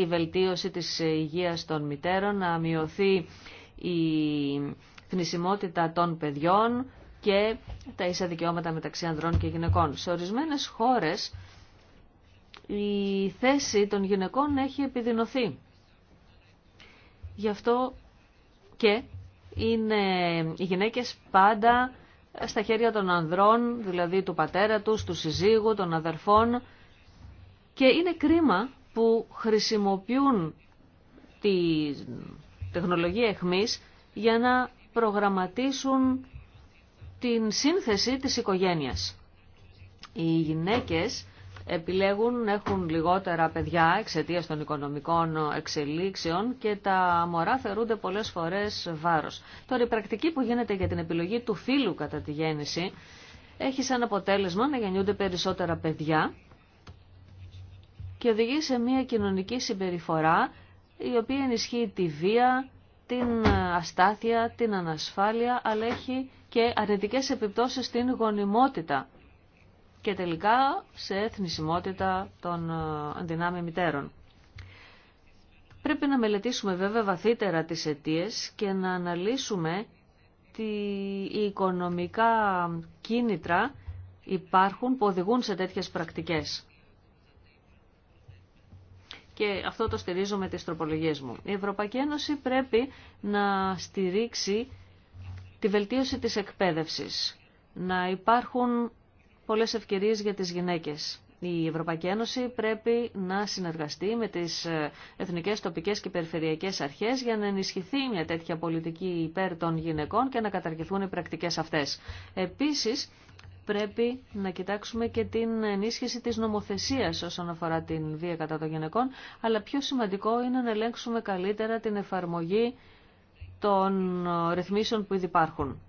η βελτίωση της υγείας των μητέρων, να μειωθεί η θνησιμότητα των παιδιών και τα ίσα δικαιώματα μεταξύ ανδρών και γυναικών. Σε ορισμένες χώρες η θέση των γυναικών έχει επιδεινωθεί. Γι' αυτό και είναι οι γυναίκες πάντα στα χέρια των ανδρών, δηλαδή του πατέρα τους, του συζύγου, των αδερφών και είναι κρίμα που χρησιμοποιούν τη τεχνολογία εχμής για να προγραμματίσουν την σύνθεση της οικογένειας. Οι γυναίκες επιλέγουν να έχουν λιγότερα παιδιά εξαιτίας των οικονομικών εξελίξεων και τα μωρά θερούνται πολλές φορές βάρος. Τώρα η πρακτική που γίνεται για την επιλογή του φίλου κατά τη γέννηση έχει σαν αποτέλεσμα να γεννιούνται περισσότερα παιδιά και οδηγεί σε μια κοινωνική συμπεριφορά η οποία ενισχύει τη βία, την αστάθεια, την ανασφάλεια, αλλά έχει και αρνητικές επιπτώσεις στην γονιμότητα και τελικά σε εθνισμότητα των αντινάμει ε, μητέρων. Πρέπει να μελετήσουμε βέβαια βαθύτερα τις αιτίες και να αναλύσουμε τι οικονομικά κίνητρα υπάρχουν που οδηγούν σε τέτοιες πρακτικές και αυτό το στηρίζω με τις τροπολογίες μου. Η Ευρωπαϊκή Ένωση πρέπει να στηρίξει τη βελτίωση της εκπαίδευσης, να υπάρχουν πολλές ευκαιρίες για τις γυναίκες. Η Ευρωπαϊκή Ένωση πρέπει να συνεργαστεί με τις ε, εθνικές, τοπικές και περιφερειακές αρχές για να ενισχυθεί μια τέτοια πολιτική υπέρ των γυναικών και να καταργηθούν οι πρακτικές αυτές. Επίσης, πρέπει να κοιτάξουμε και την ενίσχυση της νομοθεσίας όσον αφορά την βία κατά των γυναικών, αλλά πιο σημαντικό είναι να ελέγξουμε καλύτερα την εφαρμογή των ρυθμίσεων που ήδη υπάρχουν.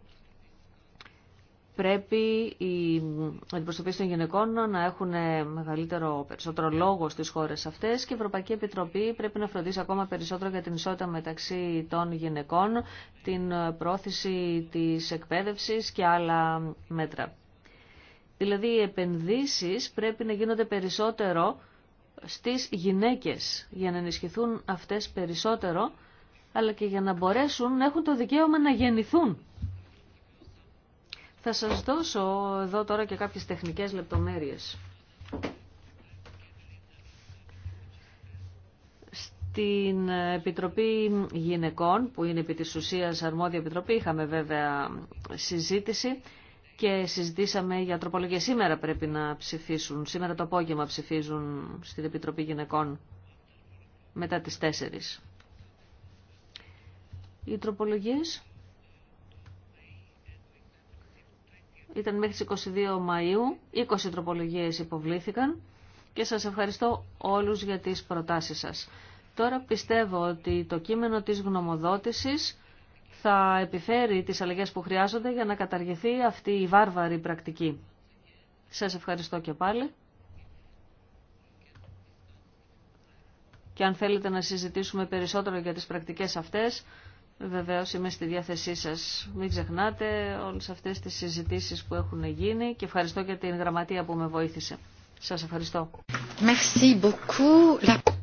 Πρέπει οι αντιπροσωπείς των γυναικών να έχουν μεγαλύτερο, περισσότερο λόγο στις χώρες αυτές και η Ευρωπαϊκή Επιτροπή πρέπει να φροντίσει ακόμα περισσότερο για την ισότητα μεταξύ των γυναικών, την πρόθεση της εκπαίδευσης και άλλα μέτρα. Δηλαδή οι επενδύσεις πρέπει να γίνονται περισσότερο στις γυναίκες για να ενισχυθούν αυτές περισσότερο αλλά και για να μπορέσουν να έχουν το δικαίωμα να γεννηθούν. Θα σας δώσω εδώ τώρα και κάποιες τεχνικές λεπτομέρειες. Στην Επιτροπή Γυναικών, που είναι επί της ουσίας αρμόδια επιτροπή, είχαμε βέβαια συζήτηση και συζητήσαμε για τροπολογία. Σήμερα πρέπει να ψηφίσουν, σήμερα το απόγευμα ψηφίζουν στην Επιτροπή Γυναικών μετά τις 4. Οι τροπολογίες ήταν μέχρι τις 22 Μαΐου, 20 τροπολογίες υποβλήθηκαν και σας ευχαριστώ όλους για τις προτάσεις σας. Τώρα πιστεύω ότι το κείμενο της γνωμοδότησης θα επιφέρει τις αλλαγές που χρειάζονται για να καταργηθεί αυτή η βάρβαρη πρακτική. Σας ευχαριστώ και πάλι. Και αν θέλετε να συζητήσουμε περισσότερο για τις πρακτικές αυτές, βεβαίως είμαι στη διάθεσή σας. Μην ξεχνάτε όλες αυτές τις συζητήσεις που έχουν γίνει και ευχαριστώ και την γραμματεία που με βοήθησε. Σας ευχαριστώ.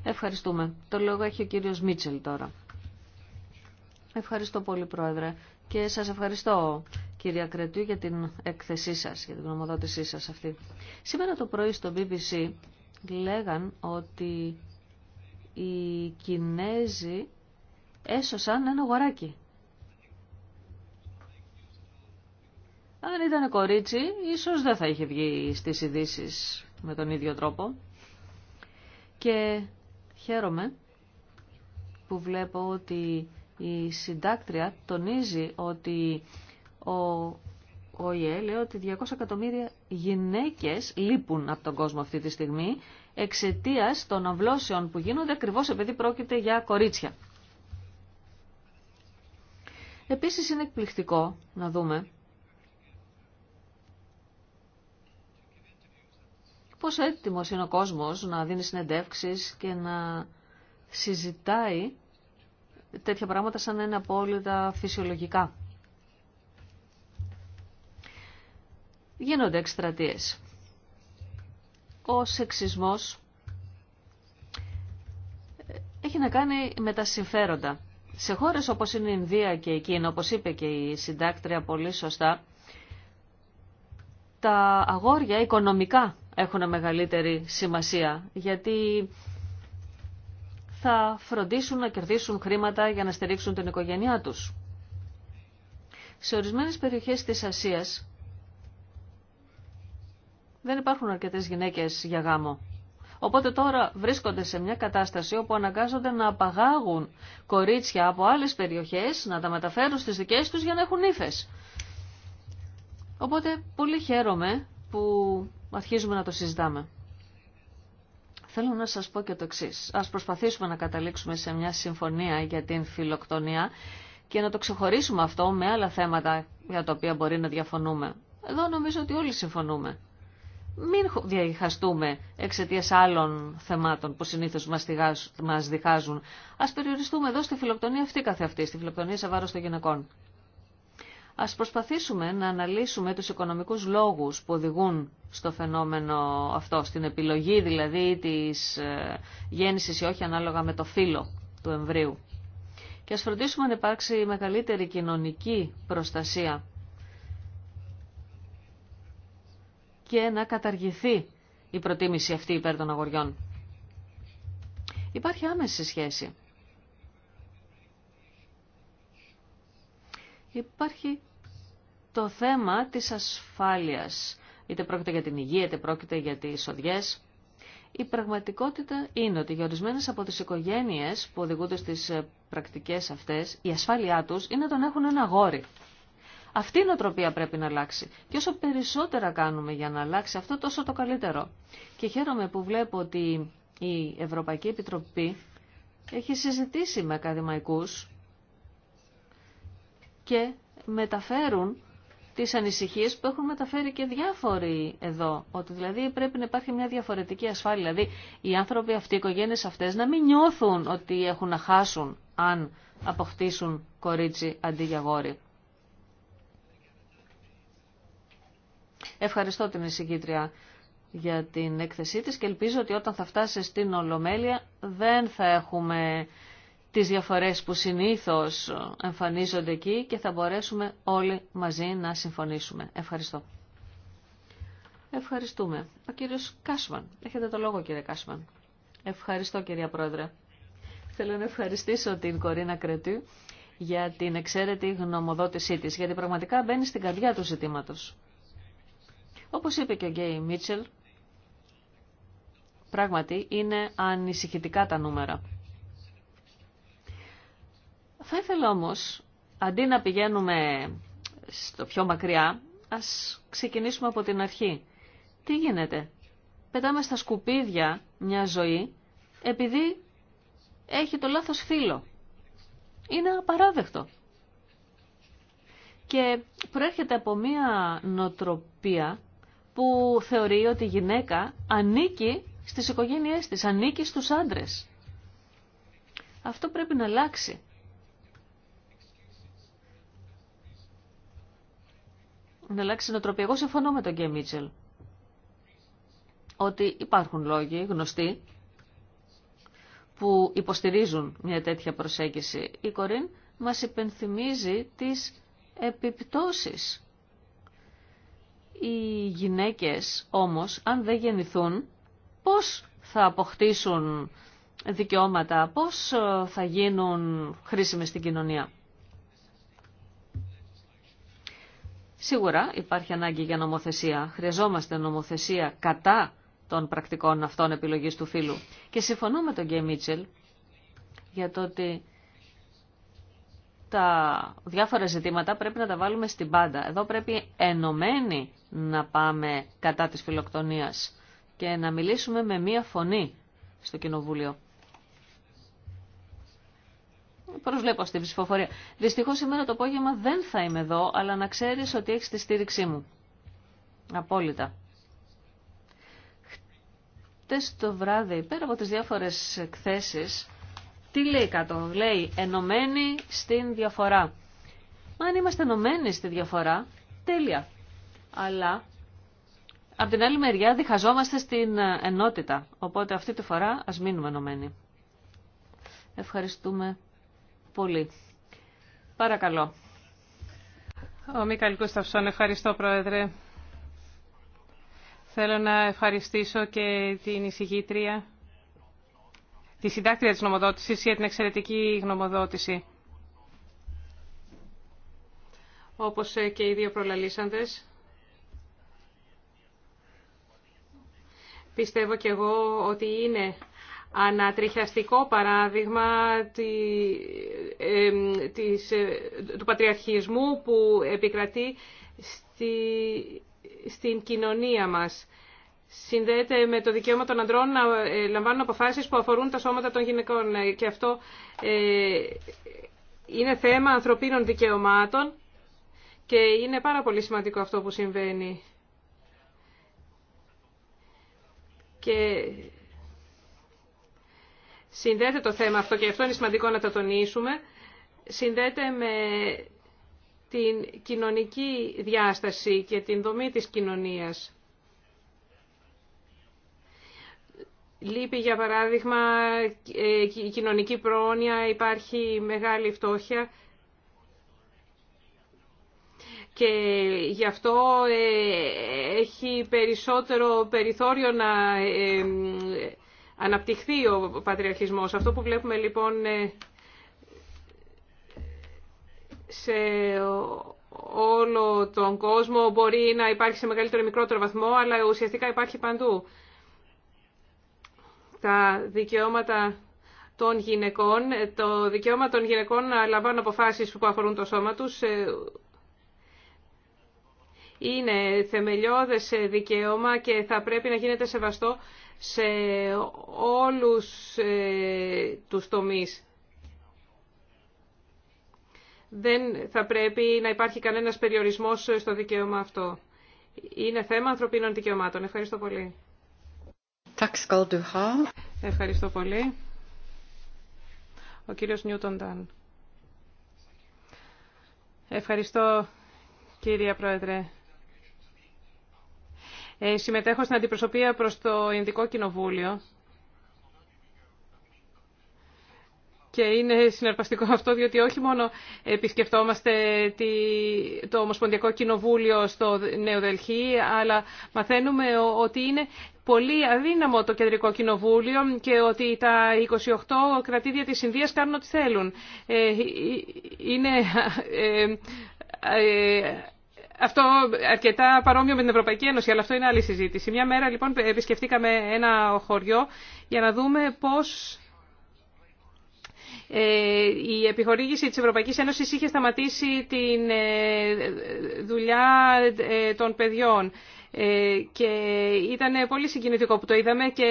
Ευχαριστούμε. Το λόγο έχει ο κύριος Μίτσελ τώρα. Ευχαριστώ πολύ Πρόεδρε και σας ευχαριστώ κυρία Κρετού για την έκθεσή σας, για την γνωμοδότησή σας αυτή. Σήμερα το πρωί στο BBC λέγαν ότι οι Κινέζοι έσωσαν ένα γοράκι. Αν ήταν κορίτσι, ίσως δεν θα είχε βγει στις ειδήσει με τον ίδιο τρόπο. Και χαίρομαι που βλέπω ότι η συντάκτρια τονίζει ότι ο οι λέει ότι 200 εκατομμύρια γυναίκες λείπουν από τον κόσμο αυτή τη στιγμή εξαιτίας των αυλώσεων που γίνονται ακριβώς επειδή πρόκειται για κορίτσια. Επίσης είναι εκπληκτικό να δούμε πώς έτοιμος είναι ο κόσμος να δίνει συνεντεύξεις και να συζητάει τέτοια πράγματα σαν να είναι απόλυτα φυσιολογικά. Γίνονται εκστρατείε. Ο σεξισμός έχει να κάνει με τα συμφέροντα. Σε χώρες όπως είναι η Ινδία και η Κίνα, όπως είπε και η συντάκτρια πολύ σωστά, τα αγόρια οικονομικά έχουν μεγαλύτερη σημασία, γιατί θα φροντίσουν να κερδίσουν χρήματα για να στηρίξουν την οικογένειά τους. Σε ορισμένες περιοχές της Ασίας δεν υπάρχουν αρκετές γυναίκες για γάμο. Οπότε τώρα βρίσκονται σε μια κατάσταση όπου αναγκάζονται να απαγάγουν κορίτσια από άλλες περιοχές, να τα μεταφέρουν στις δικές τους για να έχουν ύφε. Οπότε πολύ χαίρομαι που αρχίζουμε να το συζητάμε. Θέλω να σας πω και το εξή. Ας προσπαθήσουμε να καταλήξουμε σε μια συμφωνία για την φιλοκτονία και να το ξεχωρίσουμε αυτό με άλλα θέματα για τα οποία μπορεί να διαφωνούμε. Εδώ νομίζω ότι όλοι συμφωνούμε. Μην διαχαστούμε εξαιτία άλλων θεμάτων που συνήθω μας διχάζουν. Ας περιοριστούμε εδώ στη φιλοκτονία αυτή καθεαυτή, στη φιλοκτονία σε βάρος των γυναικών. Ας προσπαθήσουμε να αναλύσουμε τους οικονομικούς λόγους που οδηγούν στο φαινόμενο αυτό, στην επιλογή δηλαδή της ε, γέννησης ή όχι ανάλογα με το φύλλο του εμβρίου. Και ας φροντίσουμε να υπάρξει μεγαλύτερη κοινωνική προστασία και να καταργηθεί η προτίμηση αυτή υπέρ των αγοριών. Υπάρχει άμεση σχέση. Υπάρχει το θέμα της ασφάλειας είτε πρόκειται για την υγεία, είτε πρόκειται για τις οδιές. Η πραγματικότητα είναι ότι για ορισμένε από τις οικογένειες που οδηγούνται στις ε, πρακτικές αυτές, η ασφάλειά τους είναι να τον έχουν ένα γόρι. Αυτή η νοοτροπία πρέπει να αλλάξει. Και όσο περισσότερα κάνουμε για να αλλάξει αυτό, τόσο το καλύτερο. Και χαίρομαι που βλέπω ότι η Ευρωπαϊκή Επιτροπή έχει συζητήσει με ακαδημαϊκούς και μεταφέρουν τις ανησυχίες που έχουν μεταφέρει και διάφοροι εδώ. Ότι δηλαδή πρέπει να υπάρχει μια διαφορετική ασφάλεια. Δηλαδή οι άνθρωποι αυτοί, οι οικογένειες αυτές να μην νιώθουν ότι έχουν να χάσουν αν αποκτήσουν κορίτσι αντί για γόρι. Ευχαριστώ την εισηγήτρια για την έκθεσή της και ελπίζω ότι όταν θα φτάσει στην Ολομέλεια δεν θα έχουμε τις διαφορές που συνήθως εμφανίζονται εκεί και θα μπορέσουμε όλοι μαζί να συμφωνήσουμε. Ευχαριστώ. Ευχαριστούμε. Ο κύριος Κάσμαν. Έχετε το λόγο κύριε Κάσμαν. Ευχαριστώ κυρία Πρόεδρε. Θέλω να ευχαριστήσω την Κορίνα Κρετού για την εξαίρετη γνωμοδότησή της, γιατί πραγματικά μπαίνει στην καρδιά του ζητήματος. Όπως είπε και ο Γκέι Μίτσελ, πράγματι είναι ανησυχητικά τα νούμερα. Θα ήθελα όμως, αντί να πηγαίνουμε στο πιο μακριά, ας ξεκινήσουμε από την αρχή. Τι γίνεται. Πετάμε στα σκουπίδια μια ζωή επειδή έχει το λάθος φίλο. Είναι απαράδεκτο. Και προέρχεται από μια νοτροπία που θεωρεί ότι η γυναίκα ανήκει στις οικογένειές της, ανήκει στους άντρες. Αυτό πρέπει να αλλάξει. να αλλάξει νοοτροπία. Εγώ συμφωνώ με τον Γκέ Μίτσελ ότι υπάρχουν λόγοι γνωστοί που υποστηρίζουν μια τέτοια προσέγγιση. Η Κορίν μας υπενθυμίζει τις επιπτώσεις. Οι γυναίκες όμως, αν δεν γεννηθούν, πώς θα αποκτήσουν δικαιώματα, πώς ε, θα γίνουν χρήσιμες στην κοινωνία. Σίγουρα υπάρχει ανάγκη για νομοθεσία. Χρειαζόμαστε νομοθεσία κατά των πρακτικών αυτών επιλογής του φίλου. Και συμφωνώ με τον Γκέι Μίτσελ για το ότι τα διάφορα ζητήματα πρέπει να τα βάλουμε στην πάντα. Εδώ πρέπει ενωμένοι να πάμε κατά της φιλοκτονίας και να μιλήσουμε με μία φωνή στο Κοινοβούλιο προσβλέπω στην ψηφοφορία. Δυστυχώ σήμερα το απόγευμα δεν θα είμαι εδώ, αλλά να ξέρει ότι έχει τη στήριξή μου. Απόλυτα. Χτες το βράδυ, πέρα από τι διάφορες εκθέσει, τι λέει κάτω, λέει ενωμένοι στην διαφορά. Μα αν είμαστε ενωμένοι στη διαφορά, τέλεια. Αλλά από την άλλη μεριά διχαζόμαστε στην ενότητα. Οπότε αυτή τη φορά ας μείνουμε ενωμένοι. Ευχαριστούμε πολύ. Παρακαλώ. Ο Μίκαλ Κούσταυσον, ευχαριστώ Πρόεδρε. Θέλω να ευχαριστήσω και την εισηγήτρια, τη συντάκτρια της νομοδότησης για την εξαιρετική γνωμοδότηση. Όπως και οι δύο προλαλήσαντες, πιστεύω και εγώ ότι είναι ανατριχιαστικό παράδειγμα της, ε, του πατριαρχισμού που επικρατεί στη, στην κοινωνία μας. Συνδέεται με το δικαίωμα των ανδρών να ε, λαμβάνουν αποφάσεις που αφορούν τα σώματα των γυναικών ε, και αυτό είναι θέμα ανθρωπίνων δικαιωμάτων και είναι πάρα πολύ σημαντικό αυτό που συμβαίνει. Και συνδέεται το θέμα αυτό και αυτό είναι σημαντικό να το τονίσουμε, συνδέεται με την κοινωνική διάσταση και την δομή της κοινωνίας. Λείπει, για παράδειγμα, ε, η κοινωνική πρόνοια, υπάρχει μεγάλη φτώχεια και γι' αυτό ε, έχει περισσότερο περιθώριο να ε, αναπτυχθεί ο πατριαρχισμός. Αυτό που βλέπουμε λοιπόν ε, σε όλο τον κόσμο μπορεί να υπάρχει σε μεγαλύτερο ή μικρότερο βαθμό, αλλά ουσιαστικά υπάρχει παντού. Τα δικαιώματα των γυναικών, το δικαίωμα των γυναικών να λαμβάνουν αποφάσεις που αφορούν το σώμα τους, ε, είναι θεμελιώδες δικαίωμα και θα πρέπει να γίνεται σεβαστό σε όλους ε, τους τομείς. Δεν θα πρέπει να υπάρχει κανένας περιορισμός στο δικαίωμα αυτό. Είναι θέμα ανθρωπίνων δικαιωμάτων. Ευχαριστώ πολύ. Ευχαριστώ πολύ. Ο κύριος Νιούτον Ευχαριστώ, κύριε Πρόεδρε. Ε, συμμετέχω στην αντιπροσωπεία προς το Ινδικό Κοινοβούλιο. Και είναι συναρπαστικό αυτό, διότι όχι μόνο επισκεφτόμαστε το Ομοσπονδιακό Κοινοβούλιο στο Νέο Δελχή, αλλά μαθαίνουμε ότι είναι πολύ αδύναμο το Κεντρικό Κοινοβούλιο και ότι τα 28 κρατήδια της Ινδίας κάνουν ό,τι θέλουν. Ε, ε, είναι αυτό αρκετά παρόμοιο με την Ευρωπαϊκή Ένωση, αλλά αυτό είναι άλλη συζήτηση. Μια μέρα λοιπόν επισκεφτήκαμε ένα χωριό για να δούμε πώς ε, η επιχορήγηση της Ευρωπαϊκής Ένωσης είχε σταματήσει τη ε, δουλειά ε, των παιδιών. Ε, και ήταν πολύ συγκινητικό που το είδαμε και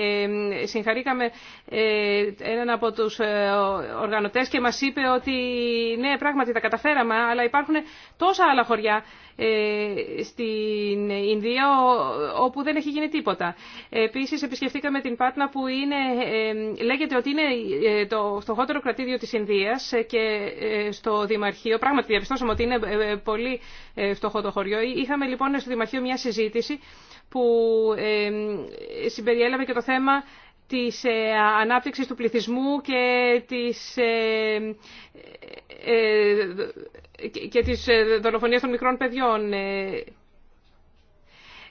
ε, συγχαρήκαμε ε, έναν από τους οργανωτές και μας είπε ότι ναι πράγματι τα καταφέραμε αλλά υπάρχουν τόσα άλλα χωριά ε, στην Ινδία όπου δεν έχει γίνει τίποτα. Επίσης επισκεφτήκαμε την Πάτνα που είναι, ε, λέγεται ότι είναι ε, το φτωχότερο κρατήδιο της Ινδίας και στο Δημαρχείο, πράγματι διαπιστώσαμε ότι είναι πολύ φτωχό το χωριό. Είχαμε λοιπόν στο Δημαρχείο μια συζήτηση που συμπεριέλαβε και το θέμα της ανάπτυξης του πληθυσμού και της και της ε, δολοφονίας των μικρών παιδιών. Ε.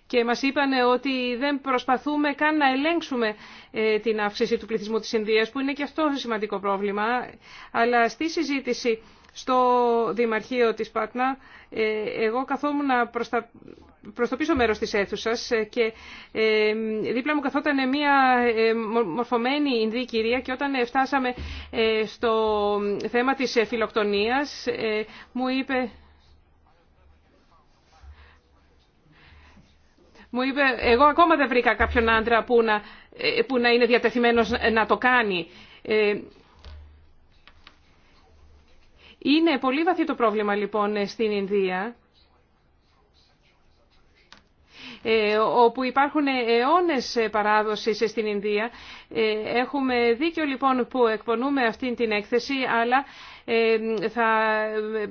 Και μας είπαν ότι δεν προσπαθούμε καν να ελέγξουμε ε, την αύξηση του πληθυσμού της Ινδίας, που είναι και αυτό σημαντικό πρόβλημα. Αλλά στη συζήτηση στο Δημαρχείο της Πάτνα. Ε, εγώ καθόμουν να τα, το πίσω μέρος της αίθουσας ε, και ε, δίπλα μου καθόταν μια μορφωμένη Ινδύη κυρία και όταν φτάσαμε στο θέμα της φιλοκτονίας μου είπε... Μου είπε, εγώ ακόμα δεν βρήκα κάποιον άντρα που να, που να είναι διατεθειμένος να το κάνει. Είναι πολύ βαθύ το πρόβλημα λοιπόν στην Ινδία, ε, όπου υπάρχουν αιώνες παράδοσης στην Ινδία. Ε, έχουμε δίκιο λοιπόν που εκπονούμε αυτή την έκθεση, αλλά ε, θα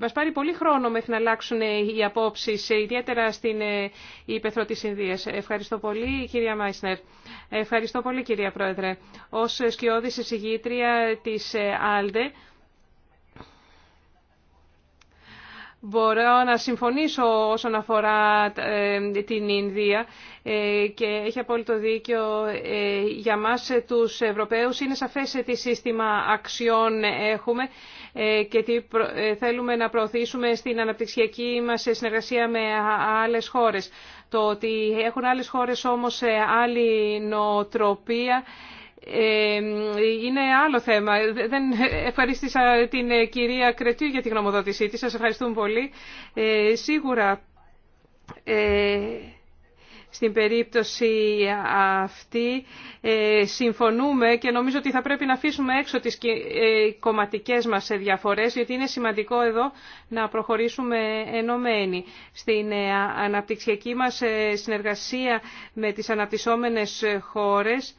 μας πάρει πολύ χρόνο μέχρι να αλλάξουν οι απόψεις, ιδιαίτερα στην υπεθρό της Ινδίας. Ευχαριστώ πολύ κυρία Μάισνερ. Ευχαριστώ πολύ κυρία Πρόεδρε. Ως σκιώδης εισηγήτρια της ΑΛΔΕ, Μπορώ να συμφωνήσω όσον αφορά ε, την Ινδία ε, και έχει απόλυτο δίκιο ε, για μας τους Ευρωπαίους. Είναι σαφές τι σύστημα αξιών έχουμε και τι θέλουμε να προωθήσουμε στην αναπτυξιακή μας συνεργασία με άλλες χώρες. Το ότι έχουν άλλες χώρες όμως άλλη νοοτροπία είναι άλλο θέμα. Δεν ευχαρίστησα την ε, κυρία Κρετιού για τη γνωμοδότησή της. Σας ευχαριστούμε πολύ. Ε, σίγουρα ε, στην περίπτωση αυτή ε, συμφωνούμε και νομίζω ότι θα πρέπει να αφήσουμε έξω τις ε, κομματικές μας διαφορές γιατί είναι σημαντικό εδώ να προχωρήσουμε ενωμένοι. Στην αναπτυξιακή μας συνεργασία με τις αναπτυσσόμενες χώρες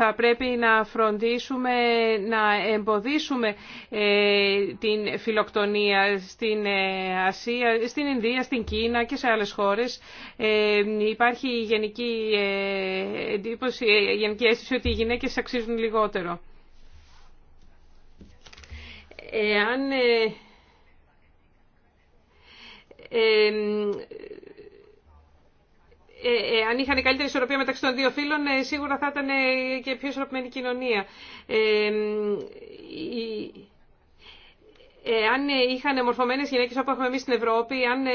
θα πρέπει να φροντίσουμε να εμποδίσουμε ε, την φιλοκτονία στην ε, Ασία, στην Ινδία, στην Κίνα και σε άλλες χώρες. Ε, υπάρχει γενική εντύπωση, γενική αίσθηση ότι οι γυναίκες αξίζουν λιγότερο. Εάν ε, ε, αν είχαν καλύτερη ισορροπία μεταξύ των δύο φύλων, ε, σίγουρα θα ήταν και πιο ισορροπημένη κοινωνία. Ε, αν ε, είχαν μορφωμένε γυναίκε όπω έχουμε εμεί στην Ευρώπη, αν, ε,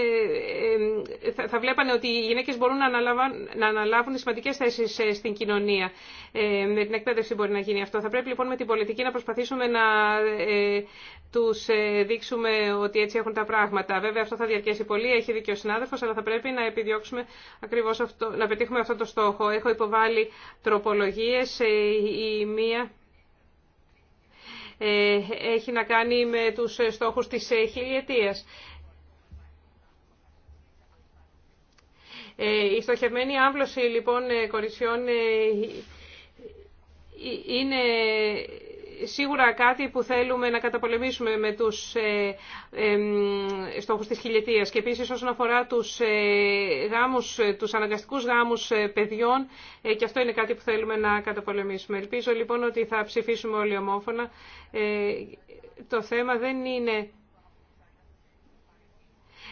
θα, βλέπανε ότι οι γυναίκε μπορούν να αναλάβουν, να αναλάβουν σημαντικέ θέσει στην κοινωνία. με την εκπαίδευση μπορεί να γίνει αυτό. Θα πρέπει λοιπόν με την πολιτική να προσπαθήσουμε να ε, του δείξουμε ότι έτσι έχουν τα πράγματα. Βέβαια αυτό θα διαρκέσει πολύ, έχει δίκιο ο συνάδελφο, αλλά θα πρέπει να επιδιώξουμε ακριβώ αυτό, να πετύχουμε αυτό το στόχο. Έχω υποβάλει τροπολογίε. η μία έχει να κάνει με τους στόχους της χιλιετίας. Η στοχευμένη άμβλωση λοιπόν κοριτσιών είναι σίγουρα κάτι που θέλουμε να καταπολεμήσουμε με τους ε, ε, στόχους της χιλιετίας. Και επίσης όσον αφορά τους, ε, γάμους, ε, τους αναγκαστικούς γάμους ε, παιδιών, και αυτό είναι κάτι που θέλουμε να καταπολεμήσουμε. Ελπίζω λοιπόν ότι θα ψηφίσουμε όλοι ομόφωνα. το θέμα δεν είναι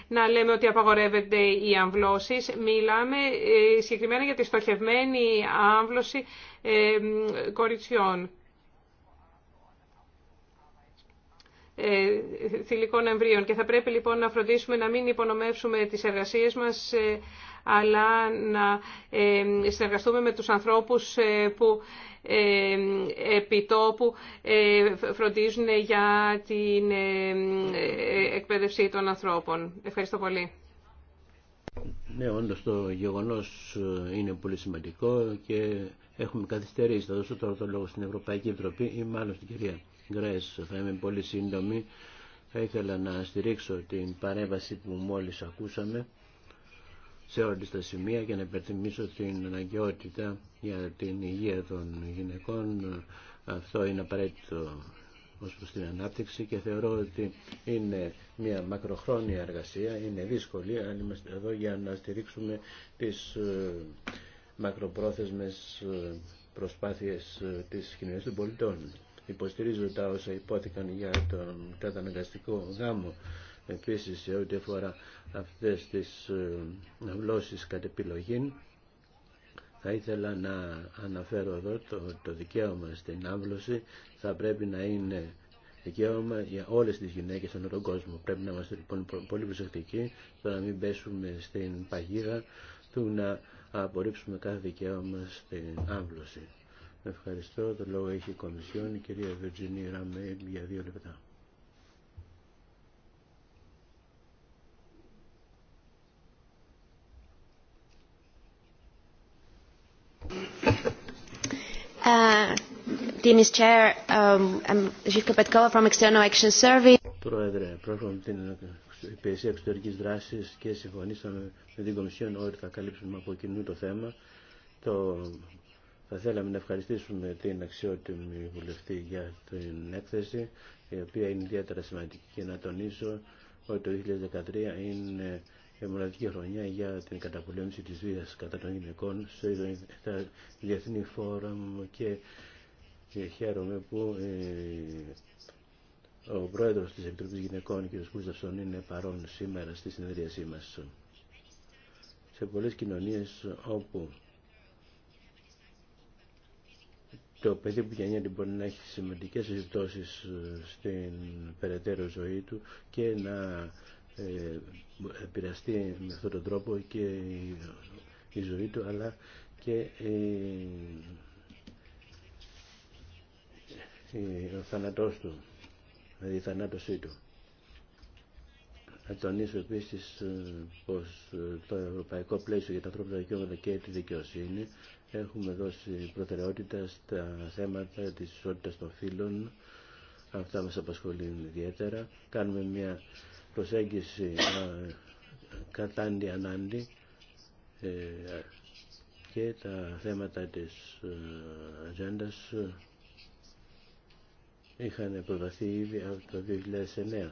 να λέμε ότι απαγορεύεται η αμβλώση. Μιλάμε συγκεκριμένα για τη στοχευμένη άμβλωση κοριτσιών. Ε, θηλυκών εμβρίων. Και θα πρέπει λοιπόν να φροντίσουμε να μην υπονομεύσουμε τις εργασίες μας, ε, αλλά να ε, συνεργαστούμε με τους ανθρώπους που επιτόπου φροντίζουν για την εκπαίδευση των ανθρώπων. Ευχαριστώ πολύ. Ναι, όντω το γεγονό είναι πολύ σημαντικό και έχουμε καθυστερήσει. Θα δώσω τώρα το λόγο στην Ευρωπαϊκή Επιτροπή ή μάλλον στην κυρία Γκρέσ. Θα είμαι πολύ σύντομη. Θα ήθελα να στηρίξω την παρέμβαση που μόλις ακούσαμε σε όλες τα σημεία και να υπερθυμίσω την αναγκαιότητα για την υγεία των γυναικών. Αυτό είναι απαραίτητο ως προς την ανάπτυξη και θεωρώ ότι είναι μια μακροχρόνια εργασία, είναι δύσκολη, αλλά είμαστε εδώ για να στηρίξουμε τις ε, μακροπρόθεσμες ε, προσπάθειες ε, της κοινωνίας των πολιτών υποστηρίζω τα όσα υπόθηκαν για τον καταναγκαστικό γάμο επίσης σε ό,τι αφορά αυτές τις ε, γλώσσες κατ' επιλογή. Θα ήθελα να αναφέρω εδώ το, το δικαίωμα στην άμβλωση θα πρέπει να είναι δικαίωμα για όλες τις γυναίκες στον τον κόσμο. Πρέπει να είμαστε λοιπόν πολύ προσεκτικοί στο να μην πέσουμε στην παγίδα του να απορρίψουμε κάθε δικαίωμα στην άμβλωση. Ευχαριστώ. Το λόγο έχει η Κομισιόν, η κυρία Βερτζινή Ραμέλ για δύο λεπτά. Uh, um, πρόεδρε, πρόσφατα την Υπηρεσία Εξωτερική Δράση και συμφωνήσαμε με την Κομισιόν ότι θα καλύψουμε από κοινού το θέμα. Το θα θέλαμε να ευχαριστήσουμε την αξιότιμη βουλευτή για την έκθεση, η οποία είναι ιδιαίτερα σημαντική και να τονίσω ότι το 2013 είναι μοναδική χρονιά για την καταπολέμηση της βίας κατά των γυναικών σε διεθνή φόρουμ και χαίρομαι που ε, ο πρόεδρος της Επιτροπής Γυναικών, κ. Κούσταυσον, είναι παρόν σήμερα στη συνεδρίασή μας. Σε πολλές κοινωνίες όπου το παιδί που γεννιέται μπορεί να έχει σημαντικές επιπτώσεις ε, στην περαιτέρω ζωή του και να ε, επηρεαστεί με αυτόν τον τρόπο και η ζωή του αλλά και ο θάνατός του, δηλαδή η θανάτωσή του. Να τονίσω επίση ε, πω το ευρωπαϊκό πλαίσιο για τα ανθρώπινα δικαιώματα και τη δικαιοσύνη έχουμε δώσει προτεραιότητα στα θέματα της ισότητας των φύλων. Αυτά μας απασχολούν ιδιαίτερα. Κάνουμε μια προσέγγιση κατάντη ανάντη ε, και τα θέματα της ε, ατζέντα ε, είχαν προταθεί ήδη από το 2009.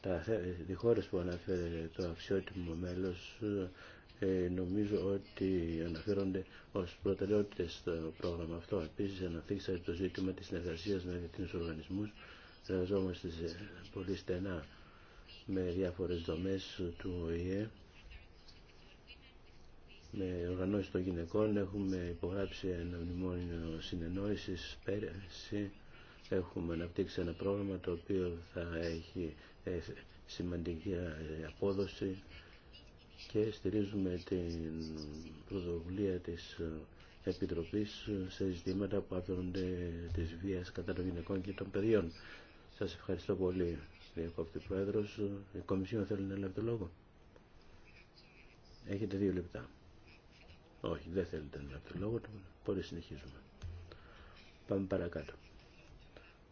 Τα, οι που αναφέρεται το αξιότιμο μέλος ε νομίζω ότι αναφέρονται ω προτεραιότητε στο πρόγραμμα αυτό. Επίσης αναφίξατε το ζήτημα της συνεργασία με διεθνεί οργανισμού. Εργαζόμαστε πολύ στενά με διάφορε δομέ του ΟΗΕ με οργανώσει των γυναικών έχουμε υπογράψει ένα μνημόνιο συνεννόηση πέρυσι έχουμε αναπτύξει ένα πρόγραμμα το οποίο θα έχει ε, σημαντική ε, απόδοση και στηρίζουμε την πρωτοβουλία της Επιτροπής σε ζητήματα που αφαιρούνται της βίας κατά των γυναικών και των παιδιών. Σας ευχαριστώ πολύ, διακόπτη Πρόεδρος. Η Κομισιόν θέλει να λάβει το λόγο. Έχετε δύο λεπτά. Όχι, δεν θέλετε να λάβει το λόγο. Πολύ συνεχίζουμε. Πάμε παρακάτω.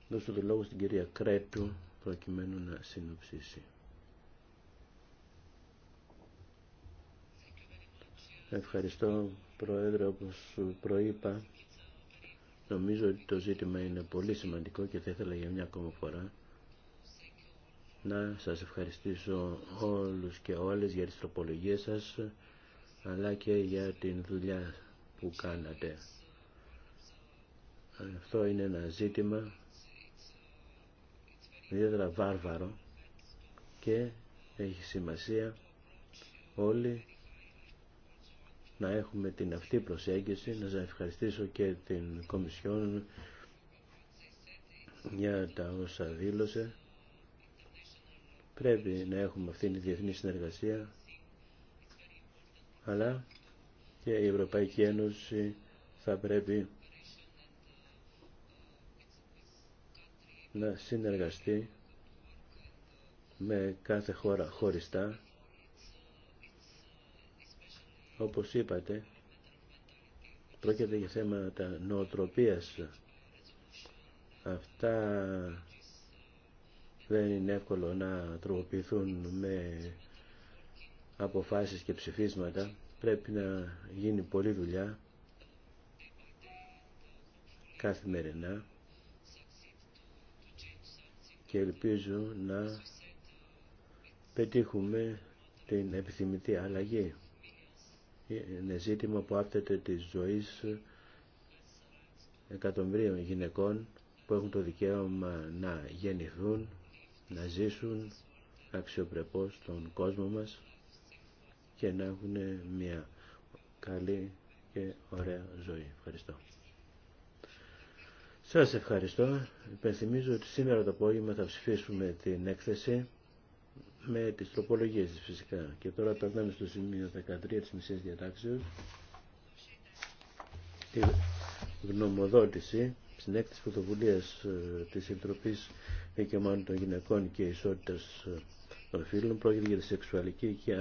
Δώσω το λόγο στην κυρία Κρέτου προκειμένου να συνοψίσει. Ευχαριστώ Προέδρε όπως προείπα. Νομίζω ότι το ζήτημα είναι πολύ σημαντικό και θα ήθελα για μια ακόμα φορά να σας ευχαριστήσω όλους και όλες για τις τροπολογίες σας αλλά και για την δουλειά που κάνατε. Αυτό είναι ένα ζήτημα ιδιαίτερα βάρβαρο και έχει σημασία όλοι να έχουμε την αυτή προσέγγιση. Να σας ευχαριστήσω και την Κομισιόν για τα όσα δήλωσε. Πρέπει να έχουμε αυτήν τη διεθνή συνεργασία, αλλά και η Ευρωπαϊκή Ένωση θα πρέπει να συνεργαστεί με κάθε χώρα χωριστά όπως είπατε, πρόκειται για θέματα νοοτροπίας. Αυτά δεν είναι εύκολο να τροποποιηθούν με αποφάσεις και ψηφίσματα. Πρέπει να γίνει πολλή δουλειά καθημερινά και ελπίζω να πετύχουμε την επιθυμητή αλλαγή είναι ζήτημα που άφτεται της ζωής εκατομμυρίων γυναικών που έχουν το δικαίωμα να γεννηθούν, να ζήσουν αξιοπρεπώς στον κόσμο μας και να έχουν μια καλή και ωραία ζωή. Ευχαριστώ. Σας ευχαριστώ. Υπενθυμίζω ότι σήμερα το απόγευμα θα ψηφίσουμε την έκθεση με τις τροπολογίες της φυσικά. Και τώρα περνάμε στο σημείο 13 της μισής διατάξεως. Τη γνωμοδότηση στην έκτη πρωτοβουλία ε, της Επιτροπής Δικαιωμάτων των Γυναικών και Ισότητας ε, των Φίλων πρόκειται για τη σεξουαλική και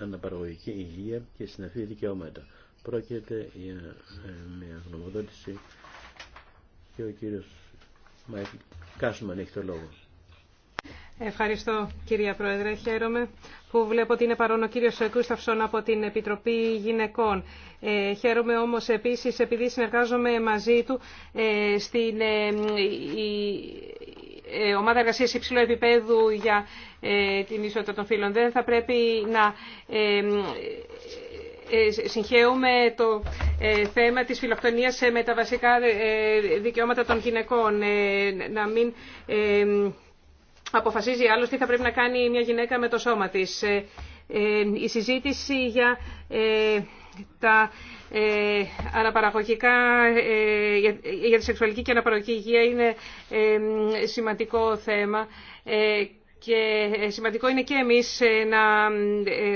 αναπαραγωγική υγεία και συναφή δικαιώματα. Πρόκειται για ε, μια γνωμοδότηση και ο κύριος Μάικλ Κάσουμαν έχει το λόγο. Ευχαριστώ κυρία Πρόεδρε. Χαίρομαι που βλέπω ότι είναι παρόν ο κύριος Κούσταυσον από την Επιτροπή Γυναικών. Ε, χαίρομαι όμως επίσης επειδή συνεργάζομαι μαζί του ε, στην ε, η, ε, ομάδα εργασίας υψηλού επίπεδου για την ισότητα των φύλων. Δεν θα πρέπει να συγχαίουμε το θέμα της φιλοκτονίας με τα βασικά δικαιώματα των γυναικών. Να μην αποφασίζει άλλος τι θα πρέπει να κάνει μια γυναίκα με το σώμα της. Ε, ε, η συζήτηση για ε, τα αναπαραγωγικά, για τη σεξουαλική και αναπαραγωγική υγεία είναι σημαντικό θέμα και σημαντικό είναι και εμείς να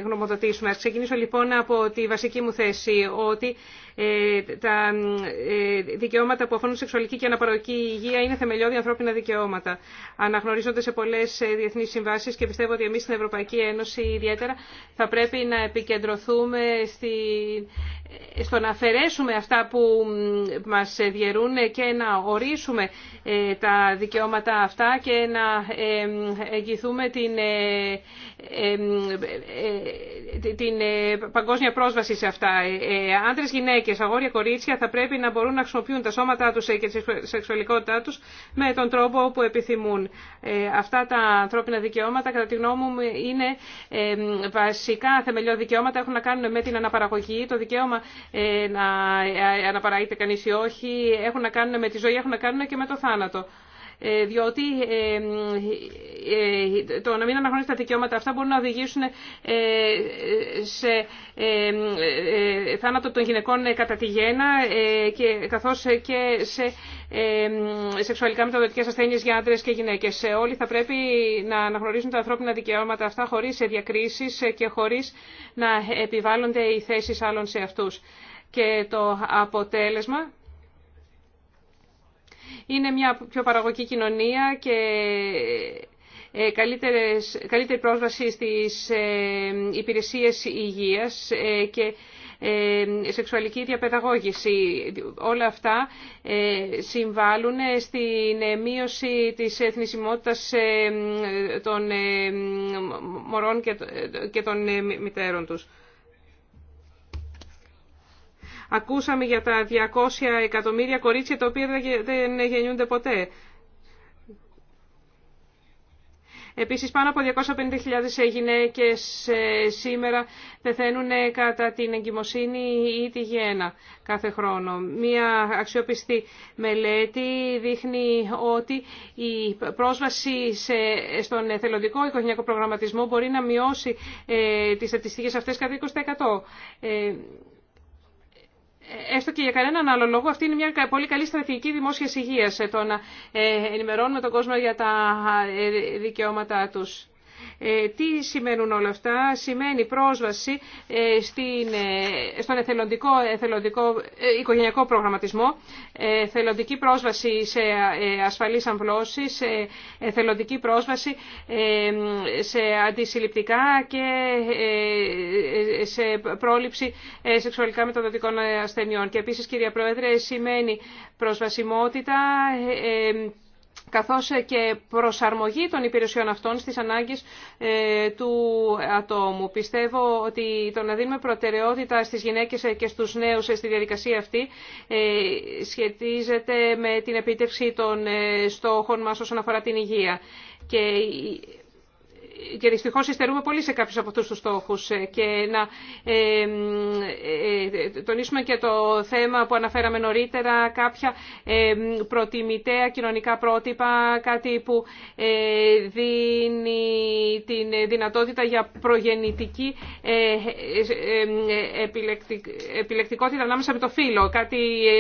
γνωμοδοτήσουμε. Ας ξεκινήσω λοιπόν από τη βασική μου θέση ότι ε, τα ε, δικαιώματα που αφορούν σεξουαλική και αναπαραγωγική υγεία είναι θεμελιώδη ανθρώπινα δικαιώματα. Αναγνωρίζονται σε πολλέ ε, διεθνεί συμβάσει και πιστεύω ότι εμεί στην Ευρωπαϊκή Ένωση ιδιαίτερα θα πρέπει να επικεντρωθούμε στην στο να αφαιρέσουμε αυτά που μας διαιρούν και να ορίσουμε ε, τα δικαιώματα αυτά και να ε, εγγυηθούμε την, ε, παγκόσμια πρόσβαση σε αυτά. Άντρες, γυναίκες, αγόρια, κορίτσια θα πρέπει να μπορούν να χρησιμοποιούν τα σώματά τους και τη σεξουαλικότητά τους με τον τρόπο που επιθυμούν. Αυτά τα ανθρώπινα δικαιώματα, κατά τη γνώμη μου, είναι βασικά θεμελιώδη δικαιώματα, έχουν να κάνουν με την αναπαραγωγή, το δικαίωμα ε, να ε, ε, παράγεται κανείς ή όχι, έχουν να κάνουν με τη ζωή, έχουν να κάνουν και με το θάνατο. Ε, διότι ε, ε, το να μην αναγνωρίζουν τα δικαιώματα αυτά μπορούν να οδηγήσουν σε θάνατο των γυναικών κατά τη γέννα και καθώς και σε σεξουαλικά μεταδοτικές ασθένειες για άντρες και γυναίκες. Όλοι θα πρέπει να αναγνωρίζουν τα ανθρώπινα δικαιώματα αυτά χωρίς διακρίσεις και χωρίς να επιβάλλονται οι θέσεις άλλων σε αυτούς. Και το αποτέλεσμα είναι μια πιο παραγωγική κοινωνία και ε, καλύτερες, καλύτερη πρόσβαση στις ε, υπηρεσίες υγείας ε, και σεξουαλική διαπαιδαγώγηση. Όλα αυτά συμβάλλουν στην μείωση της εθνισμότητας των μωρών και των μητέρων τους. Ακούσαμε για τα 200 εκατομμύρια κορίτσια τα οποία δεν γεννιούνται ποτέ. Επίσης πάνω από 250.000 γυναίκες ε, σήμερα πεθαίνουν κατά την εγκυμοσύνη ή τη γέννα κάθε χρόνο. Μία αξιοπιστή μελέτη δείχνει ότι η πρόσβαση σε, στον εθελοντικό οικογενειακό προγραμματισμό μπορεί να μειώσει ε, τις στατιστικές αυτές κατά 20%. Ε, έστω και για κανέναν άλλο λόγο, αυτή είναι μια πολύ καλή στρατηγική δημόσια υγεία. Ε, το να ε, ενημερώνουμε τον κόσμο για τα δικαιώματά τους. Ε, τι σημαίνουν όλα αυτά. Σημαίνει πρόσβαση ε, στην, ε, στον εθελοντικό, εθελοντικό οικογενειακό προγραμματισμό, εθελοντική πρόσβαση σε ασφαλείς αμβλώσεις, σε εθελοντική πρόσβαση σε αντισυλληπτικά και σε πρόληψη σεξουαλικά μεταδοτικών ασθενειών. Και επίσης, κυρία Πρόεδρε, σημαίνει προσβασιμότητα καθώς ε, και προσαρμογή των υπηρεσιών αυτών στις ανάγκες ε, του ατόμου. Πιστεύω ότι το να δίνουμε προτεραιότητα στις γυναίκες ε, και στους νέους στη διαδικασία αυτή σχετίζεται με την επίτευξη των στόχων μας όσον αφορά την υγεία. Και και δυστυχώς υστερούμε πολύ σε κάποιους από αυτούς τους στόχους ε, και να ε, ε, τονίσουμε και το θέμα που αναφέραμε νωρίτερα, κάποια ε, προτιμητέα κοινωνικά πρότυπα, κάτι που δίνει την δυνατότητα για προγεννητική επιλεκτικότητα ανάμεσα με το φύλλο, κάτι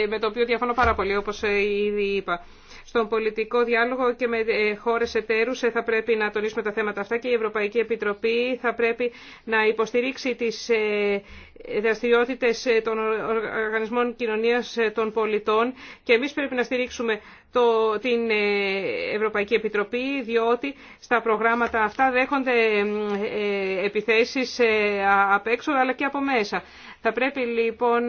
με το οποίο διαφωνώ πάρα πολύ όπως ήδη είπα στον πολιτικό διάλογο και με ε, χώρες εταίρους ε, θα πρέπει να τονίσουμε τα θέματα αυτά και η Ευρωπαϊκή Επιτροπή θα πρέπει να υποστηρίξει τις ε, δραστηριότητες των οργανισμών κοινωνίας των πολιτών και εμείς πρέπει να στηρίξουμε το, την Ευρωπαϊκή Επιτροπή διότι στα προγράμματα αυτά δέχονται επιθέσεις απ' έξω αλλά και από μέσα. Θα πρέπει λοιπόν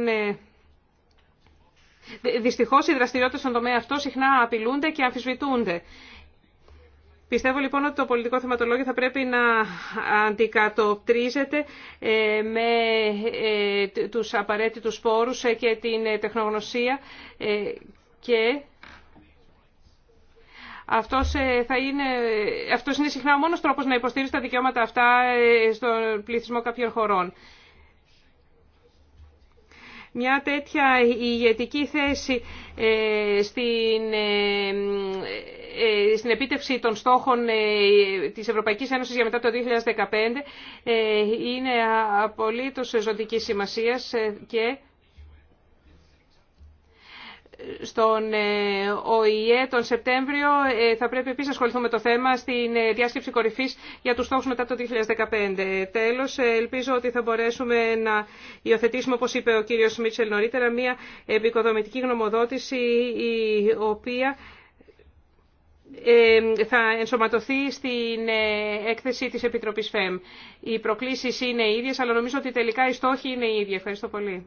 Δυστυχώς οι δραστηριότητες στον τομέα αυτό συχνά απειλούνται και αμφισβητούνται. Πιστεύω λοιπόν ότι το πολιτικό θεματολόγιο θα πρέπει να αντικατοπτρίζεται ε, με ε, τους απαραίτητους πόρους ε, και την τεχνογνωσία και αυτός, θα είναι, αυτός είναι συχνά ο μόνος τρόπος να υποστήριζει τα δικαιώματα αυτά στον πληθυσμό κάποιων χωρών. Μια τέτοια ηγετική θέση ε, στην, ε, ε, στην επίτευξη των στόχων της Ευρωπαϊκής Ένωσης για μετά το 2015 είναι απολύτως ζωτική σημασίας και στον ΟΗΕ τον Σεπτέμβριο ε, θα πρέπει επίσης να ασχοληθούμε το θέμα στην ε, διάσκεψη κορυφής για τους στόχους μετά το 2015. Τέλος, ε, ελπίζω ότι θα μπορέσουμε να υιοθετήσουμε, όπως είπε ο κύριος Μίτσελ νωρίτερα, μια επικοδομητική γνωμοδότηση η οποία θα ενσωματωθεί στην έκθεση της Επιτροπής ΦΕΜ. Οι προκλήσεις είναι ίδιες, αλλά νομίζω ότι τελικά οι στόχοι είναι οι ίδιοι. Ευχαριστώ πολύ.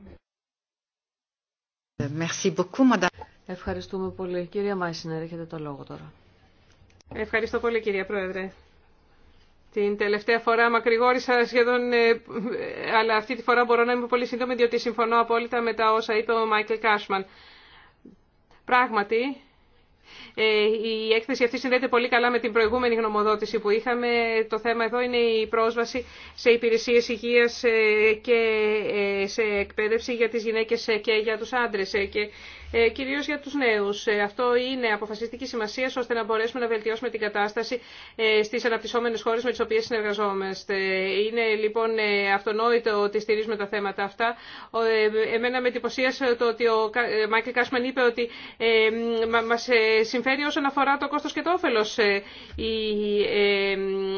Ευχαριστούμε πολύ. Κυρία Μάισινερ, έχετε το λόγο τώρα. Ευχαριστώ πολύ κυρία Πρόεδρε. Την τελευταία φορά μακρηγόρησα σχεδόν, ε, ε, αλλά αυτή τη φορά μπορώ να είμαι πολύ σύντομη, διότι συμφωνώ απόλυτα με τα όσα είπε ο Μάικλ Κάσμαν. Πράγματι, ε, η έκθεση αυτή συνδέεται πολύ καλά με την προηγούμενη γνωμοδότηση που είχαμε. Το θέμα εδώ είναι η πρόσβαση σε υπηρεσίες υγείας ε, και ε, σε εκπαίδευση για τις γυναίκες και για τους άντρες. Και ε, Κυρίω για τους νέους. Ε, αυτό είναι αποφασιστική σημασία ώστε να μπορέσουμε να βελτιώσουμε την κατάσταση ε, στι αναπτυσσόμενες χώρε με τι οποίε συνεργαζόμαστε. Είναι λοιπόν αυτονόητο ότι στηρίζουμε τα θέματα αυτά. Εμένα με εντυπωσίασε το ότι ο Μάικλ Κάσμαν είπε ότι μας συμφέρει όσον αφορά το κόστο και το όφελος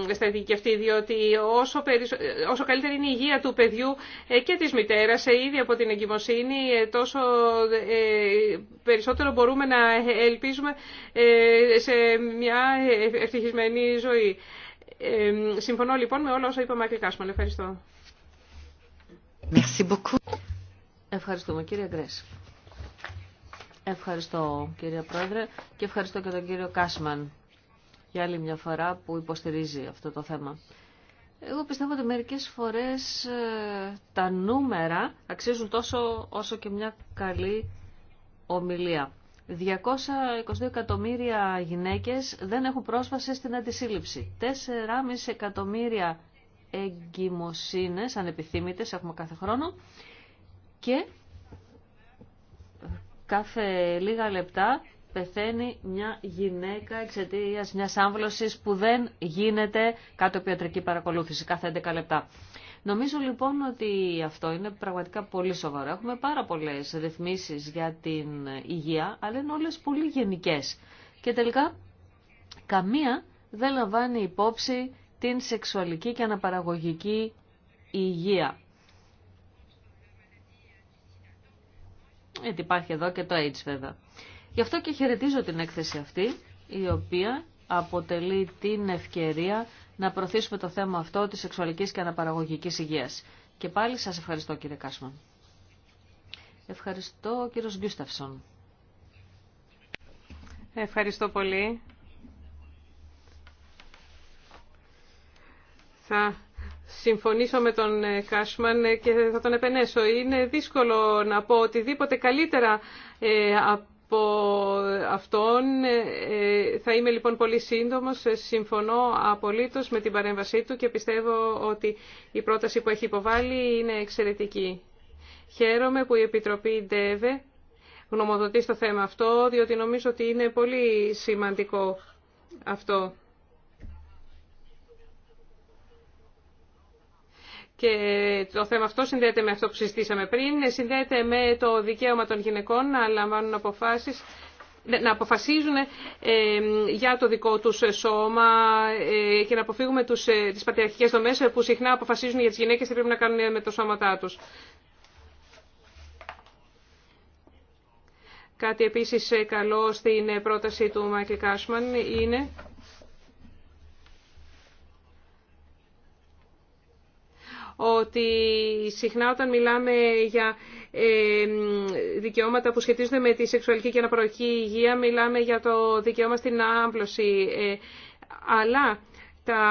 η στρατηγική αυτή, διότι όσο, όσο καλύτερη είναι η υγεία του παιδιού και της μητέρας, ήδη από την εγκυμοσύνη, τόσο περισσότερο μπορούμε να ελπίζουμε ε, σε μια ευτυχισμένη ζωή. Ε, συμφωνώ λοιπόν με όλα όσα είπε ο Μάικλ Κάσμαν. Ευχαριστώ. Ευχαριστούμε κύριε Γκρέσ. Ευχαριστώ κύριε Πρόεδρε και ευχαριστώ και τον κύριο Κάσμαν για άλλη μια φορά που υποστηρίζει αυτό το θέμα. Εγώ πιστεύω ότι μερικές φορές ε, τα νούμερα αξίζουν τόσο όσο και μια καλή ομιλία. 222 εκατομμύρια γυναίκες δεν έχουν πρόσβαση στην αντισύλληψη. 4,5 εκατομμύρια εγκυμοσύνες ανεπιθύμητες έχουμε κάθε χρόνο και κάθε λίγα λεπτά πεθαίνει μια γυναίκα εξαιτία μια άμβλωση που δεν γίνεται κάτω από ιατρική παρακολούθηση κάθε 11 λεπτά. Νομίζω λοιπόν ότι αυτό είναι πραγματικά πολύ σοβαρό. Έχουμε πάρα πολλές ρυθμίσεις για την υγεία, αλλά είναι όλες πολύ γενικές. Και τελικά καμία δεν λαμβάνει υπόψη την σεξουαλική και αναπαραγωγική υγεία. Γιατί υπάρχει εδώ και το AIDS βέβαια. Γι' αυτό και χαιρετίζω την έκθεση αυτή, η οποία αποτελεί την ευκαιρία να προωθήσουμε το θέμα αυτό της σεξουαλικής και αναπαραγωγικής υγείας. Και πάλι σας ευχαριστώ κύριε Κάσμαν. Ευχαριστώ κύριος Γκούσταυσον. Ευχαριστώ πολύ. Θα συμφωνήσω με τον ε, Κάσμαν και θα τον επενέσω. Είναι δύσκολο να πω οτιδήποτε καλύτερα ε, από αυτόν. Ε, θα είμαι λοιπόν πολύ σύντομος. Ε, συμφωνώ απολύτως με την παρέμβασή του και πιστεύω ότι η πρόταση που έχει υποβάλει είναι εξαιρετική. Χαίρομαι που η Επιτροπή ΔΕΒΕ γνωμοδοτεί στο θέμα αυτό, διότι νομίζω ότι είναι πολύ σημαντικό αυτό. Και το θέμα αυτό συνδέεται με αυτό που συζητήσαμε πριν, συνδέεται με το δικαίωμα των γυναικών να λαμβάνουν να αποφασίζουν ε, για το δικό τους σώμα ε, και να αποφύγουμε τους, ε, τις πατριαρχικές δομές που συχνά αποφασίζουν για τις γυναίκες τι πρέπει να κάνουν με το σώματά τους. Κάτι επίσης καλό στην πρόταση του Μάικλ Κάσμαν είναι ότι συχνά όταν μιλάμε για δικαιώματα που σχετίζονται με τη σεξουαλική και αναπαραγωγική υγεία μιλάμε για το δικαίωμα στην άμπλωση. Ε, αλλά τα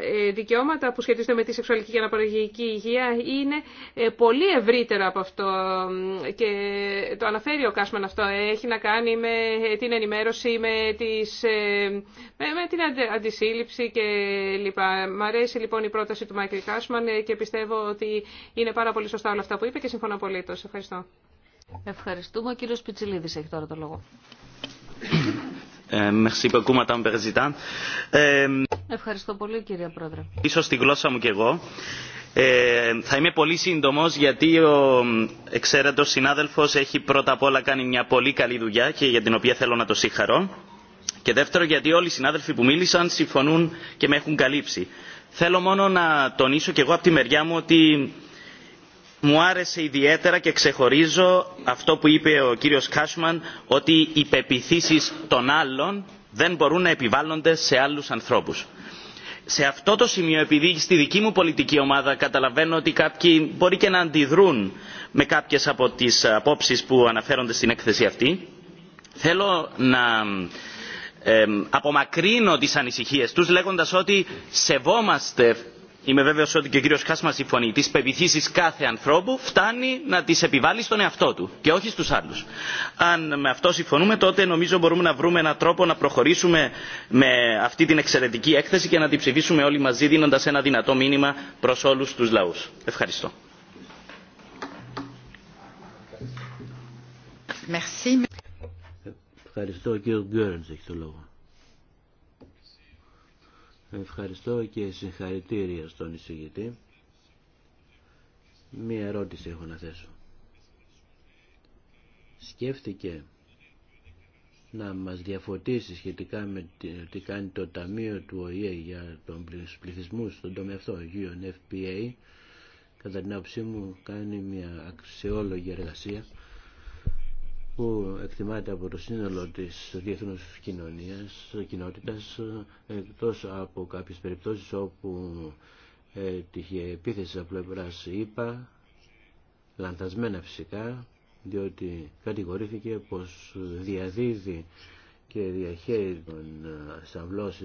ε, δικαιώματα που σχετίζονται με τη σεξουαλική και αναπαραγωγική υγεία είναι ε, πολύ ευρύτερα από αυτό και το αναφέρει ο Κάσμαν αυτό. Έχει να κάνει με την ενημέρωση, με, τις, ε, με, την αντισύλληψη και λοιπά. Μ' αρέσει λοιπόν η πρόταση του Μάικλ Κάσμαν και πιστεύω ότι είναι πάρα πολύ σωστά όλα αυτά που είπε και συμφωνώ απολύτως. Ευχαριστώ. Ευχαριστούμε. Ο κύριος Πιτσιλίδης έχει τώρα το λόγο. Ε, ε, Ευχαριστώ πολύ κύριε Πρόεδρε. Ίσως τη γλώσσα μου κι εγώ. Ε, θα είμαι πολύ σύντομος γιατί ο εξαίρετος συνάδελφος έχει πρώτα απ' όλα κάνει μια πολύ καλή δουλειά και για την οποία θέλω να το συγχαρώ. Και δεύτερο γιατί όλοι οι συνάδελφοι που μίλησαν συμφωνούν και με έχουν καλύψει. Θέλω μόνο να τονίσω κι εγώ από τη μεριά μου ότι μου άρεσε ιδιαίτερα και ξεχωρίζω αυτό που είπε ο κύριος Κάσμαν ότι οι πεπιθήσεις των άλλων δεν μπορούν να επιβάλλονται σε άλλους ανθρώπους. Σε αυτό το σημείο, επειδή στη δική μου πολιτική ομάδα καταλαβαίνω ότι κάποιοι μπορεί και να αντιδρούν με κάποιες από τις απόψεις που αναφέρονται στην έκθεση αυτή, θέλω να απομακρύνω τις ανησυχίες τους λέγοντας ότι σεβόμαστε είμαι βέβαιος ότι και ο κύριος Χάσμα συμφωνεί, τι πεπιθήσει κάθε ανθρώπου φτάνει να τι επιβάλλει στον εαυτό του και όχι στους άλλους. Αν με αυτό συμφωνούμε τότε νομίζω μπορούμε να βρούμε έναν τρόπο να προχωρήσουμε με αυτή την εξαιρετική έκθεση και να την ψηφίσουμε όλοι μαζί δίνοντας ένα δυνατό μήνυμα προ όλου του λαού. Ευχαριστώ. Ευχαριστώ κύριο Γκέρντζ, έχει το λόγο. Ευχαριστώ και συγχαρητήρια στον εισηγητή. Μία ερώτηση έχω να θέσω. Σκέφτηκε να μας διαφωτίσει σχετικά με τι κάνει το Ταμείο του ΟΗΕ για τον πληθυσμού στον τομέα αυτό, UNFPA, κατά την άποψή μου κάνει μια αξιόλογη εργασία που εκτιμάται από το σύνολο της διεθνούς κοινωνίας, κοινότητας, εκτός από κάποιες περιπτώσεις όπου ε, τυχε επίθεση από πλευρά ΙΠΑ, λανθασμένα φυσικά, διότι κατηγορήθηκε πως διαδίδει και διαχέει των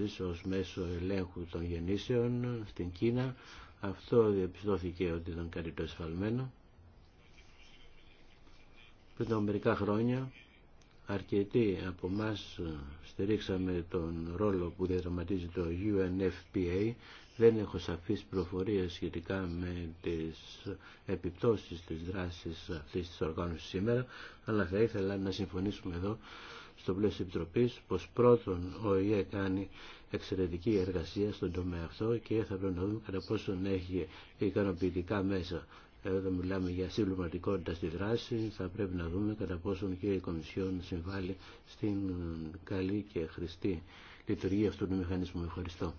ε, ως μέσο ελέγχου των γεννήσεων στην Κίνα. Αυτό διαπιστώθηκε ότι ήταν κάτι το πριν από μερικά χρόνια αρκετοί από εμά ε, στηρίξαμε τον ρόλο που διαδραματίζει το UNFPA. Δεν έχω σαφείς προφορίες σχετικά με τις επιπτώσεις της δράσης αυτής της οργάνωσης σήμερα, αλλά θα ήθελα να συμφωνήσουμε εδώ στο πλαίσιο Επιτροπής πως πρώτον ο ΙΕ κάνει εξαιρετική εργασία στον τομέα αυτό και θα πρέπει να δούμε κατά πόσον έχει ικανοποιητικά μέσα. Εδώ μιλάμε για συμπληρωματικότητα στη δράση. Θα πρέπει να δούμε κατά πόσον και η Κομισιόν συμβάλλει στην καλή και χρηστή λειτουργία αυτού του μηχανισμού. Ευχαριστώ.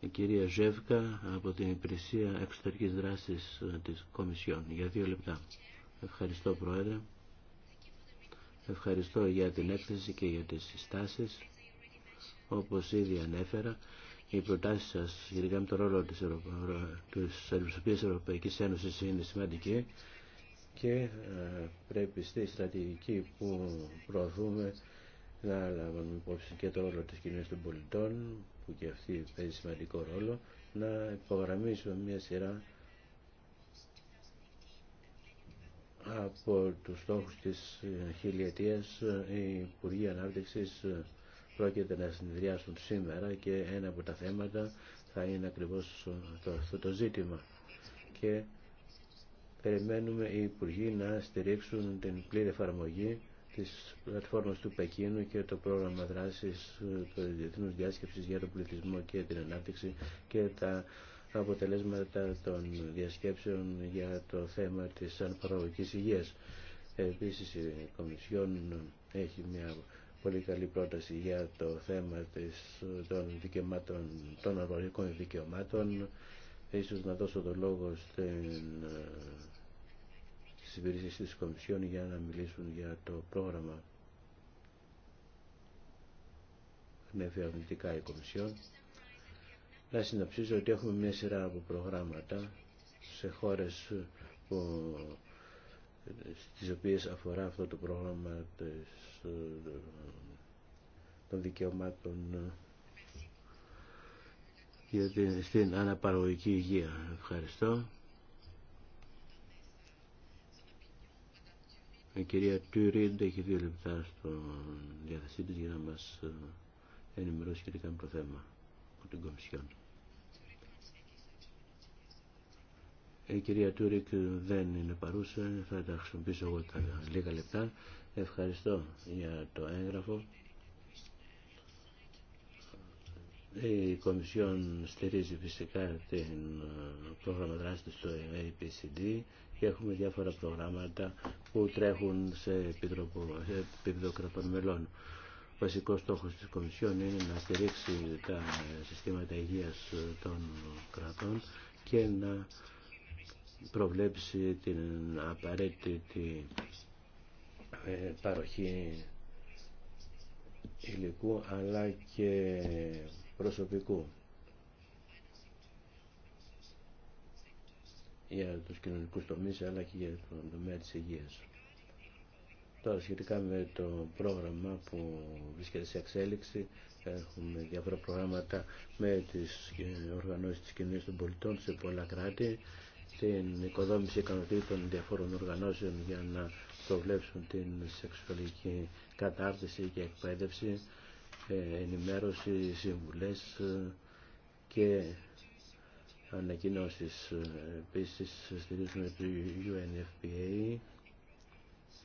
Η κυρία Ζεύκα από την Υπηρεσία Εξωτερικής Δράσης της Κομισιόν. Για δύο λεπτά. Ευχαριστώ Πρόεδρε. Ευχαριστώ για την έκθεση και για τις συστάσεις. Όπως ήδη ανέφερα, οι προτάσει σα σχετικά με το ρόλο τη Ευρωπαϊκή Ευρωπαϊκής Ένωση είναι σημαντική και ε, πρέπει στη στρατηγική που προωθούμε να λάβουμε υπόψη και το ρόλο τη κοινωνία των πολιτών, που και αυτή παίζει σημαντικό ρόλο, να υπογραμμίσουμε μια σειρά από τους στόχους της χιλιετίας ε, η Υπουργή Ανάπτυξης ε, πρόκειται να συνδυάσουν σήμερα και ένα από τα θέματα θα είναι ακριβώς αυτό το, ζήτημα. Και περιμένουμε οι Υπουργοί να στηρίξουν την πλήρη εφαρμογή της πλατφόρμας του Πεκίνου και το πρόγραμμα δράσης του Διεθνούς Διάσκεψης για τον Πληθυσμό και την Ανάπτυξη και τα αποτελέσματα των διασκέψεων για το θέμα της αναπαραγωγικής υγείας. Επίσης η Κομισιόν έχει μια πολύ καλή πρόταση για το θέμα της, των, δικαιωμάτων, των αγροτικών δικαιωμάτων. Ίσως να δώσω το λόγο στην, στις υπηρεσίες της Κομισιόν για να μιλήσουν για το πρόγραμμα. Ανέφερε ναι, αρνητικά η Κομισιόν. Να συνοψίζω ότι έχουμε μια σειρά από προγράμματα σε χώρες που στις οποίες αφορά αυτό το πρόγραμμα των δικαιωμάτων για την, στην αναπαραγωγική υγεία. Ευχαριστώ. Η κυρία Τουρίντ έχει δύο λεπτά στο διάθεσή για να μας ενημερώσει σχετικά με το θέμα από την Κομισιόν. Η κυρία Τούρικ δεν είναι παρούσα, θα τα χρησιμοποιήσω εγώ τα λίγα λεπτά. Ευχαριστώ για το έγγραφο. Η Κομισιόν στηρίζει φυσικά την ε, πρόγραμμα δράση του APCD και έχουμε διάφορα προγράμματα που τρέχουν σε επίπεδο κρατών μελών. Ο βασικός στόχος της Κομισιόν είναι να στηρίξει τα συστήματα υγείας των κρατών και να προβλέψει την απαραίτητη ε, παροχή υλικού αλλά και προσωπικού για τους κοινωνικούς τομείς αλλά και για τον τομέα της υγείας. Τώρα σχετικά με το πρόγραμμα που βρίσκεται σε εξέλιξη έχουμε διάφορα προγράμματα με τις οργανώσεις της κοινωνίας των πολιτών σε πολλά κράτη την οικοδόμηση ικανοτήτων διαφόρων οργανώσεων για να προβλέψουν την σεξουαλική κατάρτιση και εκπαίδευση, ε, ενημέρωση, συμβουλές ε, και ανακοινώσεις. Ε, επίση. στηρίζουμε το UNFPA.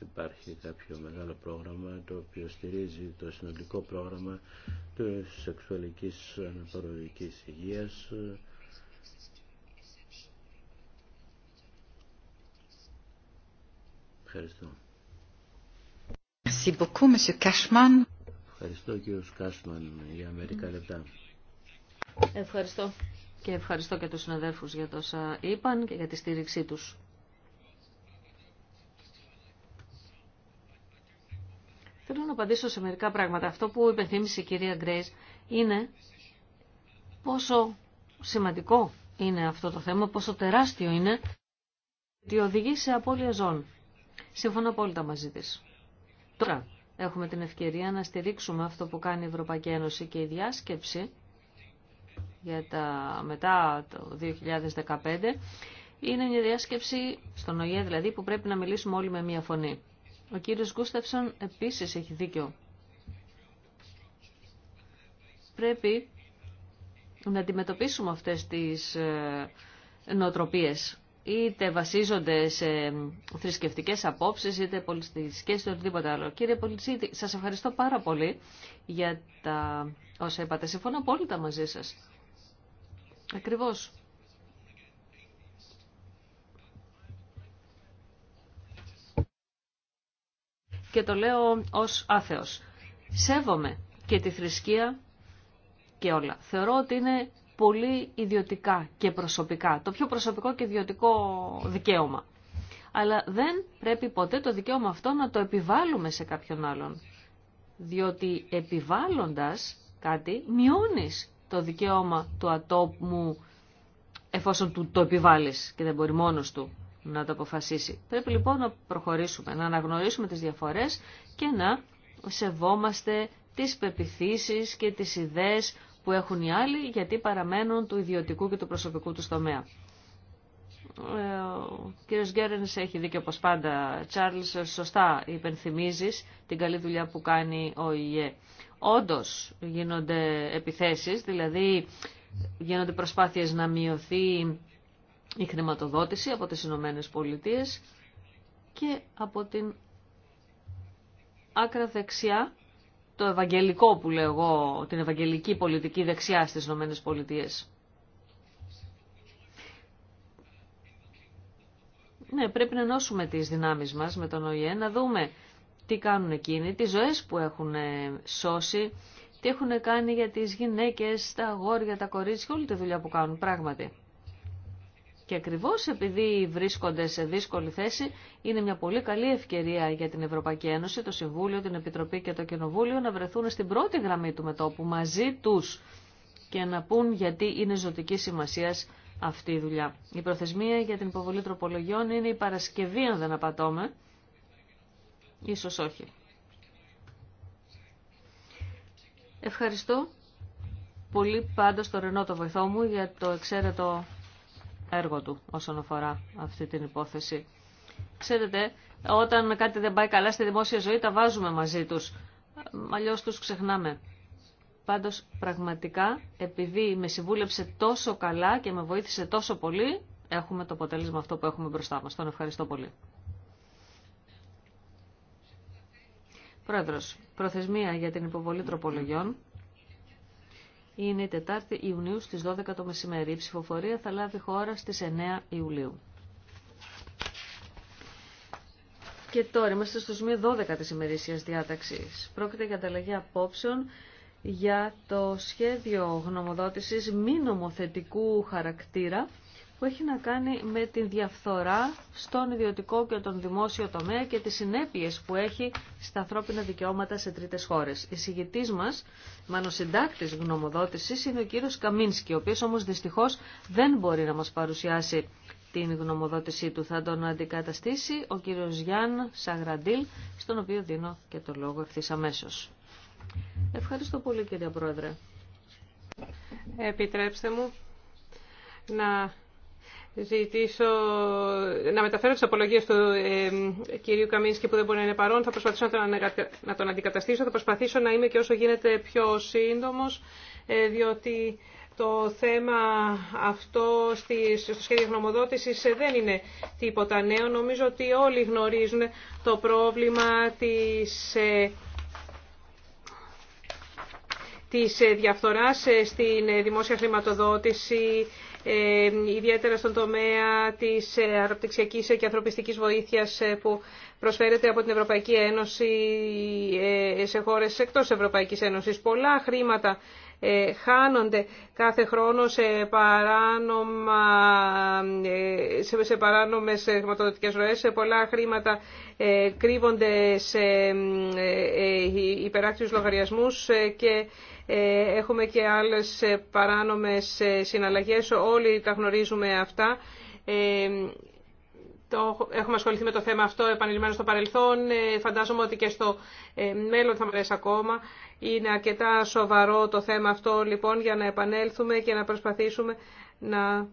Υπάρχει κάποιο μεγάλο πρόγραμμα το οποίο στηρίζει το συνολικό πρόγραμμα της σεξουαλικής αναπαραγωγικής υγείας Ευχαριστώ. Ευχαριστώ κύριο Κάσμαν για μερικά λεπτά. Ευχαριστώ και ευχαριστώ και τους συναδέλφους για τόσα είπαν και για τη στήριξή τους. Θέλω να απαντήσω σε μερικά πράγματα. Αυτό που υπενθύμισε η κυρία Γκρέις είναι πόσο σημαντικό είναι αυτό το θέμα, πόσο τεράστιο είναι ότι οδηγεί σε απώλεια ζώνη. Συμφωνώ απόλυτα μαζί της. Τώρα έχουμε την ευκαιρία να στηρίξουμε αυτό που κάνει η Ευρωπαϊκή Ένωση και η διάσκεψη για τα μετά το 2015 είναι μια διάσκεψη στον ΟΗΕ δηλαδή που πρέπει να μιλήσουμε όλοι με μία φωνή. Ο κύριος Γκούστευσον επίσης έχει δίκιο. Πρέπει να αντιμετωπίσουμε αυτές τις ε, νοοτροπίες είτε βασίζονται σε θρησκευτικές απόψεις, είτε πολιτιστικές, είτε οτιδήποτε άλλο. Κύριε Πολιτσίτη, σας ευχαριστώ πάρα πολύ για τα όσα είπατε. Συμφωνώ απόλυτα μαζί σας. Ακριβώς. Και το λέω ως άθεος. Σέβομαι και τη θρησκεία και όλα. Θεωρώ ότι είναι πολύ ιδιωτικά και προσωπικά. Το πιο προσωπικό και ιδιωτικό δικαίωμα. Αλλά δεν πρέπει ποτέ το δικαίωμα αυτό να το επιβάλλουμε σε κάποιον άλλον. Διότι επιβάλλοντας κάτι μειώνεις το δικαίωμα του ατόμου εφόσον του το επιβάλλεις και δεν μπορεί μόνος του να το αποφασίσει. Πρέπει λοιπόν να προχωρήσουμε, να αναγνωρίσουμε τις διαφορές και να σεβόμαστε τις πεπιθήσεις και τις ιδέες που έχουν οι άλλοι γιατί παραμένουν του ιδιωτικού και του προσωπικού του τομέα. Ε, ο κύριος Γκέρενς έχει δίκιο όπως πάντα. Τσάρλς, σωστά υπενθυμίζεις την καλή δουλειά που κάνει ο ΙΕ. Όντως γίνονται επιθέσεις, δηλαδή γίνονται προσπάθειες να μειωθεί η χρηματοδότηση από τις Ηνωμένε Πολιτείες και από την άκρα δεξιά το ευαγγελικό που λέω εγώ, την ευαγγελική πολιτική δεξιά στις Ηνωμένες Πολιτείες. Ναι, πρέπει να ενώσουμε τις δυνάμεις μας με τον ΟΗΕ, να δούμε τι κάνουν εκείνοι, τι ζωές που έχουν ε, σώσει, τι έχουν κάνει για τις γυναίκες, τα αγόρια, τα κορίτσια, όλη τη δουλειά που κάνουν πράγματι. Και ακριβώς επειδή βρίσκονται σε δύσκολη θέση, είναι μια πολύ καλή ευκαιρία για την Ευρωπαϊκή Ένωση, το Συμβούλιο, την Επιτροπή και το Κοινοβούλιο να βρεθούν στην πρώτη γραμμή του μετώπου μαζί τους και να πούν γιατί είναι ζωτική σημασία αυτή η δουλειά. Η προθεσμία για την υποβολή τροπολογιών είναι η Παρασκευή, αν δεν απατώμε. Ίσως όχι. Ευχαριστώ πολύ πάντως το Ρενό το βοηθό μου για το εξαίρετο έργο του όσον αφορά αυτή την υπόθεση. Ξέρετε, όταν κάτι δεν πάει καλά στη δημόσια ζωή τα βάζουμε μαζί τους, αλλιώς τους ξεχνάμε. Πάντως πραγματικά, επειδή με συμβούλεψε τόσο καλά και με βοήθησε τόσο πολύ, έχουμε το αποτέλεσμα αυτό που έχουμε μπροστά μας. Τον ευχαριστώ πολύ. Πρόεδρος, προθεσμία για την υποβολή τροπολογιών είναι η Τετάρτη Ιουνίου στις 12 το μεσημέρι. Η ψηφοφορία θα λάβει χώρα στις 9 Ιουλίου. Και τώρα είμαστε στο σημείο 12 της ημερήσιας διάταξης. Πρόκειται για ανταλλαγή απόψεων για το σχέδιο γνωμοδότησης μη νομοθετικού χαρακτήρα που έχει να κάνει με τη διαφθορά στον ιδιωτικό και τον δημόσιο τομέα και τις συνέπειες που έχει στα ανθρώπινα δικαιώματα σε τρίτες χώρες. Η συγητής μας, μάλλον συντάκτης γνωμοδότησης, είναι ο κύριος Καμίνσκι, ο οποίος όμως δυστυχώς δεν μπορεί να μας παρουσιάσει την γνωμοδότησή του. Θα τον αντικαταστήσει ο κύριος Γιάν Σαγραντήλ, στον οποίο δίνω και το λόγο ευθύ αμέσω. Ευχαριστώ πολύ κύριε Πρόεδρε. Επιτρέψτε μου να ζητήσω να μεταφέρω τι απολογίε του ε, κυρίου Καμίνσκι που δεν μπορεί να είναι παρόν. Θα προσπαθήσω να τον, να τον αντικαταστήσω. Θα προσπαθήσω να είμαι και όσο γίνεται πιο σύντομο, ε, διότι το θέμα αυτό στη, στο σχέδιο γνωμοδότησης ε, δεν είναι τίποτα νέο. Νομίζω ότι όλοι γνωρίζουν το πρόβλημα τη Ε, της ε, διαφθοράς στην δημόσια χρηματοδότηση, ιδιαίτερα στον τομέα της ε, αναπτυξιακής και ανθρωπιστικής βοήθειας ε, που προσφέρεται από την Ευρωπαϊκή Ένωση ε, σε χώρες εκτός Ευρωπαϊκής Ένωσης. Πολλά χρήματα ε, χάνονται κάθε χρόνο σε, παράνομα, ε, σε, σε παράνομες χρηματοδοτικές ροές. Σε πολλά χρήματα ε, κρύβονται σε υπεράκτιους λογαριασμούς και έχουμε και άλλες παράνομες συναλλαγές. Όλοι τα γνωρίζουμε αυτά το, έχουμε ασχοληθεί με το θέμα αυτό επανειλημμένο στο παρελθόν. Ε, φαντάζομαι ότι και στο ε, μέλλον θα μας ακόμα. Είναι αρκετά σοβαρό το θέμα αυτό λοιπόν για να επανέλθουμε και να προσπαθήσουμε να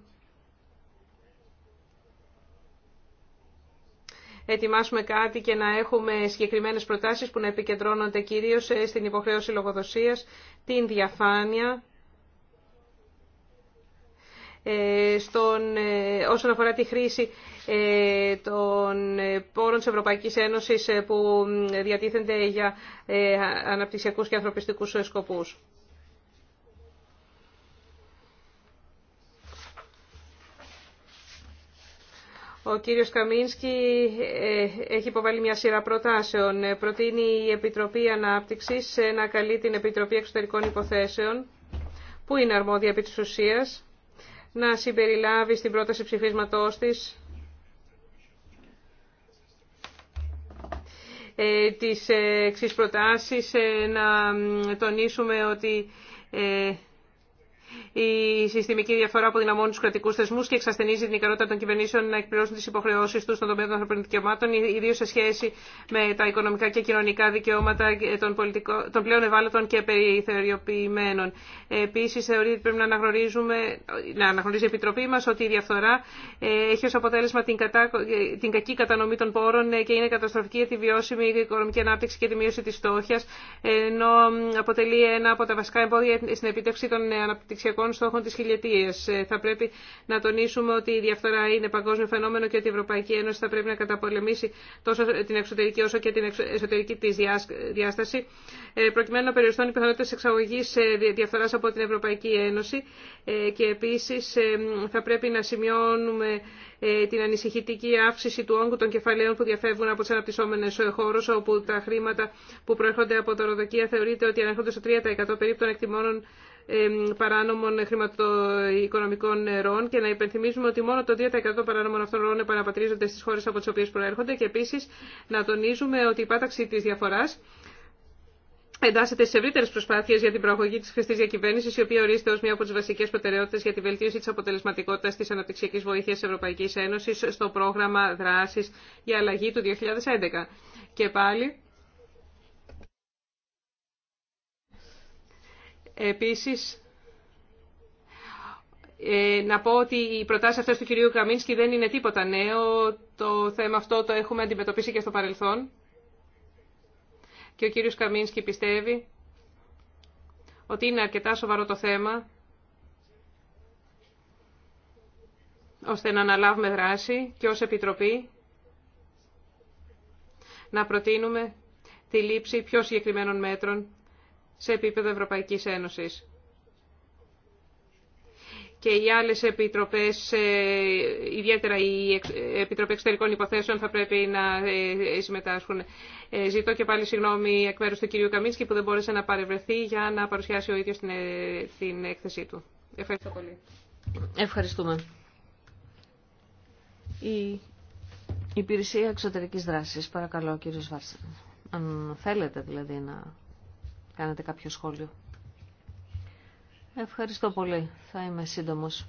ετοιμάσουμε κάτι και να έχουμε συγκεκριμένες προτάσεις που να επικεντρώνονται κυρίως ε, στην υποχρέωση λογοδοσίας, την διαφάνεια, στον, όσον αφορά τη χρήση ε, των πόρων της Ευρωπαϊκής Ένωσης ε, που διατίθενται για ε, αναπτυξιακούς και ανθρωπιστικούς σκοπούς. Ο κύριος Καμίνσκι έχει υποβάλει μια σειρά προτάσεων. Προτείνει η Επιτροπή Ανάπτυξης να καλεί την Επιτροπή Εξωτερικών Υποθέσεων, που είναι αρμόδια επί της ουσίας, να συμπεριλάβει στην πρόταση ψηφίσματός της Ε, τις ε, εξής προτάσεις, ε, να τονίσουμε ότι η συστημική διαφορά αποδυναμώνει του κρατικού θεσμού και εξασθενίζει την ικανότητα των κυβερνήσεων να εκπληρώσουν τι υποχρεώσει του στον τομέα των ανθρωπίνων δικαιωμάτων, ιδίω σε σχέση με τα οικονομικά και κοινωνικά δικαιώματα των, πολιτικο... των πλέον ευάλωτων και περιθεωριοποιημένων. Επίση, θεωρείται ότι πρέπει να, αναγνωρίζουμε... να αναγνωρίζει η Επιτροπή μα ότι η διαφθορά ε, έχει ω αποτέλεσμα την, κατα... την κακή κατανομή των πόρων ε, και είναι καταστροφική για τη βιώσιμη οικονομική ανάπτυξη και τη μείωση τη στόχια, ενώ αποτελεί ένα από τα βασικά εμπόδια στην επίτευξη των αναπτυξιακών στόχων τη χιλιετία. Ε, θα πρέπει να τονίσουμε ότι η διαφθορά είναι παγκόσμιο φαινόμενο και ότι η Ευρωπαϊκή Ένωση θα πρέπει να καταπολεμήσει τόσο την εξωτερική όσο και την εσωτερική τη διάσταση, ε, προκειμένου να περιοριστούν οι εξαγωγή εξαγωγής ε, διαφθοράς από την Ευρωπαϊκή Ένωση και επίσης θα πρέπει να σημειώνουμε την ανησυχητική αύξηση του όγκου των κεφαλαίων που διαφεύγουν από τι αναπτυσσόμενε χώρε, όπου τα χρήματα που προέρχονται από τα Ροδοκία θεωρείται ότι ανέρχονται στο 3% περίπου των εκτιμώνων παράνομων χρηματοοικονομικών νερών και να υπενθυμίζουμε ότι μόνο το 2% των παράνομων αυτών ροών επαναπατρίζονται στι χώρε από τι οποίε προέρχονται και επίση να τονίζουμε ότι η πάταξη τη διαφορά εντάσσεται σε ευρύτερε προσπάθειε για την προαγωγή τη χρηστή διακυβέρνηση, η οποία ορίζεται ω μία από τι βασικέ προτεραιότητε για τη βελτίωση τη αποτελεσματικότητα τη αναπτυξιακή βοήθεια Ευρωπαϊκή Ένωση στο πρόγραμμα δράση για αλλαγή του 2011. Και πάλι, Επίσης, ε, να πω ότι η προτάση αυτή του κυρίου Καμίνσκι δεν είναι τίποτα νέο. Το θέμα αυτό το έχουμε αντιμετωπίσει και στο παρελθόν. Και ο κύριος Καμίνσκι πιστεύει ότι είναι αρκετά σοβαρό το θέμα ώστε να αναλάβουμε δράση και ως Επιτροπή να προτείνουμε τη λήψη πιο συγκεκριμένων μέτρων σε επίπεδο Ευρωπαϊκής Ένωσης. Και οι άλλες επιτροπές, ε, ιδιαίτερα η ε, Επιτροπή Εξωτερικών Υποθέσεων, θα πρέπει να ε, συμμετάσχουν. Ζητώ και πάλι συγγνώμη εκ μέρους του κυρίου Καμίνσκι που δεν μπόρεσε να παρευρεθεί για να παρουσιάσει ο ίδιος την έκθεσή του. Ευχαριστώ πολύ. Ευχαριστούμε. Η Υπηρεσία Εξωτερικής Δράσης. Παρακαλώ, κύριος Βάρσεν. Αν θέλετε δηλαδή να κάνετε κάποιο σχόλιο. Ευχαριστώ πολύ. Θα είμαι σύντομος.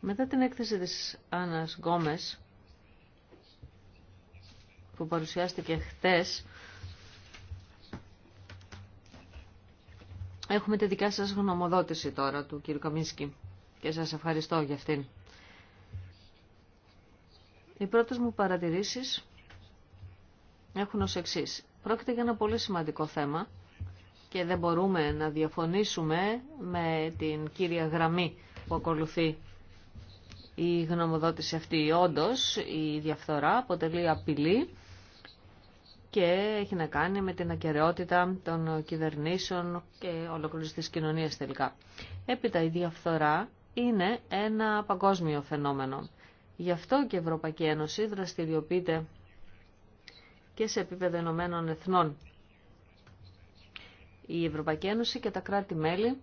Μετά την έκθεση της Άννας Γκόμες, που παρουσιάστηκε χτες, έχουμε τη δικιά σας γνωμοδότηση τώρα του κ. Καμίσκη και σας ευχαριστώ για αυτήν. Οι πρώτες μου παρατηρήσεις έχουν ως εξή. Πρόκειται για ένα πολύ σημαντικό θέμα και δεν μπορούμε να διαφωνήσουμε με την κύρια γραμμή που ακολουθεί η γνωμοδότηση αυτή. Όντως, η διαφθορά αποτελεί απειλή και έχει να κάνει με την ακαιρεότητα των κυβερνήσεων και ολοκλήρωσης της κοινωνίας τελικά. Έπειτα, η διαφθορά είναι ένα παγκόσμιο φαινόμενο. Γι' αυτό και η Ευρωπαϊκή Ένωση δραστηριοποιείται και σε επίπεδο Ηνωμένων Εθνών. Η Ευρωπαϊκή Ένωση και τα κράτη-μέλη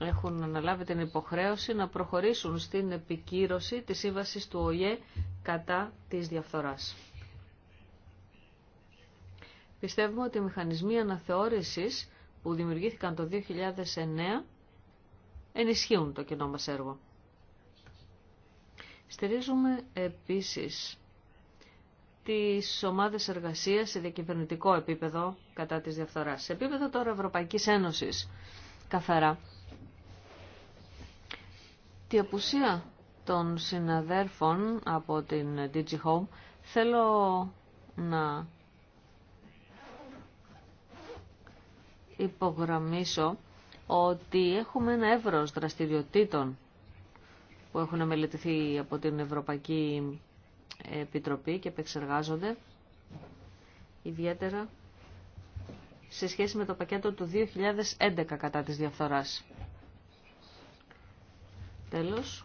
έχουν αναλάβει την υποχρέωση να προχωρήσουν στην επικύρωση της σύμβασης του ΟΗΕ κατά της διαφθοράς. Πιστεύουμε ότι οι μηχανισμοί αναθεώρησης που δημιουργήθηκαν το 2009 ενισχύουν το κοινό μας έργο. Στηρίζουμε επίσης τις ομάδες εργασίας σε διακυβερνητικό επίπεδο κατά της διαφθοράς. Σε επίπεδο τώρα Ευρωπαϊκής Ένωσης, καθαρά. Τη απουσία των συναδέρφων από την DigiHome Home θέλω να υπογραμμίσω ότι έχουμε ένα εύρος δραστηριοτήτων που έχουν μελετηθεί από την Ευρωπαϊκή Επιτροπή και επεξεργάζονται ιδιαίτερα σε σχέση με το πακέτο του 2011 κατά της διαφθοράς. Τέλος.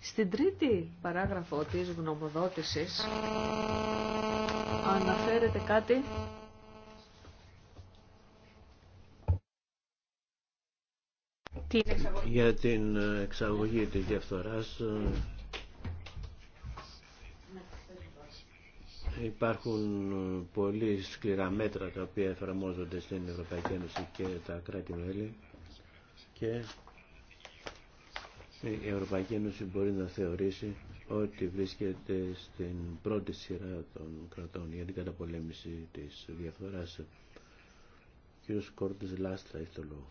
Στην τρίτη παράγραφο της γνωμοδότησης αναφέρεται κάτι για την εξαγωγή της διαφθοράς ε, υπάρχουν ε, πολύ σκληρά μέτρα τα οποία εφαρμόζονται στην Ευρωπαϊκή Ένωση και τα κράτη-μέλη και η Ευρωπαϊκή Ένωση μπορεί να θεωρήσει ότι βρίσκεται στην πρώτη σειρά των κρατών για την καταπολέμηση της διαφθοράς. Ο κύριος Κόρτης Λάστρα έχει λόγο.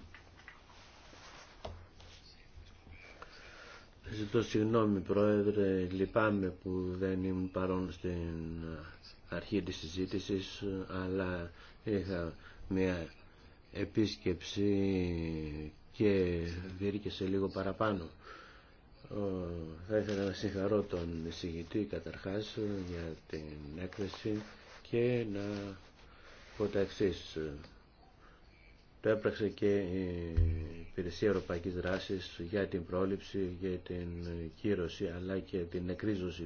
Ζητώ συγγνώμη Πρόεδρε, λυπάμαι που δεν ήμουν παρόν στην αρχή της συζήτησης, αλλά είχα μια επίσκεψη και βγήκε σε λίγο παραπάνω. Θα ήθελα να συγχαρώ τον εισηγητή καταρχάς για την έκθεση και να πω τα εξής. Το έπραξε και η Υπηρεσία Ευρωπαϊκή δράση για την πρόληψη, για την κύρωση αλλά και την εκρίζωση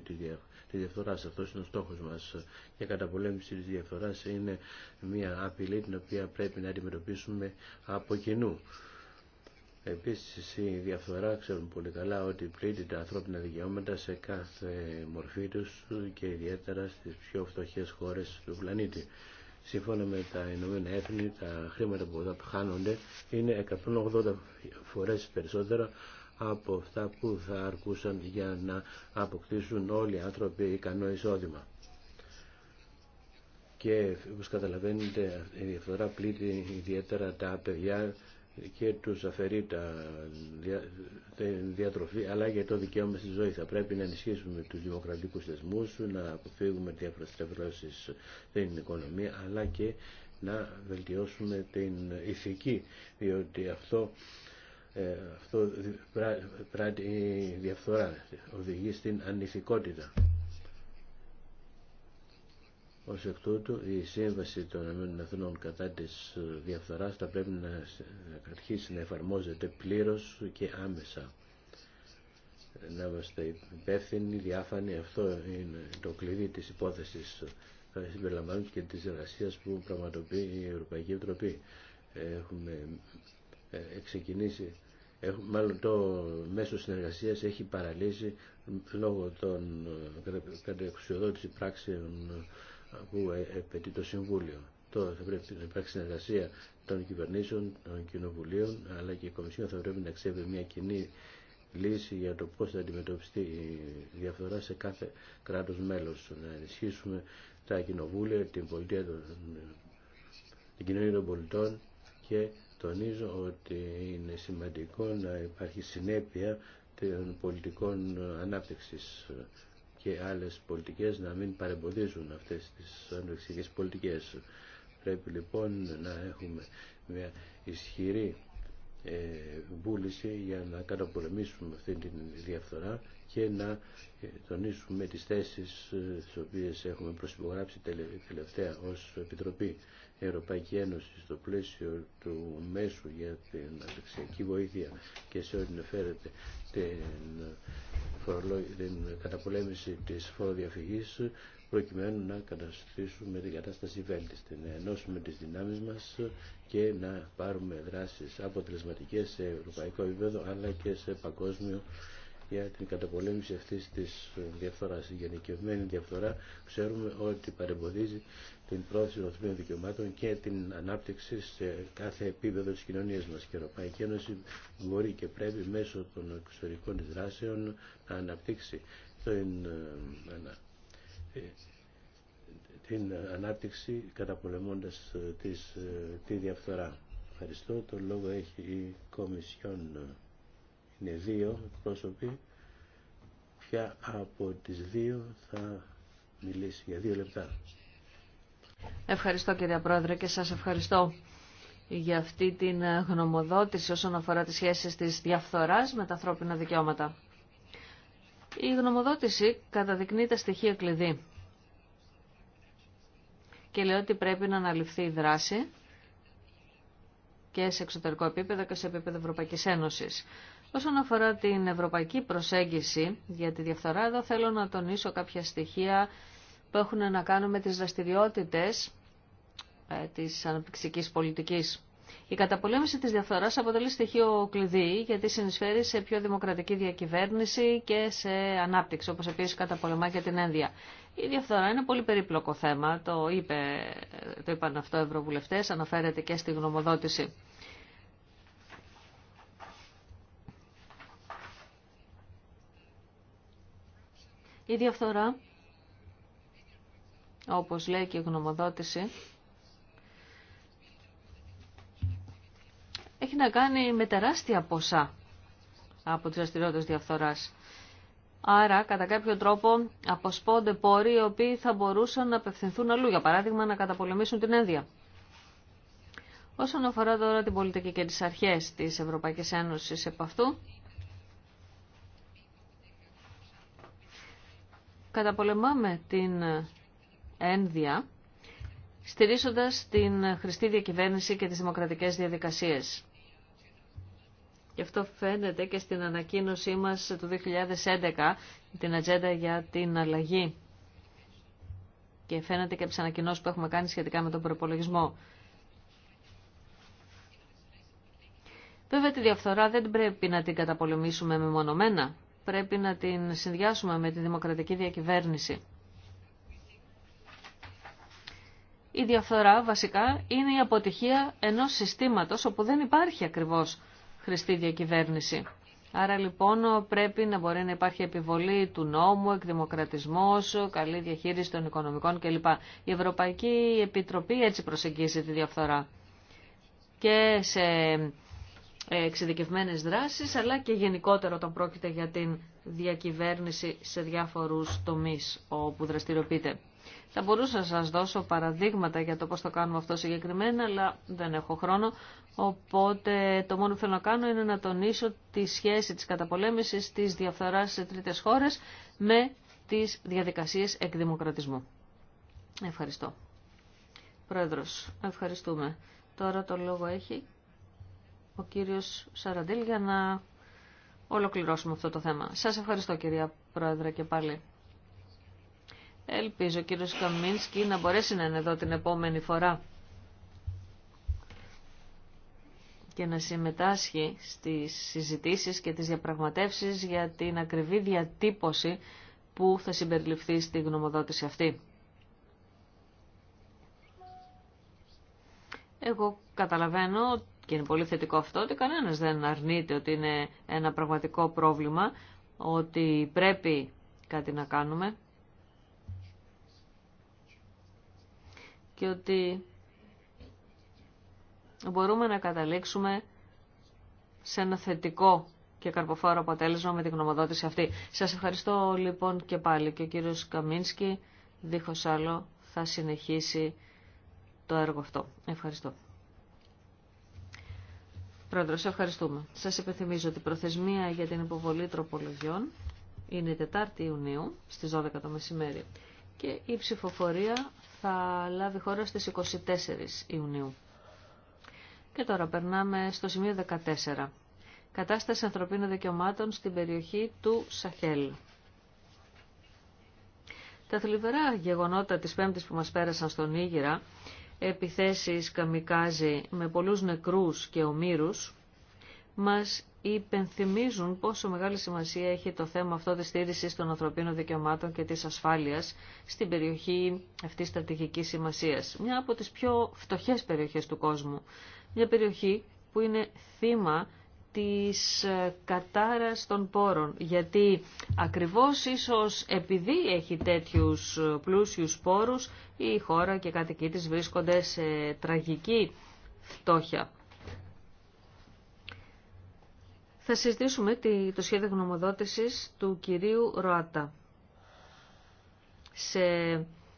τη διαφθοράς. Αυτός είναι ο στόχος μας. Και η καταπολέμηση της διαφθοράς είναι μια απειλή την οποία πρέπει να αντιμετωπίσουμε από κοινού. Επίσης η διαφθορά ξέρουμε πολύ καλά ότι πλήττει τα ανθρώπινα δικαιώματα σε κάθε μορφή του και ιδιαίτερα στι πιο φτωχέ χώρες του πλανήτη σύμφωνα με τα Ηνωμένα Έθνη, τα χρήματα που χάνονται είναι 180 φορές περισσότερα από αυτά που θα αρκούσαν για να αποκτήσουν όλοι οι άνθρωποι ικανό εισόδημα. Και όπως καταλαβαίνετε η διαφθορά πλήττει ιδιαίτερα τα παιδιά και τους αφαιρεί τα διατροφή αλλά και το δικαίωμα στη ζωή. Θα πρέπει να ενισχύσουμε τους δημοκρατικούς θεσμούς, να αποφύγουμε διάφορες τρευρώσεις στην οικονομία αλλά και να βελτιώσουμε την ηθική διότι αυτό ε, αυτό πράττει η διαφθορά οδηγεί στην ανηθικότητα. Ως εκ τούτου, η Σύμβαση των κατά της διαφθοράς θα πρέπει να αρχίσει να εφαρμόζεται πλήρως και άμεσα. Να είμαστε υπεύθυνοι, διάφανοι, αυτό είναι το κλειδί της υπόθεσης συμπεριλαμβάνουν και της εργασία που πραγματοποιεί η Ευρωπαϊκή Επιτροπή. Έχουμε ε, ξεκινήσει, έχουμε, μάλλον το μέσο συνεργασίας έχει παραλύσει λόγω των ε, κατεξουσιοδότηση πράξεων που ε, επαιτεί το Συμβούλιο. Τώρα θα πρέπει να υπάρξει συνεργασία των κυβερνήσεων, των κοινοβουλίων, αλλά και η Κομισιόν θα πρέπει να ξέρει μια κοινή λύση για το πώς θα αντιμετωπιστεί η διαφθορά σε κάθε κράτος μέλος. Να ενισχύσουμε τα κοινοβούλια, την πολιτεία των την κοινωνία των πολιτών και τονίζω ότι είναι σημαντικό να υπάρχει συνέπεια των πολιτικών ανάπτυξης και άλλες πολιτικές να μην παρεμποδίζουν αυτές τις ανοιξικές πολιτικές. Πρέπει λοιπόν να έχουμε μια ισχυρή ε, βούληση για να καταπολεμήσουμε αυτή τη διαφθορά και να ε, τονίσουμε τις θέσεις ε, τις οποίες έχουμε προσυπογράψει τελευταία ως Επιτροπή Ευρωπαϊκή Ένωση στο πλαίσιο του μέσου για την αξιακή βοήθεια και σε ό,τι την την καταπολέμηση της φοροδιαφυγής προκειμένου να καταστήσουμε την κατάσταση βέλτιστη, να ενώσουμε τις δυνάμεις μας και να πάρουμε δράσεις αποτελεσματικές σε ευρωπαϊκό επίπεδο αλλά και σε παγκόσμιο για την καταπολέμηση αυτής της διαφθοράς. Η γενικευμένη διαφθορά ξέρουμε ότι παρεμποδίζει την πρόθεση των ανθρωπίνων δικαιωμάτων και την ανάπτυξη σε κάθε επίπεδο της κοινωνίας μας. η Ευρωπαϊκή Ένωση μπορεί και πρέπει μέσω των εξωτερικών δράσεων να αναπτύξει την, ε, την ανάπτυξη καταπολεμώντας ε, της, ε, τη διαφθορά. Ευχαριστώ. Το λόγο έχει η Κομισιόν. Είναι δύο πρόσωποι. Ποια από τις δύο θα μιλήσει για δύο λεπτά. Ευχαριστώ κύριε Πρόεδρε και σας ευχαριστώ για αυτή την γνωμοδότηση όσον αφορά τις σχέσεις της διαφθοράς με τα ανθρώπινα δικαιώματα. Η γνωμοδότηση καταδεικνύει τα στοιχεία κλειδί και λέει ότι πρέπει να αναλυφθεί η δράση και σε εξωτερικό επίπεδο και σε επίπεδο Ευρωπαϊκής Ένωσης. Όσον αφορά την ευρωπαϊκή προσέγγιση για τη διαφθορά, εδώ θέλω να τονίσω κάποια στοιχεία που έχουν να κάνουν με τις δραστηριότητες ε, της αναπτυξικής πολιτικής. Η καταπολέμηση της διαφθοράς αποτελεί στοιχείο κλειδί γιατί συνεισφέρει σε πιο δημοκρατική διακυβέρνηση και σε ανάπτυξη, όπως επίσης καταπολεμά και την ένδια. Η διαφθορά είναι πολύ περίπλοκο θέμα, το, είπε, το είπαν αυτό ευρωβουλευτές, αναφέρεται και στη γνωμοδότηση. Η διαφθορά όπως λέει και η γνωμοδότηση, έχει να κάνει με τεράστια ποσά από τις δραστηριότητε διαφθοράς. Άρα, κατά κάποιο τρόπο, αποσπώνται πόροι οι οποίοι θα μπορούσαν να απευθυνθούν αλλού, για παράδειγμα, να καταπολεμήσουν την ένδια. Όσον αφορά τώρα την πολιτική και τις αρχές της Ευρωπαϊκής Ένωσης επ' αυτού, καταπολεμάμε την ένδια, στηρίζοντας την χρηστή διακυβέρνηση και τις δημοκρατικές διαδικασίες. Και αυτό φαίνεται και στην ανακοίνωσή μας του 2011, την ατζέντα για την αλλαγή. Και φαίνεται και από τις ανακοινώσεις που έχουμε κάνει σχετικά με τον προπολογισμό. Βέβαια τη διαφθορά δεν πρέπει να την καταπολεμήσουμε μεμονωμένα. Πρέπει να την συνδυάσουμε με τη δημοκρατική διακυβέρνηση. η διαφθορά βασικά είναι η αποτυχία ενός συστήματος όπου δεν υπάρχει ακριβώς χρηστή διακυβέρνηση. Άρα λοιπόν πρέπει να μπορεί να υπάρχει επιβολή του νόμου, εκδημοκρατισμός, καλή διαχείριση των οικονομικών κλπ. Η Ευρωπαϊκή Επιτροπή έτσι προσεγγίζει τη διαφθορά και σε εξειδικευμένες δράσεις αλλά και γενικότερα όταν πρόκειται για την διακυβέρνηση σε διάφορους τομείς όπου δραστηριοποιείται. Θα μπορούσα να σας δώσω παραδείγματα για το πώς το κάνουμε αυτό συγκεκριμένα, αλλά δεν έχω χρόνο. Οπότε το μόνο που θέλω να κάνω είναι να τονίσω τη σχέση της καταπολέμησης της διαφθοράς σε τρίτες χώρες με τις διαδικασίες εκδημοκρατισμού. Ευχαριστώ. Πρόεδρος, ευχαριστούμε. Τώρα το λόγο έχει ο κύριος Σαραντήλ για να ολοκληρώσουμε αυτό το θέμα. Σας ευχαριστώ κυρία Πρόεδρε και πάλι. Ελπίζω ο κύριος Καμίνσκι να μπορέσει να είναι εδώ την επόμενη φορά και να συμμετάσχει στις συζητήσεις και τις διαπραγματεύσεις για την ακριβή διατύπωση που θα συμπεριληφθεί στη γνωμοδότηση αυτή. Εγώ καταλαβαίνω και είναι πολύ θετικό αυτό ότι κανένας δεν αρνείται ότι είναι ένα πραγματικό πρόβλημα, ότι πρέπει κάτι να κάνουμε. και ότι μπορούμε να καταλήξουμε σε ένα θετικό και καρποφόρο αποτέλεσμα με την γνωμοδότηση αυτή. Σας ευχαριστώ λοιπόν και πάλι και ο κύριος Καμίνσκι δίχως άλλο θα συνεχίσει το έργο αυτό. Ευχαριστώ. Πρόεδρος, ευχαριστούμε. Σας υπενθυμίζω ότι η προθεσμία για την υποβολή τροπολογιών είναι η 4η Ιουνίου στις 12 το μεσημέρι και η ψηφοφορία θα λάβει χώρα στις 24 Ιουνίου. Και τώρα περνάμε στο σημείο 14. Κατάσταση ανθρωπίνων δικαιωμάτων στην περιοχή του Σαχέλ. Τα θλιβερά γεγονότα της Πέμπτης που μας πέρασαν στον Ήγηρα, επιθέσεις καμικάζι με πολλούς νεκρούς και ομήρους, μας υπενθυμίζουν πόσο μεγάλη σημασία έχει το θέμα αυτό της στήριξης των ανθρωπίνων δικαιωμάτων και της ασφάλειας στην περιοχή αυτής στρατηγικής σημασίας. Μια από τις πιο φτωχές περιοχές του κόσμου. Μια περιοχή που είναι θύμα της ε, κατάρας των πόρων. Γιατί ακριβώς ίσως επειδή έχει τέτοιους ε, πλούσιους πόρους, η χώρα και οι κατοικοί βρίσκονται σε τραγική φτώχεια. Θα συζητήσουμε το σχέδιο γνωμοδότησης του κυρίου Ροατά σε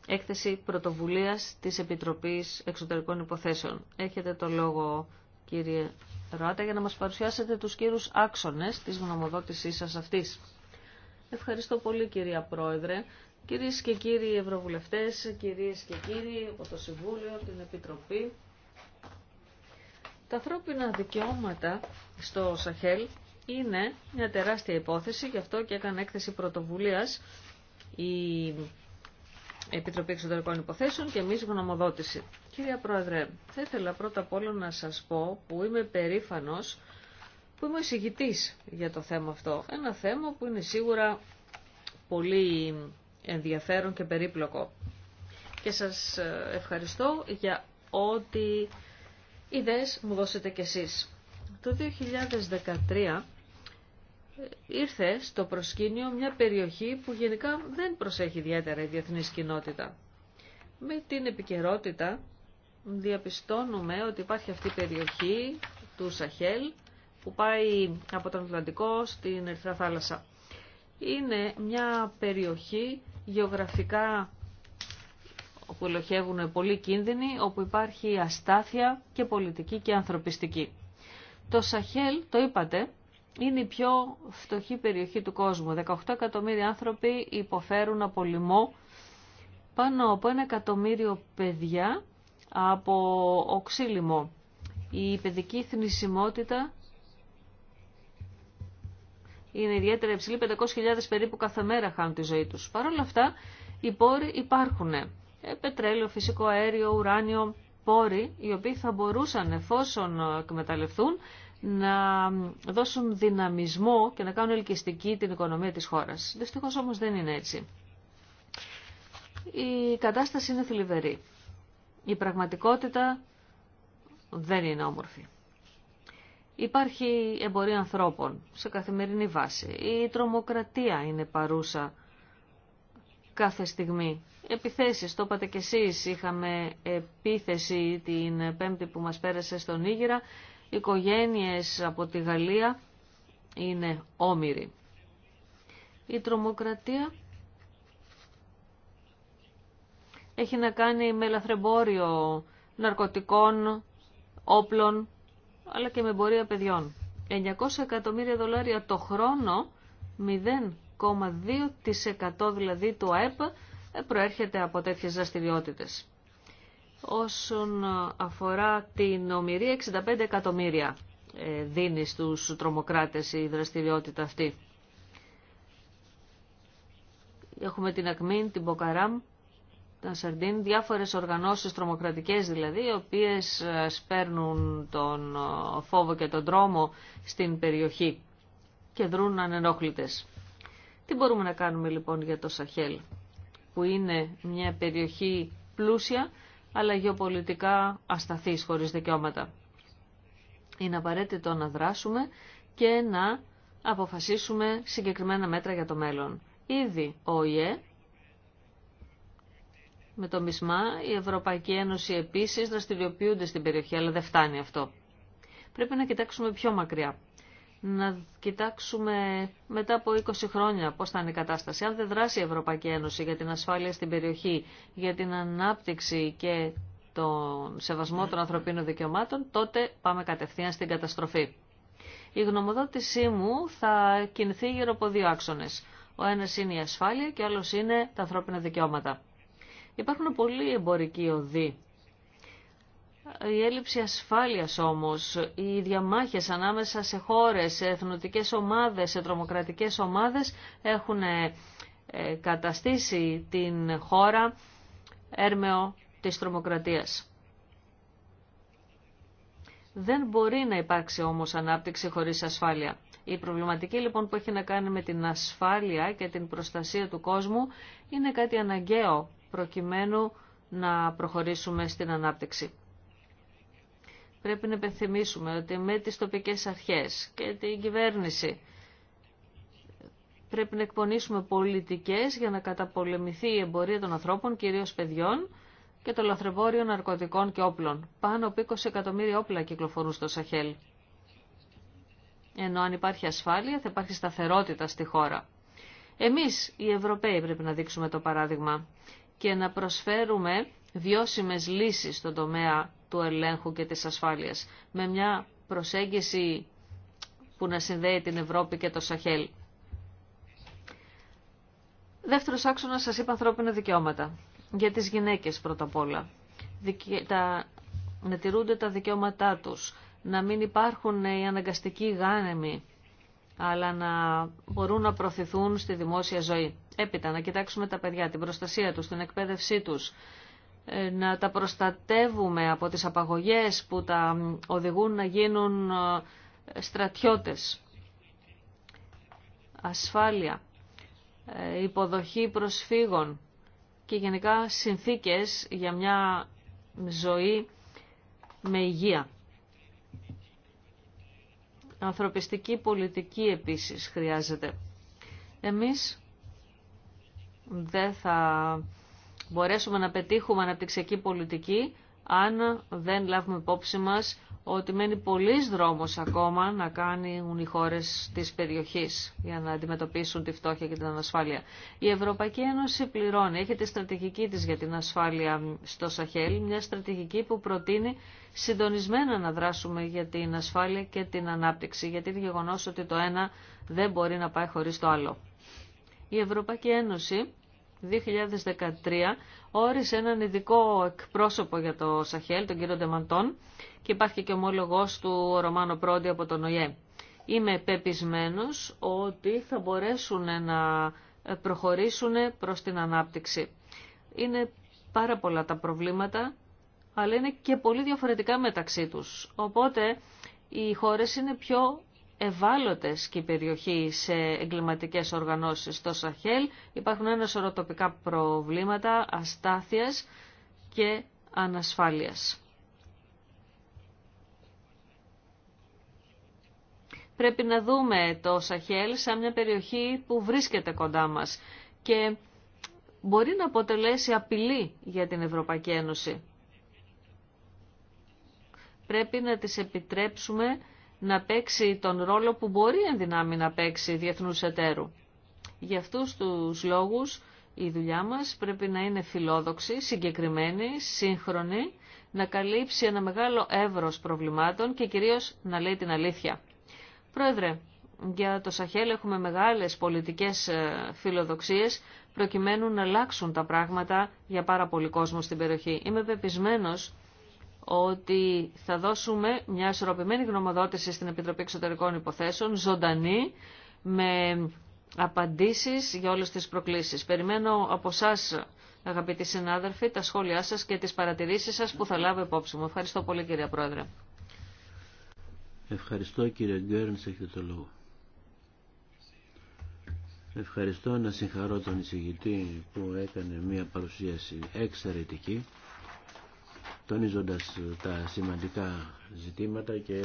έκθεση πρωτοβουλίας της Επιτροπής Εξωτερικών Υποθέσεων. Έχετε το λόγο κύριε Ροάτα για να μας παρουσιάσετε τους κύρους άξονες της γνωμοδότησής σας αυτής. Ευχαριστώ πολύ κυρία Πρόεδρε. Κυρίες και κύριοι Ευρωβουλευτές, κυρίες και κύριοι από το Συμβούλιο, την Επιτροπή, τα ανθρώπινα δικαιώματα στο Σαχέλ είναι μια τεράστια υπόθεση, γι' αυτό και έκανε έκθεση πρωτοβουλίας η Επιτροπή Εξωτερικών Υποθέσεων και εμείς γνωμοδότηση. Κυρία Πρόεδρε, θα ήθελα πρώτα απ' όλα να σας πω που είμαι περήφανος που είμαι εισηγητής για το θέμα αυτό. Ένα θέμα που είναι σίγουρα πολύ ενδιαφέρον και περίπλοκο. Και σας ευχαριστώ για ό,τι ιδέες μου δώσετε κι εσείς. Το 2013 ήρθε στο προσκήνιο μια περιοχή που γενικά δεν προσέχει ιδιαίτερα η διεθνής κοινότητα. Με την επικαιρότητα διαπιστώνουμε ότι υπάρχει αυτή η περιοχή του Σαχέλ που πάει από τον Ατλαντικό στην Ερυθρά Θάλασσα. Είναι μια περιοχή γεωγραφικά όπου ελοχεύουν πολλοί κίνδυνοι, όπου υπάρχει αστάθεια και πολιτική και ανθρωπιστική. Το Σαχέλ, το είπατε, είναι η πιο φτωχή περιοχή του κόσμου. 18 εκατομμύρια άνθρωποι υποφέρουν από λοιμό, πάνω από ένα εκατομμύριο παιδιά από οξύλιμο. Η παιδική θνησιμότητα είναι ιδιαίτερα υψηλή, 500.000 περίπου κάθε μέρα χάνουν τη ζωή τους. Παρ' όλα αυτά, οι πόροι υπάρχουν πετρέλαιο, φυσικό αέριο, ουράνιο, πόροι οι οποίοι θα μπορούσαν εφόσον εκμεταλλευτούν να δώσουν δυναμισμό και να κάνουν ελκυστική την οικονομία της χώρας. Δυστυχώς όμως δεν είναι έτσι. Η κατάσταση είναι θλιβερή. Η πραγματικότητα δεν είναι όμορφη. Υπάρχει εμπορία ανθρώπων σε καθημερινή βάση. Η τρομοκρατία είναι παρούσα κάθε στιγμή. Επιθέσεις, το είπατε και εσείς, είχαμε επίθεση την πέμπτη που μας πέρασε στον Ήγηρα. Οικογένειες από τη Γαλλία είναι όμοιροι. Η τρομοκρατία έχει να κάνει με λαθρεμπόριο ναρκωτικών, όπλων, αλλά και με εμπορία παιδιών. 900 εκατομμύρια δολάρια το χρόνο, μηδέν. 1,2% δηλαδή του ΑΕΠ ε, προέρχεται από τέτοιες δραστηριότητε. Όσον ε, αφορά την ομοιρία, 65 εκατομμύρια ε, δίνει στους τρομοκράτες η δραστηριότητα αυτή. Έχουμε την ΑΚΜΗΝ, την ΠΟΚΑΡΑΜ, τα Σαρντίν, διάφορες οργανώσεις τρομοκρατικές δηλαδή, οι οποίες σπέρνουν τον φόβο και τον τρόμο στην περιοχή και δρούν ανενόχλητες. Τι μπορούμε να κάνουμε λοιπόν για το Σαχέλ, που είναι μια περιοχή πλούσια, αλλά γεωπολιτικά ασταθής χωρίς δικαιώματα. Είναι απαραίτητο να δράσουμε και να αποφασίσουμε συγκεκριμένα μέτρα για το μέλλον. Ήδη ο ΙΕ, με το ΜΙΣΜΑ, η Ευρωπαϊκή Ένωση επίσης δραστηριοποιούνται στην περιοχή, αλλά δεν φτάνει αυτό. Πρέπει να κοιτάξουμε πιο μακριά να κοιτάξουμε μετά από 20 χρόνια πώς θα είναι η κατάσταση. Αν δεν δράσει η Ευρωπαϊκή Ένωση για την ασφάλεια στην περιοχή, για την ανάπτυξη και τον σεβασμό των ανθρωπίνων δικαιωμάτων, τότε πάμε κατευθείαν στην καταστροφή. Η γνωμοδότησή μου θα κινηθεί γύρω από δύο άξονες. Ο ένας είναι η ασφάλεια και ο άλλος είναι τα ανθρώπινα δικαιώματα. Υπάρχουν πολλοί εμπορικοί οδοί η έλλειψη ασφάλειας όμως, οι διαμάχες ανάμεσα σε χώρες, σε εθνοτικές ομάδες, σε τρομοκρατικές ομάδες έχουν ε, ε, καταστήσει την χώρα έρμεο της τρομοκρατίας. Δεν μπορεί να υπάρξει όμως ανάπτυξη χωρίς ασφάλεια. Η προβληματική λοιπόν που έχει να κάνει με την ασφάλεια και την προστασία του κόσμου είναι κάτι αναγκαίο προκειμένου να προχωρήσουμε στην ανάπτυξη πρέπει να υπενθυμίσουμε ότι με τις τοπικές αρχές και την κυβέρνηση πρέπει να εκπονήσουμε πολιτικές για να καταπολεμηθεί η εμπορία των ανθρώπων, κυρίως παιδιών, και το λαθρεμπόριο ναρκωτικών και όπλων. Πάνω από 20 εκατομμύρια όπλα κυκλοφορούν στο Σαχέλ. Ενώ αν υπάρχει ασφάλεια θα υπάρχει σταθερότητα στη χώρα. Εμείς οι Ευρωπαίοι πρέπει να δείξουμε το παράδειγμα και να προσφέρουμε βιώσιμες λύσεις στον τομέα του ελέγχου και της ασφάλειας, με μια προσέγγιση που να συνδέει την Ευρώπη και το Σαχέλ. Δεύτερος άξονας σας είπα ανθρώπινα δικαιώματα. Για τις γυναίκες πρώτα απ' όλα. Τα... Να τηρούνται τα δικαιώματά τους. Να μην υπάρχουν οι αναγκαστικοί γάνεμοι. Αλλά να μπορούν να προωθηθούν στη δημόσια ζωή. Έπειτα να κοιτάξουμε τα παιδιά, την προστασία τους, την εκπαίδευσή τους να τα προστατεύουμε από τις απαγωγές που τα οδηγούν να γίνουν ε, στρατιώτες. Ασφάλεια, ε, υποδοχή προσφύγων και γενικά συνθήκες για μια ζωή με υγεία. Ανθρωπιστική πολιτική επίσης χρειάζεται. Εμείς δεν θα μπορέσουμε να πετύχουμε αναπτυξιακή πολιτική αν δεν λάβουμε υπόψη μας ότι μένει πολλής δρόμος ακόμα να κάνουν οι χώρες της περιοχής για να αντιμετωπίσουν τη φτώχεια και την ανασφάλεια. Η Ευρωπαϊκή Ένωση πληρώνει, έχει τη στρατηγική της για την ασφάλεια στο Σαχέλ, μια στρατηγική που προτείνει συντονισμένα να δράσουμε για την ασφάλεια και την ανάπτυξη, γιατί είναι γεγονός ότι το ένα δεν μπορεί να πάει χωρίς το άλλο. Η Ευρωπαϊκή Ένωση 2013 όρισε έναν ειδικό εκπρόσωπο για το Σαχέλ, τον κύριο Ντεμαντών και υπάρχει και ομόλογός του Ρωμάνο Πρόντι από τον ΟΙΕ. Είμαι πεπισμένο ότι θα μπορέσουν να προχωρήσουν προς την ανάπτυξη. Είναι πάρα πολλά τα προβλήματα, αλλά είναι και πολύ διαφορετικά μεταξύ τους. Οπότε οι χώρες είναι πιο ευάλωτες και περιοχή σε εγκληματικές οργανώσεις στο Σαχέλ. Υπάρχουν ένα σωρό προβλήματα αστάθειας και ανασφάλειας. Πρέπει να δούμε το Σαχέλ σαν μια περιοχή που βρίσκεται κοντά μας και μπορεί να αποτελέσει απειλή για την Ευρωπαϊκή Ένωση. Πρέπει να τις επιτρέψουμε να παίξει τον ρόλο που μπορεί εν δυνάμει να παίξει διεθνούς εταίρου. Για αυτούς τους λόγους η δουλειά μας πρέπει να είναι φιλόδοξη, συγκεκριμένη, σύγχρονη, να καλύψει ένα μεγάλο εύρος προβλημάτων και κυρίως να λέει την αλήθεια. Πρόεδρε, για το Σαχέλ έχουμε μεγάλες πολιτικές ε, φιλοδοξίες προκειμένου να αλλάξουν τα πράγματα για πάρα πολύ κόσμο στην περιοχή. Είμαι πεπισμένος ότι θα δώσουμε μια ισορροπημένη γνωμοδότηση στην Επιτροπή Εξωτερικών Υποθέσεων, ζωντανή, με απαντήσεις για όλες τις προκλήσεις. Περιμένω από εσά, αγαπητοί συνάδελφοι, τα σχόλιά σας και τις παρατηρήσεις σας που θα λάβω υπόψη μου. Ευχαριστώ πολύ κύριε Πρόεδρε. Ευχαριστώ κύριε Γκέρνς, έχετε το λόγο. Ευχαριστώ να συγχαρώ τον εισηγητή που έκανε μια παρουσίαση εξαιρετική τονίζοντας ε, τα σημαντικά ζητήματα και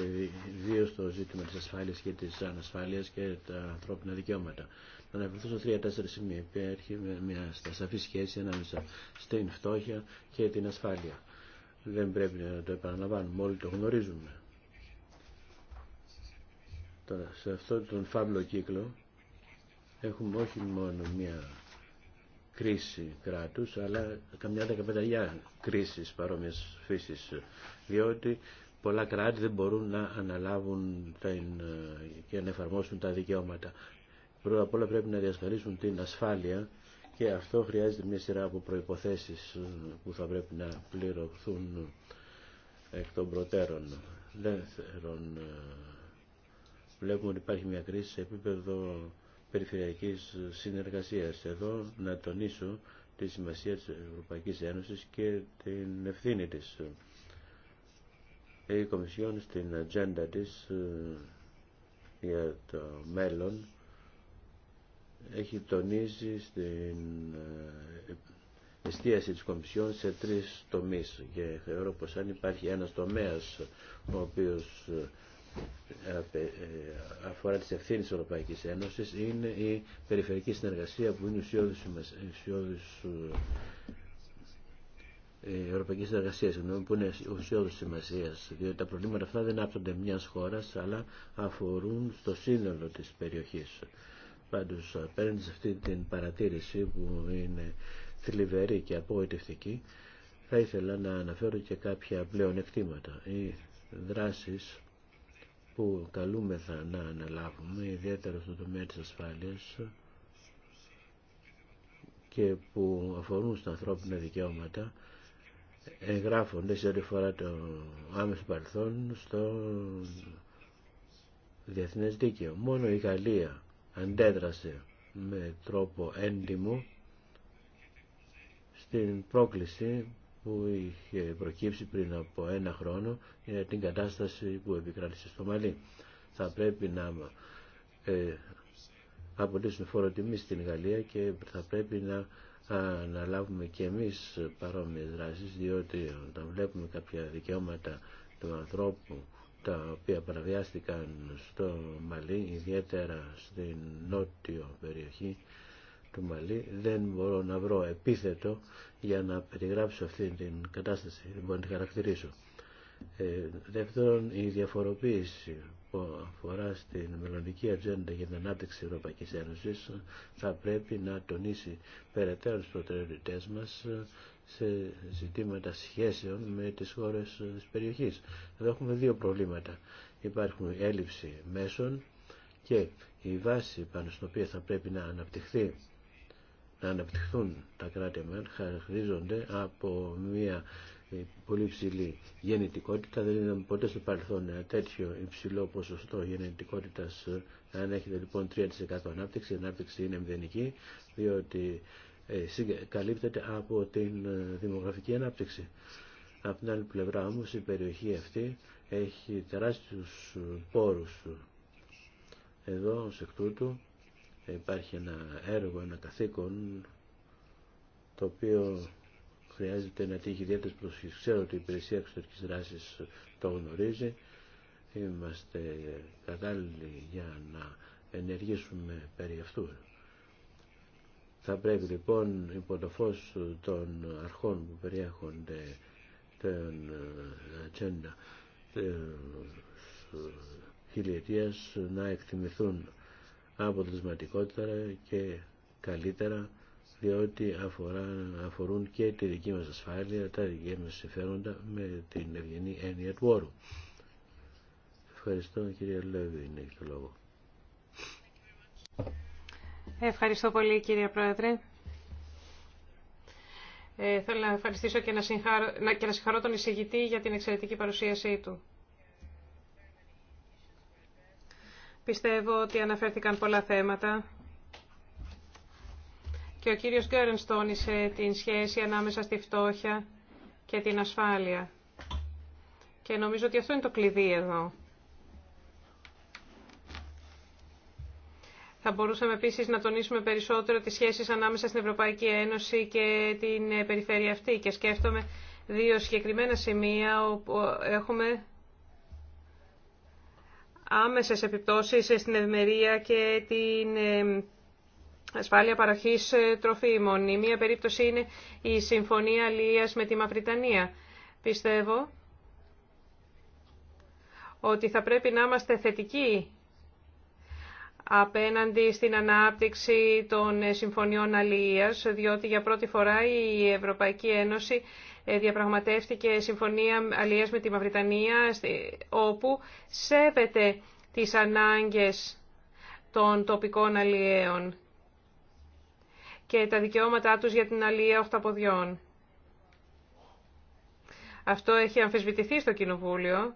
ιδίω το ζήτημα της ασφάλειας και της ανασφάλειας και τα ανθρώπινα δικαιώματα. Να αναφερθώ σε τρία-τέσσερα σημεία. Υπάρχει μια σταθερή σχέση ανάμεσα στην φτώχεια και την ασφάλεια. Δεν πρέπει να το επαναλαμβάνουμε, όλοι το γνωρίζουμε. Τώρα, σε αυτόν τον φαύλο κύκλο έχουμε όχι μόνο μια κρίση κράτους, αλλά καμιά δεκαπενταριά κρίσεις παρόμοιας φύσης, διότι πολλά κράτη δεν μπορούν να αναλάβουν και να εφαρμόσουν τα δικαιώματα. Πρώτα απ' όλα πρέπει να διασφαλίσουν την ασφάλεια και αυτό χρειάζεται μια σειρά από προϋποθέσεις που θα πρέπει να πληρωθούν εκ των προτέρων. Δεύτερον, ε, βλέπουμε ότι υπάρχει μια κρίση σε επίπεδο περιφερειακής συνεργασίας. Εδώ να τονίσω τη σημασία της Ευρωπαϊκής Ένωσης και την ευθύνη της. Η Κομισιόν στην ατζέντα της ε, για το μέλλον έχει τονίσει στην ε, εστίαση της Κομισιόν σε τρεις τομείς και θεωρώ πως αν υπάρχει ένας τομέας ο οποίος ε, ε, αφορά τις ευθύνες της Ευρωπαϊκής Ένωσης είναι η περιφερική συνεργασία που είναι ουσιώδης η ε, Ευρωπαϊκή Συνεργασία, που είναι ουσιώδη σημασία, διότι τα προβλήματα αυτά δεν άπτονται μια χώρα, αλλά αφορούν στο σύνολο τη περιοχή. Πάντω, απέναντι σε αυτή την παρατήρηση που είναι θλιβερή και απογοητευτική, θα ήθελα να αναφέρω και κάποια πλέον ή δράσεις που καλούμεθα να αναλάβουμε, ιδιαίτερα στον τομέα της ασφάλειας και που αφορούν στα ανθρώπινα δικαιώματα, εγγράφονται σε ό,τι φορά το άμεσο παρελθόν στο διεθνές δίκαιο. Μόνο η Γαλλία αντέδρασε με τρόπο έντιμο στην πρόκληση που είχε προκύψει πριν από ένα χρόνο για την κατάσταση που επικράτησε στο Μαλί. Θα πρέπει να ε, φόρο τιμή στην Γαλλία και θα πρέπει να αναλάβουμε και εμείς παρόμοιες δράσεις διότι όταν βλέπουμε κάποια δικαιώματα του ανθρώπου τα οποία παραβιάστηκαν στο Μαλί ιδιαίτερα στην νότιο περιοχή του Μαλή. Δεν μπορώ να βρω επίθετο για να περιγράψω αυτή την κατάσταση, δεν λοιπόν, μπορώ να την χαρακτηρίσω. Ε, δεύτερον, η διαφοροποίηση που αφορά στην μελλοντική ατζέντα για την ανάπτυξη της Ευρωπαϊκής Ένωσης θα πρέπει να τονίσει περαιτέρω τις προτεραιότητές μας σε ζητήματα σχέσεων με τις χώρες της περιοχής. Εδώ έχουμε δύο προβλήματα. Υπάρχουν έλλειψη μέσων και η βάση πάνω στην οποία θα πρέπει να αναπτυχθεί να αναπτυχθούν τα κράτη-μέλη χαρακτηρίζονται από μια πολύ υψηλή γεννητικότητα. Δεν είδαμε ποτέ στο παρελθόν τέτοιο υψηλό ποσοστό γεννητικότητα. Αν έχετε λοιπόν 3% ανάπτυξη, η ανάπτυξη είναι μηδενική, διότι ε, καλύπτεται από την ε, δημογραφική ανάπτυξη. Από την άλλη πλευρά όμως η περιοχή αυτή έχει τεράστιους ε, πόρους. Εδώ σε εκ τούτου υπάρχει ένα έργο, ένα καθήκον το οποίο χρειάζεται να τύχει ιδιαίτερη προσοχή. Ξέρω ότι η υπηρεσία εξωτερική δράση το γνωρίζει. Είμαστε κατάλληλοι για να ενεργήσουμε περί αυτού. Θα πρέπει λοιπόν υπό το φως των αρχών που περιέχονται την ατζέντα της ε, χιλιετίας να εκτιμηθούν αποτελεσματικότερα και καλύτερα διότι αφορά, αφορούν και τη δική μας ασφάλεια, τα δική μας συμφέροντα με την ευγενή έννοια του όρου. Ευχαριστώ κύριε Λέβη, είναι το λόγο. Ευχαριστώ πολύ κύριε Πρόεδρε. Ε, θέλω να ευχαριστήσω και να, συγχαρώ, και να συγχαρώ τον εισηγητή για την εξαιρετική παρουσίασή του. Πιστεύω ότι αναφέρθηκαν πολλά θέματα και ο κύριος Γκέρενς τόνισε την σχέση ανάμεσα στη φτώχεια και την ασφάλεια. Και νομίζω ότι αυτό είναι το κλειδί εδώ. Θα μπορούσαμε επίσης να τονίσουμε περισσότερο τις σχέσεις ανάμεσα στην Ευρωπαϊκή Ένωση και την περιφέρεια αυτή. Και σκέφτομαι δύο συγκεκριμένα σημεία όπου έχουμε άμεσες επιπτώσεις στην ευημερία και την ε, ασφάλεια παροχής ε, τροφίμων. Η μία περίπτωση είναι η Συμφωνία Αλίας με τη Μαυριτανία. Πιστεύω ότι θα πρέπει να είμαστε θετικοί απέναντι στην ανάπτυξη των ε, συμφωνιών αλληλείας, διότι για πρώτη φορά η Ευρωπαϊκή Ένωση ε, διαπραγματεύτηκε συμφωνία αλλιές με τη Μαυριτανία, όπου σέβεται τις ανάγκες των τοπικών αλλιέων και τα δικαιώματά τους για την αλλία οχταποδιών. Αυτό έχει αμφισβητηθεί στο Κοινοβούλιο.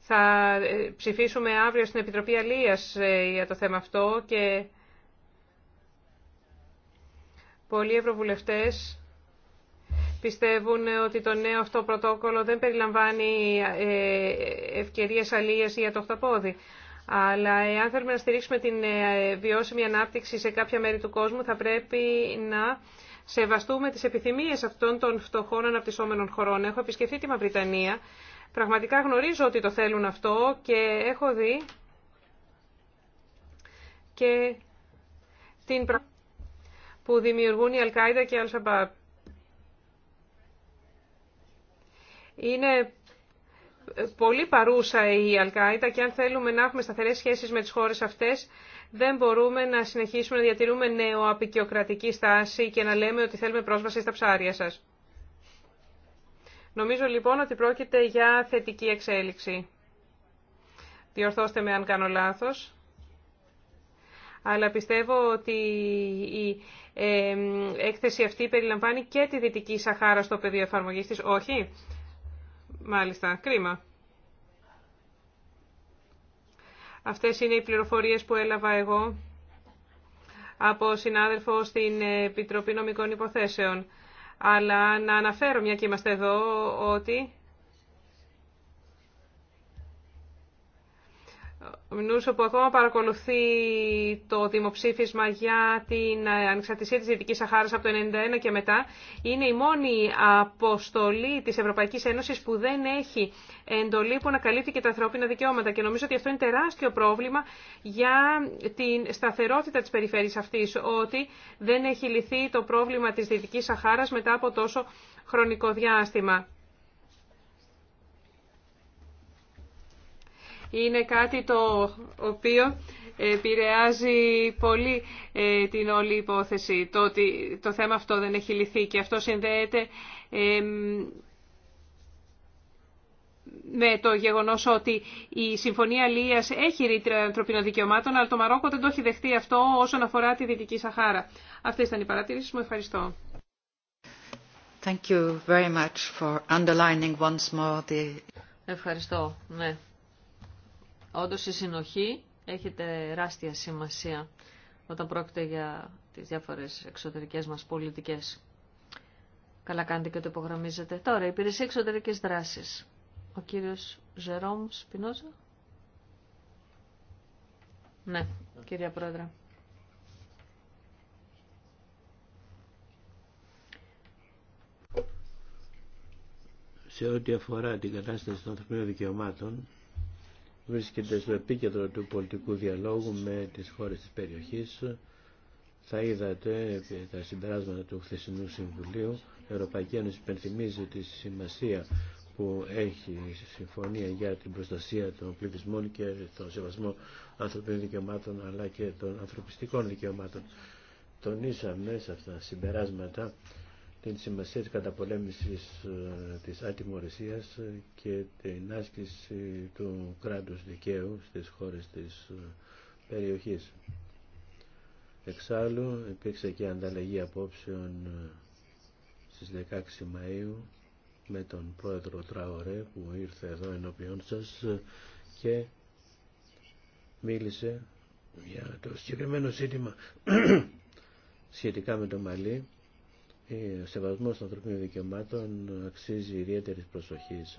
Θα ε, ψηφίσουμε αύριο στην Επιτροπή Αλίας ε, για το θέμα αυτό και πολλοί ευρωβουλευτές πιστεύουν ότι το νέο αυτό πρωτόκολλο δεν περιλαμβάνει ε, ευκαιρίες αλίες για το χταπόδι. Αλλά εάν θέλουμε να στηρίξουμε την ε, βιώσιμη ανάπτυξη σε κάποια μέρη του κόσμου θα πρέπει να σεβαστούμε τις επιθυμίες αυτών των φτωχών αναπτυσσόμενων χωρών. Έχω επισκεφθεί τη Μαυριτανία. Πραγματικά γνωρίζω ότι το θέλουν αυτό και έχω δει και την που δημιουργούν η Αλκάιδα και η Αλσαμπάπ. Είναι πολύ παρούσα η Αλκάιτα και αν θέλουμε να έχουμε σταθερές σχέσεις με τις χώρες αυτές, δεν μπορούμε να συνεχίσουμε να διατηρούμε απεικιοκρατική στάση και να λέμε ότι θέλουμε πρόσβαση στα ψάρια σας. Νομίζω λοιπόν ότι πρόκειται για θετική εξέλιξη. Διορθώστε με αν κάνω λάθος. Αλλά πιστεύω ότι η ε, έκθεση αυτή περιλαμβάνει και τη Δυτική Σαχάρα στο πεδίο εφαρμογής της. Όχι. Μάλιστα, κρίμα. Αυτές είναι οι πληροφορίες που έλαβα εγώ από συνάδελφο στην Επιτροπή Νομικών Υποθέσεων. Αλλά να αναφέρω, μια και είμαστε εδώ, ότι Μινούσο που ακόμα παρακολουθεί το δημοψήφισμα για την ανεξαρτησία της Δυτικής Σαχάρας από το 1991 και μετά, είναι η μόνη αποστολή της Ευρωπαϊκής Ένωσης που δεν έχει εντολή που να και τα ανθρώπινα δικαιώματα. Και νομίζω ότι αυτό είναι τεράστιο πρόβλημα για την σταθερότητα της περιφέρειας αυτής, ότι δεν έχει λυθεί το πρόβλημα της Δυτικής Σαχάρας μετά από τόσο χρονικό διάστημα. είναι κάτι το οποίο επηρεάζει πολύ ε, την όλη υπόθεση. Το ότι το θέμα αυτό δεν έχει λυθεί και αυτό συνδέεται με το γεγονός ότι η Συμφωνία ΛΥΑΣ έχει ρήτρα ανθρωπίνων δικαιωμάτων, αλλά το Μαρόκο δεν το έχει δεχτεί αυτό όσον αφορά τη Δυτική Σαχάρα. Αυτή ήταν οι παρατηρήσει μου. Ευχαριστώ. Thank you very much for underlining once more the... Ευχαριστώ. Ναι, Όντω η συνοχή έχει τεράστια σημασία όταν πρόκειται για τις διάφορες εξωτερικές μας πολιτικές. Καλά κάνετε και το υπογραμμίζετε. Τώρα, υπηρεσία εξωτερικής δράσης. Ο κύριος Ζερόμ Σπινόζα. Ναι, κυρία Πρόεδρε. Σε ό,τι αφορά την κατάσταση των ανθρωπίνων δικαιωμάτων, βρίσκεται στο επίκεντρο του πολιτικού διαλόγου με τις χώρες της περιοχής. Θα είδατε τα συμπεράσματα του χθεσινού Συμβουλίου. Η Ευρωπαϊκή Ένωση υπενθυμίζει τη σημασία που έχει η συμφωνία για την προστασία των πληθυσμών και τον σεβασμό ανθρωπίνων δικαιωμάτων αλλά και των ανθρωπιστικών δικαιωμάτων. Τονίσαμε σε αυτά τα συμπεράσματα την σημασία της καταπολέμησης ε, της ατιμορρησίας και την άσκηση του κράτους δικαίου στις χώρες της ε, περιοχής. Εξάλλου υπήρξε και ανταλλαγή απόψεων ε, στις 16 Μαΐου με τον πρόεδρο Τραωρέ που ήρθε εδώ ενώπιον σας και μίλησε για το συγκεκριμένο ζήτημα σχετικά με το Μαλί ε, ο σεβασμός των ανθρωπίνων δικαιωμάτων αξίζει ιδιαίτερης προσοχής,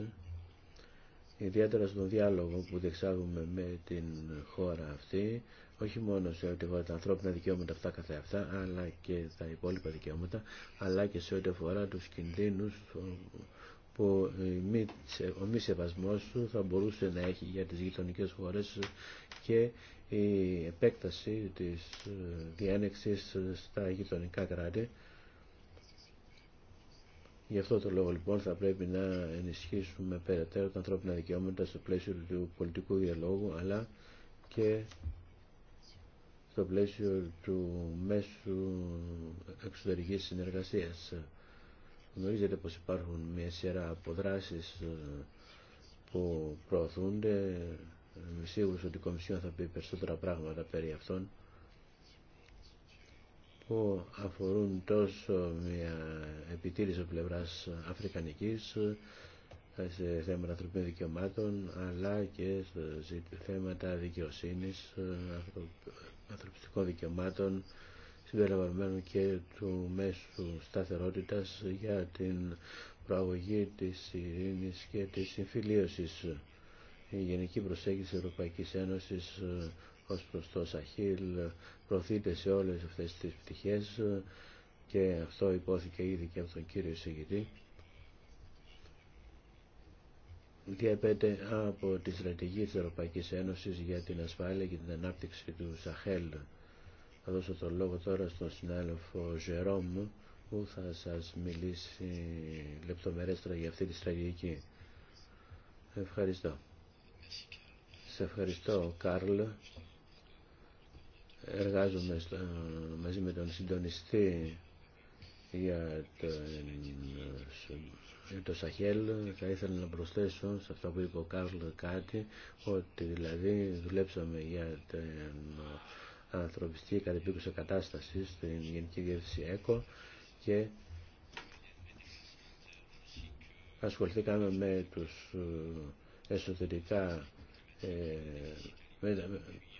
ιδιαίτερα στον διάλογο που διεξάγουμε με την χώρα αυτή, όχι μόνο σε ό,τι αφορά τα ανθρώπινα δικαιώματα αυτά καθεαυτά, αλλά και τα υπόλοιπα δικαιώματα, αλλά και σε ό,τι αφορά τους κινδύνους που ο μη σεβασμός του θα μπορούσε να έχει για τις γειτονικές χώρες και η επέκταση της ε, διένεξης στα γειτονικά κράτη Γι' αυτό το λόγο λοιπόν θα πρέπει να ενισχύσουμε περαιτέρω τα ανθρώπινα δικαιώματα στο πλαίσιο του πολιτικού διαλόγου αλλά και στο πλαίσιο του μέσου εξωτερικής συνεργασίας. Γνωρίζετε πως υπάρχουν μια σειρά από ε, που προωθούνται. Είμαι σίγουρος ότι η Κομισιόν θα πει περισσότερα πράγματα περί αυτών που αφορούν τόσο μια επιτήρηση από πλευράς αφρικανικής ε, σε θέματα ανθρωπίνων δικαιωμάτων αλλά και σε θέματα δικαιοσύνης, ε, ανθρωπιστικών δικαιωμάτων συμπεριλαμβανομένου και του μέσου σταθερότητας για την προαγωγή της ειρήνης και της συμφιλίωσης. Η Γενική Προσέγγιση Ευρωπαϊκής Ένωσης ε, ως προς το Σαχίλ προωθείται σε όλες αυτές τις πτυχές και αυτό υπόθηκε ήδη και από τον κύριο Σιγητή διαπέτε από τη στρατηγική της Ευρωπαϊκής Ένωσης για την ασφάλεια και την ανάπτυξη του Σαχέλ. Θα δώσω το λόγο τώρα στον συνάδελφο Ζερόμ που θα σας μιλήσει λεπτομερέστερα για αυτή τη στρατηγική. Ευχαριστώ. Σε ευχαριστώ Κάρλ εργάζομαι μαζί με τον συντονιστή για το, για το Σαχέλ θα ήθελα να προσθέσω σε αυτό που είπε ο Κάρλ κάτι ότι δηλαδή δουλέψαμε για την ανθρωπιστική κατεπίκουσα κατάσταση στην Γενική Διεύθυνση ΕΚΟ και ασχοληθήκαμε με τους ε, εσωτερικά ε,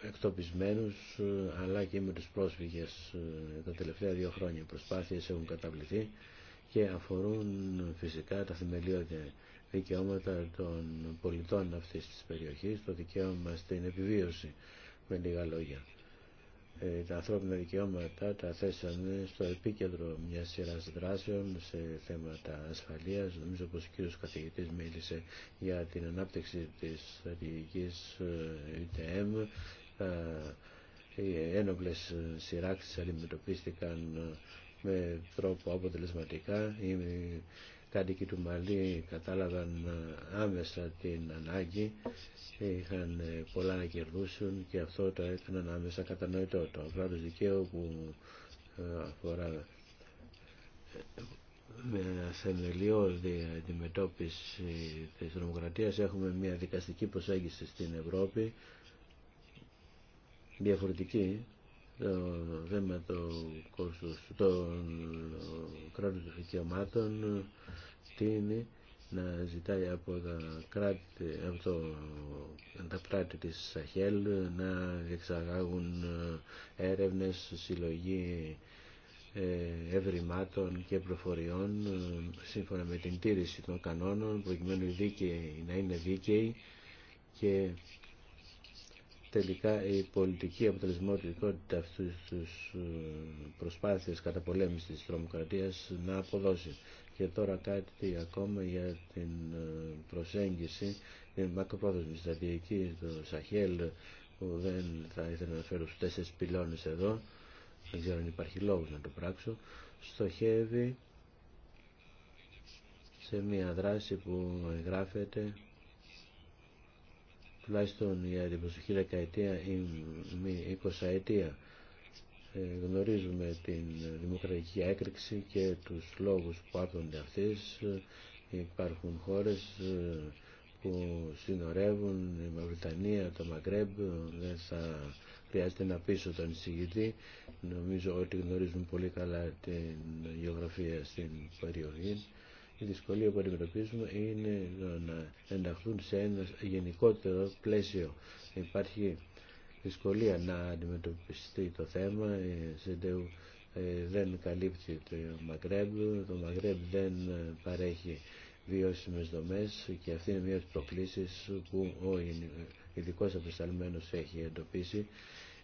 εκτοπισμένους ε, αλλά και με τους πρόσφυγες ε, τα τελευταία δύο χρόνια. Οι προσπάθειες έχουν καταβληθεί και αφορούν φυσικά τα θεμελιώδη δικαιώματα των πολιτών αυτής της περιοχής, το δικαίωμα στην επιβίωση με λίγα λόγια. Ε, τα ανθρώπινα δικαιώματα τα θέσανε στο επίκεντρο μια σειράς δράσεων σε θέματα ασφαλείας. Νομίζω πως ο κύριος καθηγητή μίλησε για την ανάπτυξη της στρατηγική UTM. Ε, οι ένοπλες σειράξει αντιμετωπίστηκαν ε, με τρόπο αποτελεσματικά κάτοικοι του Μαλή κατάλαβαν ε, άμεσα την ανάγκη είχαν ε, πολλά να κερδούσουν και αυτό το έκαναν άμεσα κατανοητό. Το το δικαίου που ε, αφορά με θεμελιώδη αντιμετώπιση της δημοκρατίας έχουμε μια δικαστική προσέγγιση στην Ευρώπη διαφορετική το το κόστος των δικαιωμάτων τι είναι να ζητάει από τα κράτη, από το, τα της Σαχέλ να εξαγάγουν έρευνες, συλλογή ε, ευρημάτων και προφοριών σύμφωνα με την τήρηση των κανόνων προκειμένου οι να είναι δίκαιοι και τελικά η πολιτική αποτελεσματικότητα αυτού τους ε, κατά πολέμηση της τρομοκρατία να αποδώσει. Και τώρα κάτι ακόμα για την ε, προσέγγιση, την μακροπρόθεσμη στρατηγική του Σαχέλ που δεν θα ήθελα να φέρω στου τέσσερι πυλώνε εδώ, δεν ξέρω αν υπάρχει λόγο να το πράξω, στοχεύει σε μια δράση που εγγράφεται τουλάχιστον για την προσοχή δεκαετία ή εικοσαετία. Ε, γνωρίζουμε την δημοκρατική έκρηξη και τους λόγους που άπτονται αυτής. Υπάρχουν χώρες ε, που συνορεύουν, η Μαυριτανία, το Μαγκρέμπ, δεν θα χρειάζεται να πείσω τον εισηγητή. Νομίζω ότι γνωρίζουν πολύ καλά την γεωγραφία στην περιοχή η δυσκολία που αντιμετωπίζουμε είναι να ενταχθούν σε ένα γενικότερο πλαίσιο. Υπάρχει δυσκολία να αντιμετωπιστεί το θέμα. Η ε, ε, δεν καλύπτει το Μαγκρέμπ, το Μαγκρέμπ δεν παρέχει βιώσιμες δομές και αυτή είναι μια από που ο ειδικό απεσταλμένος έχει εντοπίσει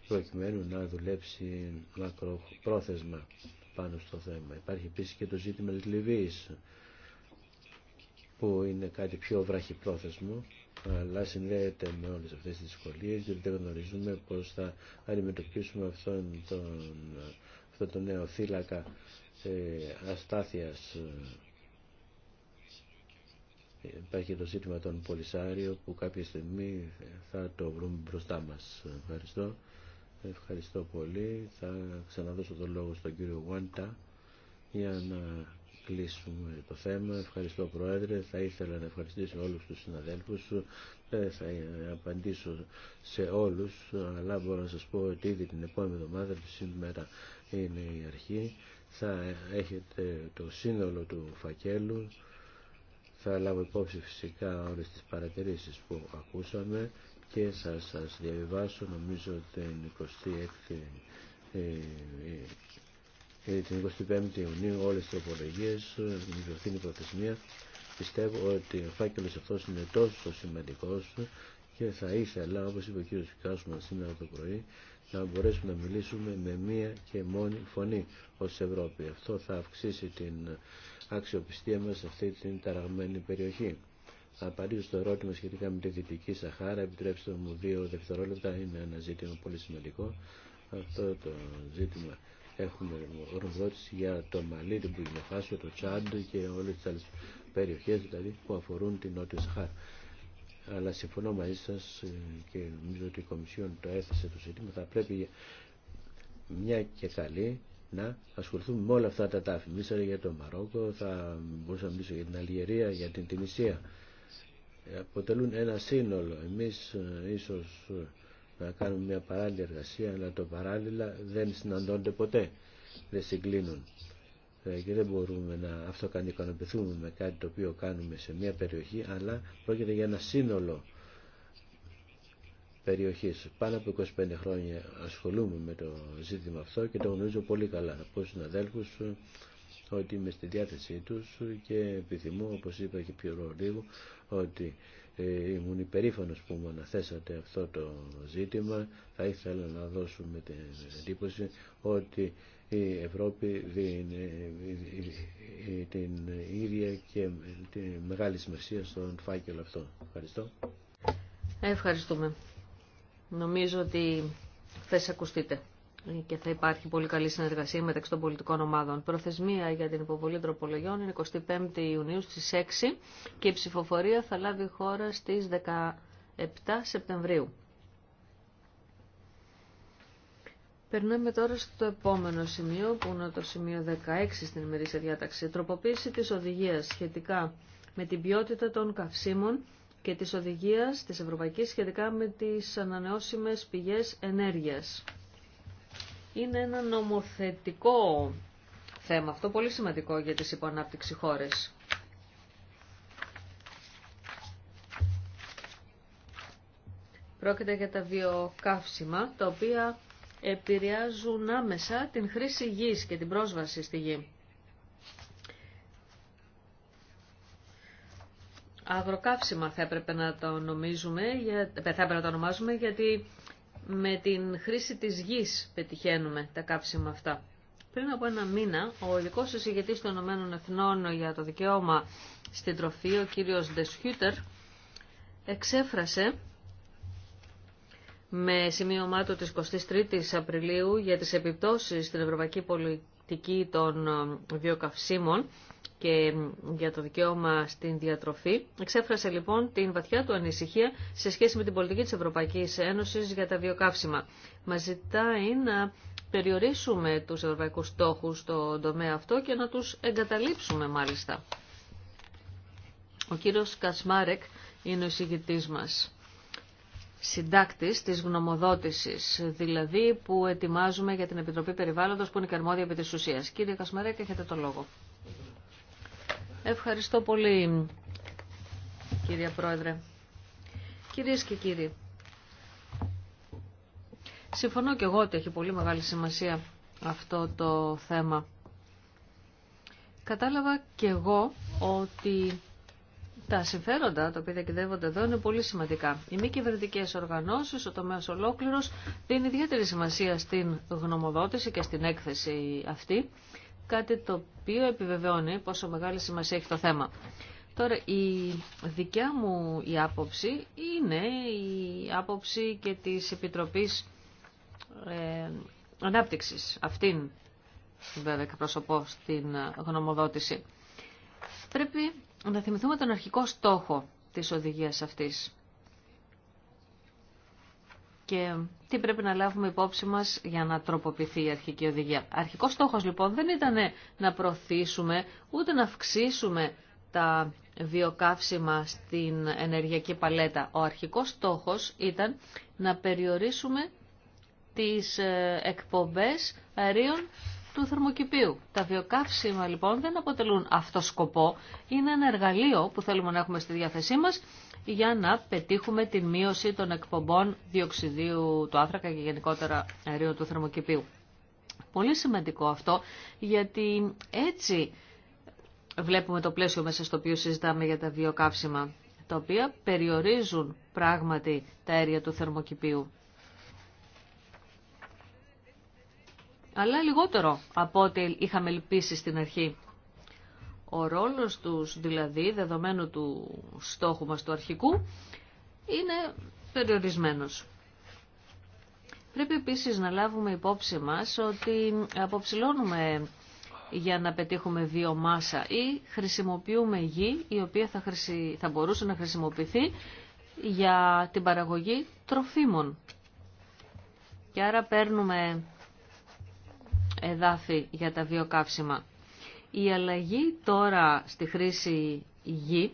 προκειμένου να δουλέψει μακροπρόθεσμα πάνω στο θέμα. Υπάρχει επίσης και το ζήτημα της Λιβύης που είναι κάτι πιο βραχυπρόθεσμο, αλλά συνδέεται με όλες αυτές τις δυσκολίες, γιατί δεν γνωρίζουμε πώς θα αντιμετωπίσουμε αυτόν τον, αυτόν τον νέο θύλακα ε, αστάθειας. Υπάρχει το ζήτημα των πολυσάριων που κάποια στιγμή θα το βρούμε μπροστά μας. Ευχαριστώ. Ευχαριστώ πολύ. Θα ξαναδώσω το λόγο στον κύριο Γουάντα για να κλείσουμε το θέμα. Ευχαριστώ Πρόεδρε. Θα ήθελα να ευχαριστήσω όλους τους συναδέλφους. Δεν θα απαντήσω σε όλους, αλλά μπορώ να σας πω ότι ήδη την επόμενη εβδομάδα, δηλαδή σήμερα είναι η αρχή, θα έχετε το σύνολο του φακέλου. Θα λάβω υπόψη φυσικά όλες τις παρατηρήσεις που ακούσαμε και θα σας διαβιβάσω νομίζω την 26η ε, την 25η Ιουνίου όλες τις τροπολογίες, ε, η διορθηνη προθεσμία. Πιστεύω ότι ο φάκελος αυτός είναι τόσο σημαντικός και θα ήθελα, όπως είπε ο κ. Κάσμα σήμερα το πρωί, να μπορέσουμε να μιλήσουμε με μία και μόνη φωνή ως Ευρώπη. Αυτό θα αυξήσει την αξιοπιστία μας σε αυτή την ταραγμένη περιοχή. Απαντήσω στο ερώτημα σχετικά με τη Δυτική Σαχάρα. Επιτρέψτε μου δύο δευτερόλεπτα. Είναι ένα ζήτημα πολύ σημαντικό. Αυτό το ζήτημα Έχουμε οροδότηση για το Μαλί, την Πουλινοφάσιο, το Τσάντ και όλες τις άλλες περιοχές δηλαδή, που αφορούν την Νότια Σαχάρα. Αλλά συμφωνώ μαζί σας ε, και νομίζω ότι η Κομισιόν το έθεσε το ζήτημα. Θα πρέπει μια και καλή να ασχοληθούμε με όλα αυτά τα τάφη. Μίλησα για το Μαρόκο, θα μπορούσα να μιλήσω για την Αλγερία, για την Τινησία. Αποτελούν ένα σύνολο. Εμείς ε, ίσως ε, να κάνουμε μια παράλληλη εργασία, αλλά το παράλληλα δεν συναντώνται ποτέ, δεν συγκλίνουν. Ε, και δεν μπορούμε να αυτοκανικανοποιηθούμε με κάτι το οποίο κάνουμε σε μια περιοχή, αλλά πρόκειται για ένα σύνολο περιοχής. Πάνω από 25 χρόνια ασχολούμαι με το ζήτημα αυτό και το γνωρίζω πολύ καλά από συναδέλφους ε, ότι είμαι στη διάθεσή τους και επιθυμώ, όπως είπα και πιο λίγο, ότι ε, ήμουν υπερήφανο που μου αναθέσατε αυτό το ζήτημα. Θα ήθελα να δώσουμε την εντύπωση ότι η Ευρώπη δίνει ε, ε, την ίδια και τη μεγάλη σημασία στον φάκελο αυτό. Ευχαριστώ. Ευχαριστούμε. Νομίζω ότι θα ακουστείτε και θα υπάρχει πολύ καλή συνεργασία μεταξύ των πολιτικών ομάδων. Προθεσμία για την υποβολή τροπολογιών είναι 25 Ιουνίου στις 6 και η ψηφοφορία θα λάβει χώρα στις 17 Σεπτεμβρίου. Περνάμε τώρα στο επόμενο σημείο που είναι το σημείο 16 στην ημερήσια διάταξη. Τροποποίηση της οδηγίας σχετικά με την ποιότητα των καυσίμων και της οδηγίας της Ευρωπαϊκής σχετικά με τις ανανεώσιμες πηγές ενέργειας. Είναι ένα νομοθετικό θέμα αυτό, πολύ σημαντικό για τις υποανάπτυξη χώρες. Πρόκειται για τα βιοκαύσιμα, τα οποία επηρεάζουν άμεσα την χρήση γης και την πρόσβαση στη γη. Αγροκαύσιμα θα έπρεπε να το, νομίζουμε, θα έπρεπε να το ονομάζουμε γιατί με την χρήση της γης πετυχαίνουμε τα κάψιμα αυτά. Πριν από ένα μήνα, ο ειδικό εισηγητής των Ηνωμένων Εθνών για το δικαίωμα στην τροφή, ο κύριος Ντεσχιούτερ, εξέφρασε με σημείωμά του τη 23 η Απριλίου για τις επιπτώσεις στην ευρωπαϊκή πρακτική των ε, βιοκαυσίμων και ε, για το δικαίωμα στην διατροφή. Εξέφρασε λοιπόν την βαθιά του ανησυχία σε σχέση με την πολιτική της Ευρωπαϊκής Ένωσης για τα βιοκαύσιμα. Μα ζητάει να περιορίσουμε τους ευρωπαϊκούς στόχους στον τομέα αυτό και να τους εγκαταλείψουμε μάλιστα. Ο κύριος Κασμάρεκ είναι ο εισηγητής μας συντάκτης της γνωμοδότησης, δηλαδή που ετοιμάζουμε για την Επιτροπή Περιβάλλοντος που είναι και αρμόδια επί της ουσίας. Κύριε Κασμαρέκ, έχετε το λόγο. Ευχαριστώ πολύ, κύριε Πρόεδρε. Κυρίες και κύριοι, συμφωνώ και εγώ ότι έχει πολύ μεγάλη σημασία αυτό το θέμα. Κατάλαβα και εγώ ότι τα συμφέροντα τα οποία διακυδεύονται εδώ είναι πολύ σημαντικά. Οι μη κυβερνητικέ οργανώσει, ο τομέα ολόκληρο, δίνει ιδιαίτερη σημασία στην γνωμοδότηση και στην έκθεση αυτή, κάτι το οποίο επιβεβαιώνει πόσο μεγάλη σημασία έχει το θέμα. Τώρα, η δικιά μου η άποψη είναι η άποψη και της Επιτροπής ε, Ανάπτυξης. Αυτήν βέβαια εκπροσωπώ στην γνωμοδότηση. Πρέπει να θυμηθούμε τον αρχικό στόχο της οδηγίας αυτής και τι πρέπει να λάβουμε υπόψη μας για να τροποποιηθεί η αρχική οδηγία. Αρχικός στόχος λοιπόν δεν ήταν να προωθήσουμε ούτε να αυξήσουμε τα βιοκαύσιμα στην ενεργειακή παλέτα. Ο αρχικός στόχος ήταν να περιορίσουμε τις ε, εκπομπές αερίων του θερμοκηπίου. Τα βιοκαύσιμα λοιπόν δεν αποτελούν αυτό σκοπό, είναι ένα εργαλείο που θέλουμε να έχουμε στη διάθεσή μας για να πετύχουμε τη μείωση των εκπομπών διοξιδίου του άνθρακα και γενικότερα αερίου του θερμοκηπίου. Πολύ σημαντικό αυτό γιατί έτσι βλέπουμε το πλαίσιο μέσα στο οποίο συζητάμε για τα βιοκαύσιμα τα οποία περιορίζουν πράγματι τα αέρια του θερμοκηπίου. αλλά λιγότερο από ό,τι είχαμε ελπίσει στην αρχή. Ο ρόλος τους δηλαδή, δεδομένου του στόχου μας του αρχικού, είναι περιορισμένος. Πρέπει επίσης να λάβουμε υπόψη μας ότι αποψηλώνουμε για να πετύχουμε βιομάσα ή χρησιμοποιούμε γη η οποία θα, θα μπορούσε να χρησιμοποιηθεί για την παραγωγή τροφίμων. Και άρα παίρνουμε εδάφη για τα βιοκαύσιμα. Η αλλαγή τώρα στη χρήση γη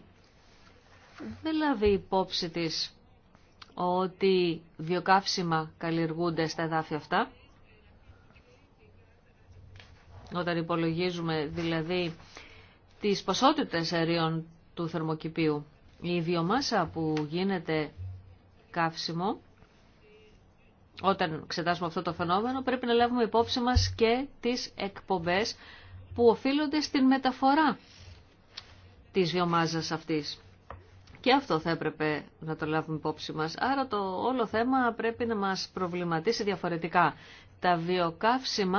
δεν λάβει υπόψη της ότι βιοκαύσιμα καλλιεργούνται στα εδάφη αυτά. Όταν υπολογίζουμε δηλαδή τις ποσότητες αερίων του θερμοκηπίου, η βιομάσα που γίνεται καύσιμο όταν ξετάσουμε αυτό το φαινόμενο πρέπει να λάβουμε υπόψη μας και τις εκπομπές που οφείλονται στην μεταφορά της βιομάζας αυτής. Και αυτό θα έπρεπε να το λάβουμε υπόψη μας. Άρα το όλο θέμα πρέπει να μας προβληματίσει διαφορετικά. Τα βιοκαύσιμα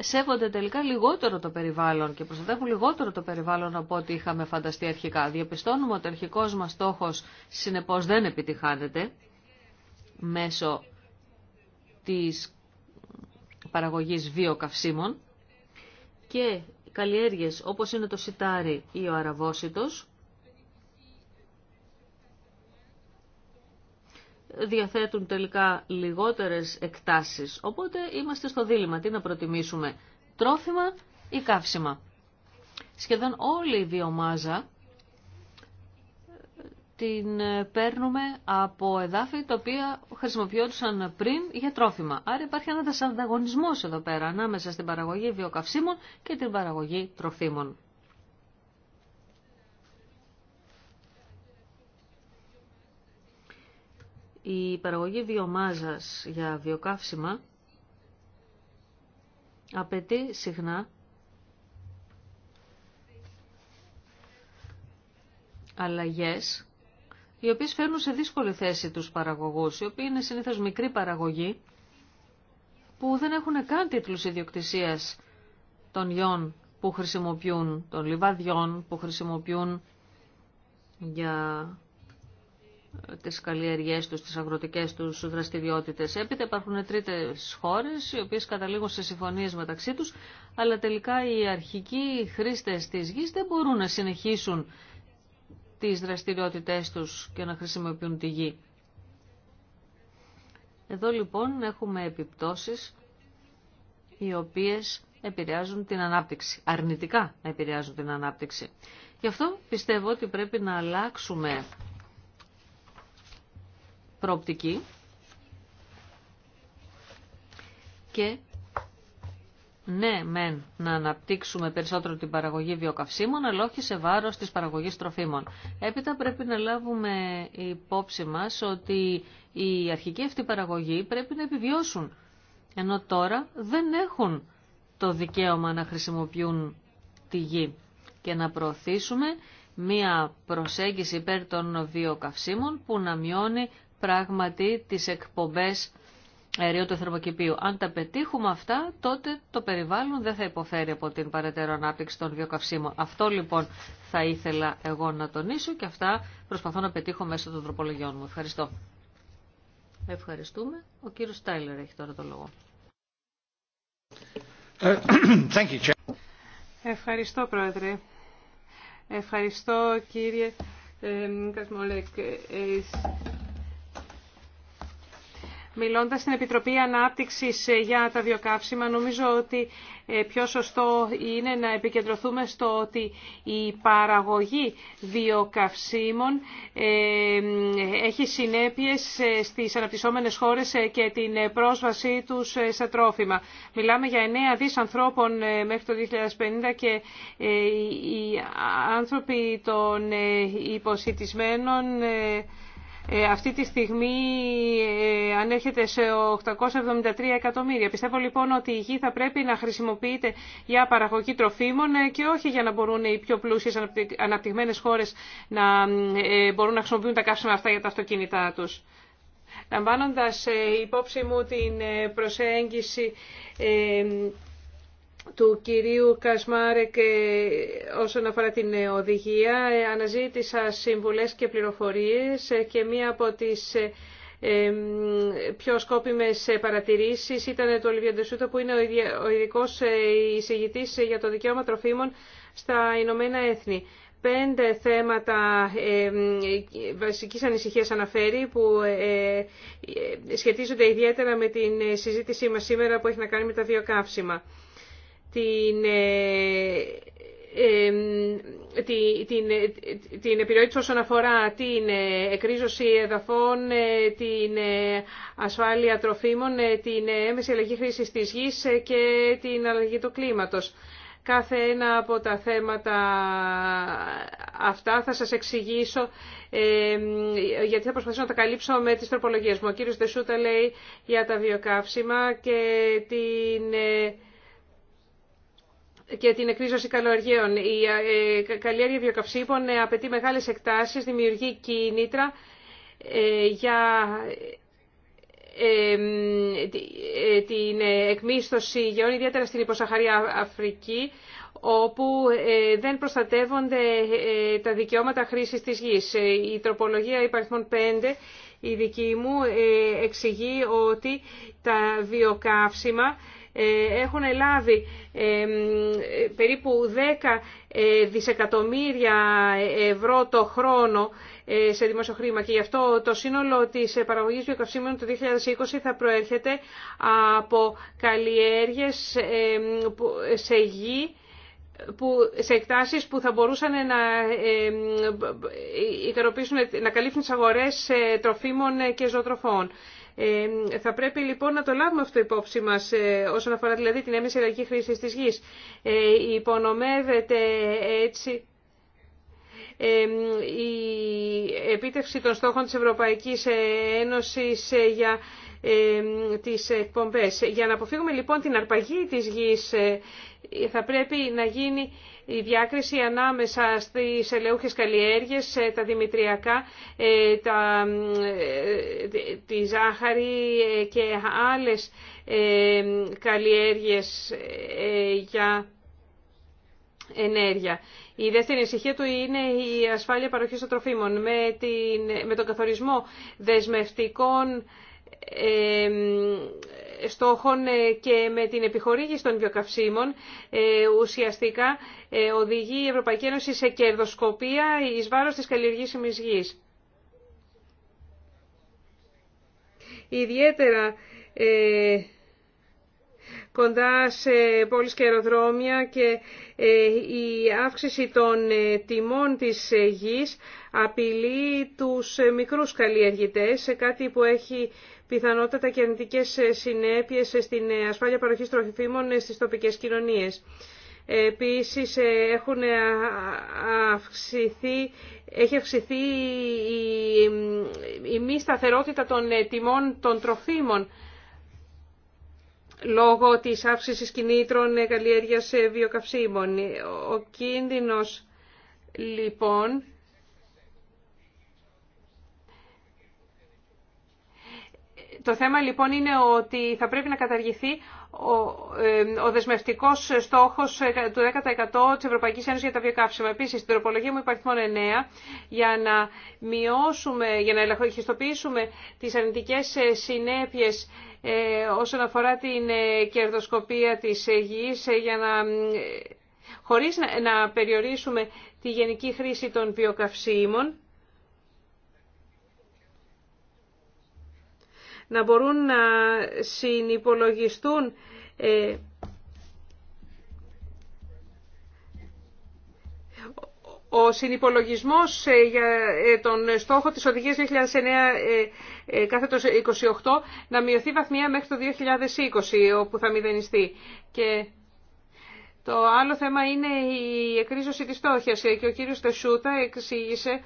σέβονται τελικά λιγότερο το περιβάλλον και προστατεύουν λιγότερο το περιβάλλον από ό,τι είχαμε φανταστεί αρχικά. Διαπιστώνουμε ότι ο αρχικός μας στόχος συνεπώς δεν επιτυχάνεται μέσω της παραγωγής βιοκαυσίμων και καλλιέργειες όπως είναι το σιτάρι ή ο αραβόσιτος διαθέτουν τελικά λιγότερες εκτάσεις. Οπότε είμαστε στο δίλημα τι να προτιμήσουμε, τρόφιμα ή καύσιμα. Σχεδόν όλη η βιομάζα την ε, παίρνουμε από εδάφη τα οποία χρησιμοποιόντουσαν πριν για τρόφιμα. Άρα υπάρχει ένα ανταγωνισμό εδώ πέρα ανάμεσα στην παραγωγή βιοκαυσίμων και την παραγωγή τροφίμων. Η παραγωγή βιομάζας για βιοκαύσιμα απαιτεί συχνά αλλαγές οι οποίες φέρνουν σε δύσκολη θέση τους παραγωγούς, οι οποίοι είναι συνήθως μικροί παραγωγοί... που δεν έχουν καν τίτλους ιδιοκτησίας των γιών που χρησιμοποιούν, των λιβαδιών που χρησιμοποιούν για ε, τις καλλιεργίες τους, τις αγροτικές τους δραστηριότητες. Έπειτα υπάρχουν τρίτες χώρες, οι οποίες καταλήγουν σε συμφωνίες μεταξύ τους, αλλά τελικά οι αρχικοί χρήστες της γης δεν μπορούν να συνεχίσουν τις δραστηριότητές τους και να χρησιμοποιούν τη γη. Εδώ λοιπόν έχουμε επιπτώσεις οι οποίες επηρεάζουν την ανάπτυξη, αρνητικά επηρεάζουν την ανάπτυξη. Γι' αυτό πιστεύω ότι πρέπει να αλλάξουμε προοπτική και ναι μεν να αναπτύξουμε περισσότερο την παραγωγή βιοκαυσίμων, αλλά όχι σε βάρος τη παραγωγής τροφίμων. Έπειτα πρέπει να λάβουμε υπόψη μα ότι οι αρχική αυτοί παραγωγή πρέπει να επιβιώσουν, ενώ τώρα δεν έχουν το δικαίωμα να χρησιμοποιούν τη γη και να προωθήσουμε μία προσέγγιση υπέρ των βιοκαυσίμων που να μειώνει πράγματι τις εκπομπές αεριότητα θερμοκηπίου. Αν τα πετύχουμε αυτά, τότε το περιβάλλον δεν θα υποφέρει από την παρετέρω ανάπτυξη των βιοκαυσίμων. Αυτό λοιπόν θα ήθελα εγώ να τονίσω και αυτά προσπαθώ να πετύχω μέσα των τροπολογιών μου. Ευχαριστώ. Ευχαριστούμε. Ο κύριος Τάιλερ έχει τώρα το λόγο. Ε, Ευχαριστώ, Πρόεδρε. Ευχαριστώ, κύριε ε, Κασμολέκ. Μιλώντας στην Επιτροπή Ανάπτυξης ε, για τα βιοκαύσιμα, νομίζω ότι ε, πιο σωστό είναι να επικεντρωθούμε στο ότι η παραγωγή βιοκαυσίμων ε, έχει συνέπειες στις αναπτυσσόμενες χώρες και την πρόσβασή τους σε τρόφιμα. Μιλάμε για 9 δις ανθρώπων μέχρι το 2050 και οι άνθρωποι των υποσυτισμένων ε, αυτή τη στιγμή ε, ανέρχεται σε 873 εκατομμύρια. Πιστεύω λοιπόν ότι η γη θα πρέπει να χρησιμοποιείται για παραγωγή τροφίμων ε, και όχι για να μπορούν οι πιο πλούσιες αναπτυγμένες χώρες να μπορούν να χρησιμοποιούν τα καύσιμα αυτά για τα αυτοκίνητά τους. Λαμβάνοντας υπόψη μου την προσέγγιση του κυρίου Κασμάρεκ ε, όσον αφορά την οδηγία. Ε, αναζήτησα συμβουλές και πληροφορίες ε, και μία από τις πιο σκόπιμες παρατηρήσεις ήταν το Ολιβία που είναι ο ειδικό εισηγητής για το δικαίωμα τροφίμων στα Ηνωμένα Έθνη. Πέντε θέματα βασικής ανησυχίας αναφέρει που σχετίζονται ιδιαίτερα με την συζήτησή μας σήμερα που έχει να κάνει με τα βιοκαύσιμα την, ε, ε, την, ε, την επιρροή τους όσον αφορά την εκρίζωση εδαφών, την ασφάλεια τροφίμων, την έμεση αλλαγή χρήση της γης και την αλλαγή του κλίματος. Κάθε ένα από τα θέματα αυτά θα σας εξηγήσω, γιατί θα προσπαθήσω να τα καλύψω με τις τροπολογίες μου. Ο κύριος Δεσούτα λέει για τα βιοκαύσιμα και την και την εκρίζωση καλοαργαίων. Η ε, καλλιέργεια βιοκαυσίμων ε, απαιτεί μεγάλες εκτάσεις, δημιουργεί κίνητρα ε, για την εκμίσθωση γεών, ιδιαίτερα στην υποσαχαρία Αφρική, όπου δεν προστατεύονται τα δικαιώματα χρήσης της γης. Η τροπολογία υπαριθμών 5, η δική μου, εξηγεί ότι τα βιοκαύσιμα ε, έχουν λάβει περίπου 10 ε, δισεκατομμύρια ευρώ το χρόνο ε, σε δημόσιο χρήμα και γι' αυτό το σύνολο της παραγωγής βιοκαυσίμων το 2020 θα προέρχεται από καλλιέργειες σε γη που, σε εκτάσεις που θα μπορούσαν να, ικανοποιήσουν, να καλύψουν τις αγορές τροφίμων και ζωοτροφών θα πρέπει λοιπόν να το λάβουμε αυτό υπόψη μας ε, όσον αφορά δηλαδή την έμεση αλλαγή χρήση της γης. Ε, υπονομεύεται έτσι η επίτευξη των στόχων της Ευρωπαϊκής Ένωσης ε, για τις εκπομπές. Για να αποφύγουμε λοιπόν την αρπαγή της γης θα πρέπει να γίνει η διάκριση ανάμεσα στις ελαιούχες καλλιέργειες, ε, τα δημητριακά, ε, τα, ε, τη ζάχαρη και άλλες καλλιέργειες για ενέργεια. Η δεύτερη ανησυχία του είναι η ασφάλεια παροχής των τροφίμων. Με, την, με τον καθορισμό δεσμευτικών στόχων ε, και με την επιχορήγηση των βιοκαυσίμων ε, ουσιαστικά ε, οδηγεί η Ευρωπαϊκή Ένωση σε κερδοσκοπία εις βάρος της καλλιεργήσιμης γης. Ιδιαίτερα κοντά σε πόλεις και αεροδρόμια και η αύξηση των τιμών της γης απειλεί τους μικρούς καλλιεργητές σε κάτι που έχει πιθανότατα και αρνητικέ ε, συνέπειες ε, στην ε, ασφάλεια παροχή τροφίμων στι τοπικέ κοινωνίε. Επίση, έχουν έχει αυξηθεί η, η μη σταθερότητα των τιμών των τροφίμων λόγω της αύξησης κινήτρων καλλιέργειας βιοκαυσίμων. Ο κίνδυνος λοιπόν Το θέμα λοιπόν είναι ότι θα πρέπει να καταργηθεί ο δεσμευτικός στόχο ε, του 10% της Ευρωπαϊκής Ένωσης για τα βιοκαύσιμα. Επίσης, στην τροπολογία μου υπάρχει μόνο 9 για να μειώσουμε, για να ελαχιστοποιήσουμε τις αρνητικές ε, συνέπειες ε, όσον αφορά την κερδοσκοπία της γης, για να, χωρίς να περιορίσουμε τη γενική χρήση των βιοκαυσίμων να μπορούν να συνυπολογιστούν ε, Ο συνυπολογισμός ε, για ε, τον στόχο της οδηγίας 2009 κάθετος 28 να μειωθεί βαθμία μέχρι το 2020 όπου θα μηδενιστεί. Και το άλλο θέμα είναι η εκρίζωση της στόχιας και ο κύριος Τεσούτα εξήγησε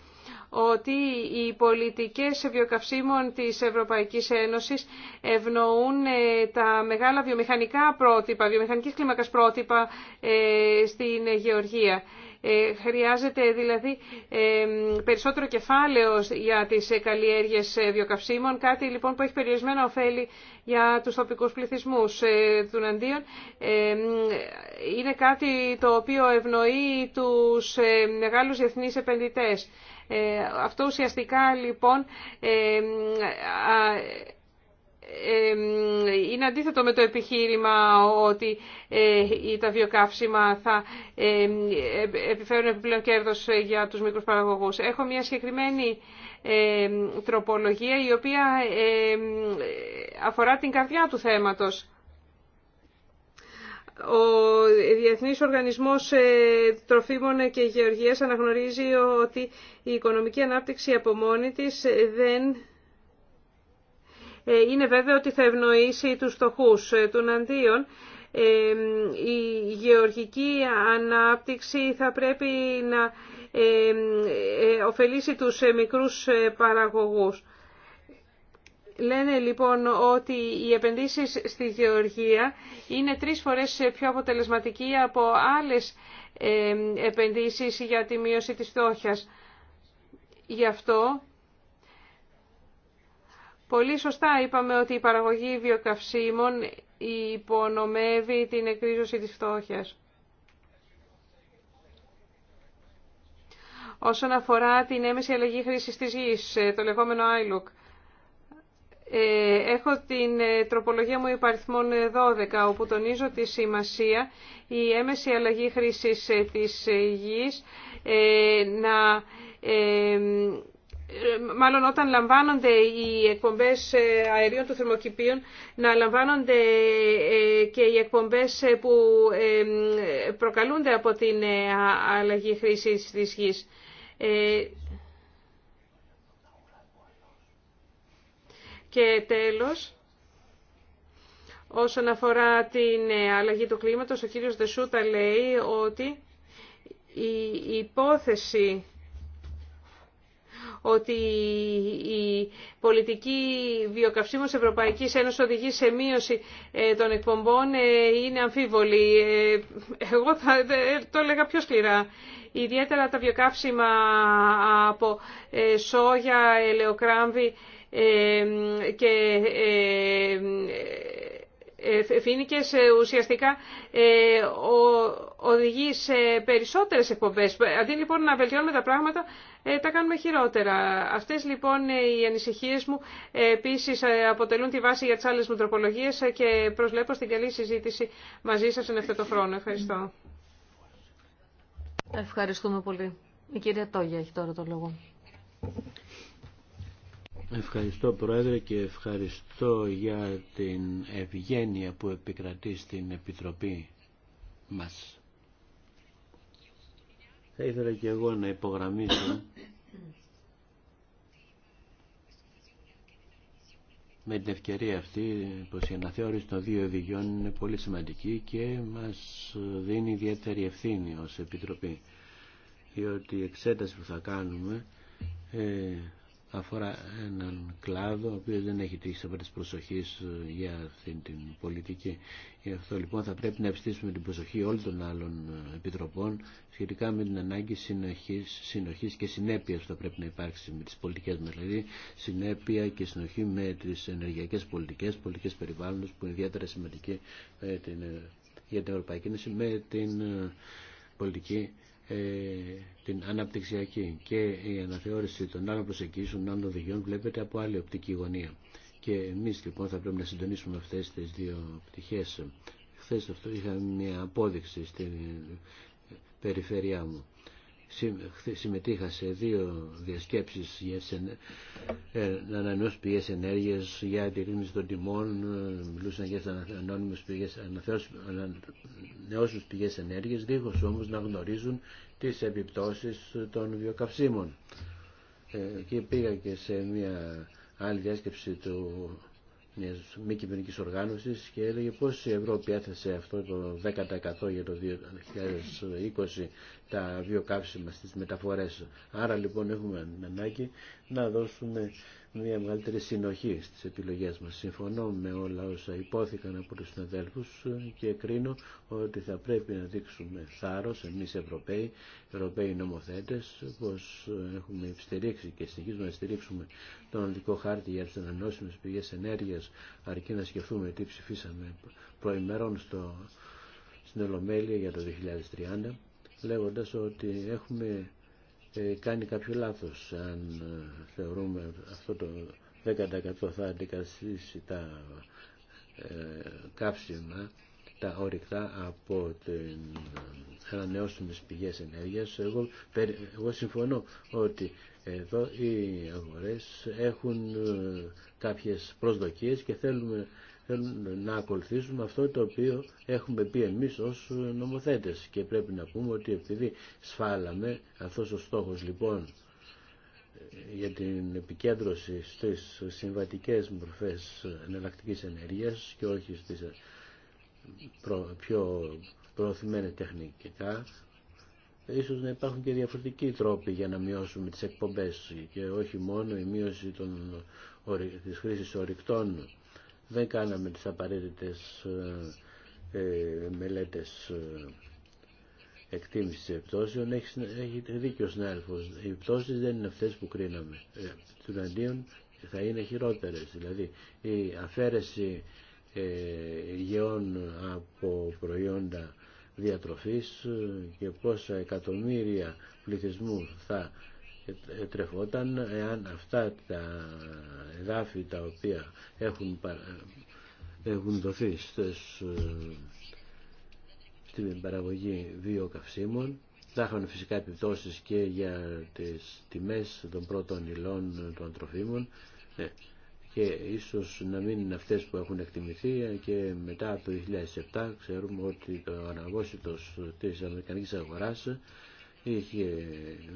ότι οι πολιτικές βιοκαυσίμων της Ευρωπαϊκής Ένωσης ευνοούν ε, τα μεγάλα βιομηχανικά πρότυπα, βιομηχανικής κλίμακας πρότυπα ε, στην Γεωργία. Ε, χρειάζεται δηλαδή περισσότερο κεφάλαιο για τις καλλιέργειες βιοκαυσίμων, κάτι λοιπόν που έχει περιορισμένα ωφέλη για τους τοπικούς πληθυσμούς του Ναντίον. Είναι κάτι το οποίο ευνοεί τους μεγάλους διεθνείς επενδυτές. Ε, αυτό ουσιαστικά λοιπόν ε, ε, είναι αντίθετο με το επιχείρημα ότι τα βιοκαύσιμα θα επιφέρουν επιπλέον κέρδος για τους μικρούς παραγωγούς. Έχω μια συγκεκριμένη τροπολογία η οποία αφορά την καρδιά του θέματος. Ο Διεθνής Οργανισμός ε, Τροφίμων ε, και Γεωργίας αναγνωρίζει ότι η οικονομική ανάπτυξη από μόνη της ε, δεν είναι βέβαιο ότι θα ευνοήσει τους στοχούς των αντίον. Η γεωργική ανάπτυξη θα πρέπει να ωφελήσει τους μικρούς παραγωγούς. Λένε λοιπόν ότι οι επενδύσεις στη γεωργία είναι τρεις φορές πιο αποτελεσματική από άλλες ε, επενδύσεις για τη μείωση της φτώχειας. Γι' αυτό πολύ σωστά είπαμε ότι η παραγωγή βιοκαυσίμων υπονομεύει την εκρίζωση της φτώχειας. Όσον αφορά την έμεση αλλαγή χρήσης της γης, ε, το λεγόμενο ILUC, ε, έχω την ε, τροπολογία μου υπαριθμών 12, ε, όπου τονίζω τη σημασία η έμεση αλλαγή χρήσης της γης να... Μάλλον όταν λαμβάνονται οι εκπομπές αερίων του θερμοκηπίου να λαμβάνονται και οι εκπομπές που προκαλούνται από την αλλαγή χρήσης της γης. Και τέλος, όσον αφορά την ε, αλλαγή του κλίματος, ο κύριος Δεσούτα λέει ότι η υπόθεση ότι η πολιτική βιοκαυσίμως Ευρωπαϊκής Ένωσης οδηγεί σε μείωση ε, των εκπομπών ε, είναι αμφίβολη. Εγώ θα το έλεγα πιο σκληρά. Ιδιαίτερα τα βιοκαύσιμα από σόγια, ελαιοκράμβη και ε, φίνικες ε, ουσιαστικά ε, οδηγεί σε περισσότερες εκπομπές. Αντί λοιπόν να βελτιώνουμε τα πράγματα, τα κάνουμε χειρότερα. Αυτές λοιπόν οι ανησυχίες μου επίσης αποτελούν τη βάση για τις άλλες μου τροπολογίες και προσλέπω στην καλή συζήτηση μαζί σας σε αυτό το χρόνο. Ευχαριστώ. Ευχαριστούμε πολύ. Η κυρία Τόγια έχει τώρα το λόγο. Ευχαριστώ Πρόεδρε και ευχαριστώ για την ευγένεια που επικρατεί στην Επιτροπή μας. Θα ήθελα και εγώ να υπογραμμίσω με την ευκαιρία αυτή πως η αναθεώρηση των δύο οδηγιών είναι πολύ σημαντική και μας δίνει ιδιαίτερη ευθύνη ως Επιτροπή διότι η εξέταση που θα κάνουμε ε, αφορά έναν κλάδο ο οποίος δεν έχει τύχει σαπέρα της προσοχής ε, για αυτή την πολιτική. Γι' αυτό λοιπόν θα πρέπει να ευστήσουμε την προσοχή όλων των άλλων ε, επιτροπών σχετικά με την ανάγκη συνοχής, και συνέπεια που θα πρέπει να υπάρξει με τις πολιτικές μας, δηλαδή συνέπεια και συνοχή με τις ενεργειακές πολιτικές, πολιτικές περιβάλλοντος που είναι ιδιαίτερα σημαντική ε, για την Ευρωπαϊκή Ένωση με την πολιτική ε, την αναπτυξιακή και η αναθεώρηση των άλλων προσεγγίσεων, άλλων οδηγιών βλέπετε από άλλη οπτική γωνία. Και εμείς λοιπόν θα πρέπει να συντονίσουμε αυτές τις δύο πτυχές. Χθε αυτό είχα μια απόδειξη στην περιφέρειά μου συμμετείχα σε δύο διασκέψεις για ε, ανανεώσεις πηγές ενέργειας, για τη ρύθμιση των τιμών, ε, μιλούσαν για τις ανανεώσεις πηγές, ανανεώσεις πηγές ενέργειας, δίχως όμως να γνωρίζουν τις επιπτώσεις των βιοκαυσίμων. Ε, και πήγα και σε μια άλλη διάσκεψη του μια μη κυβερνική οργάνωση και έλεγε πώ η Ευρώπη έθεσε αυτό το 10% για το 2020 τα βιοκαύσιμα στις μεταφορές. Άρα λοιπόν έχουμε ανάγκη να δώσουμε μια μεγαλύτερη συνοχή στις επιλογές μας. Συμφωνώ με όλα όσα υπόθηκαν από τους συναδέλφους και κρίνω ότι θα πρέπει να δείξουμε θάρρος εμείς Ευρωπαίοι, Ευρωπαίοι νομοθέτες, πως έχουμε στηρίξει και συνεχίζουμε να στηρίξουμε τον οδικό χάρτη για τις ανανεώσιμες πηγές ενέργειας, αρκεί να σκεφτούμε τι ψηφίσαμε προημερών στο, στην Ολομέλεια για το 2030 λέγοντας ότι έχουμε ε, κάνει κάποιο λάθος αν ε, θεωρούμε αυτό το 10% θα αντικαθίσει τα ε, κάψιμα τα ορυκτά από την ανανεώσιμες πηγές ενέργειας. Εγώ, εγώ συμφωνώ ότι εδώ οι αγορές έχουν κάποιες προσδοκίες και θέλουμε θέλουν να ακολουθήσουμε αυτό το οποίο έχουμε πει εμείς ως νομοθέτες και πρέπει να πούμε ότι επειδή σφάλαμε αυτός ο στόχος λοιπόν για την επικέντρωση στις συμβατικές μορφές εναλλακτικής ενέργειας και όχι στις πιο προωθημένες τεχνικά ίσως να υπάρχουν και διαφορετικοί τρόποι για να μειώσουμε τις εκπομπές και όχι μόνο η μείωση των, της χρήσης ορυκτών δεν κάναμε τις απαραίτητες ε, ε, μελέτες ε, εκτίμησης επιπτώσεων. Έχει, έχει δίκιο ο συνάδελφος. Οι επιπτώσεις δεν είναι αυτές που κρίναμε. Ε, αντίον θα είναι χειρότερες. Δηλαδή η αφαίρεση γεών από προϊόντα διατροφής και πόσα εκατομμύρια πληθυσμού θα τρεφόταν εάν αυτά τα εδάφη τα οποία έχουν, δοθεί στην παραγωγή βιοκαυσίμων θα είχαν φυσικά επιπτώσεις και για τις τιμές των πρώτων υλών των τροφίμων ε, και ίσως να μην είναι αυτές που έχουν εκτιμηθεί ε, και μετά το 2007 ξέρουμε ότι το αναγώσιτος της Αμερικανικής αγοράς είχε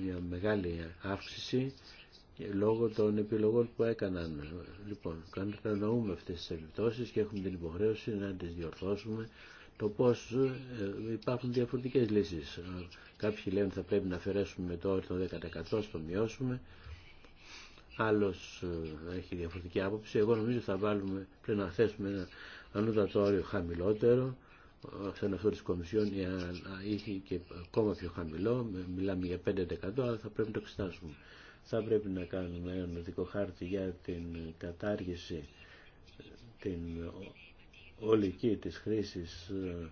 μια μεγάλη αύξηση λόγω των επιλογών που έκαναν. Λοιπόν, κατανοούμε αυτές τις επιπτώσεις και έχουμε την υποχρέωση να τις διορθώσουμε το πώς ε, υπάρχουν διαφορετικές λύσεις. Ε, κάποιοι λένε θα πρέπει να αφαιρέσουμε το όριο των 10% το μειώσουμε. Άλλος ε, έχει διαφορετική άποψη. Εγώ νομίζω θα βάλουμε, πρέπει να θέσουμε ένα ανώτατο όριο χαμηλότερο σαν αυτό της Κομισιόν είχε και ακόμα πιο χαμηλό, μιλάμε για 5% αλλά θα πρέπει να το εξετάσουμε. Θα πρέπει να κάνουμε ένα δικό χάρτη για την κατάργηση την ολική της χρήσης ε,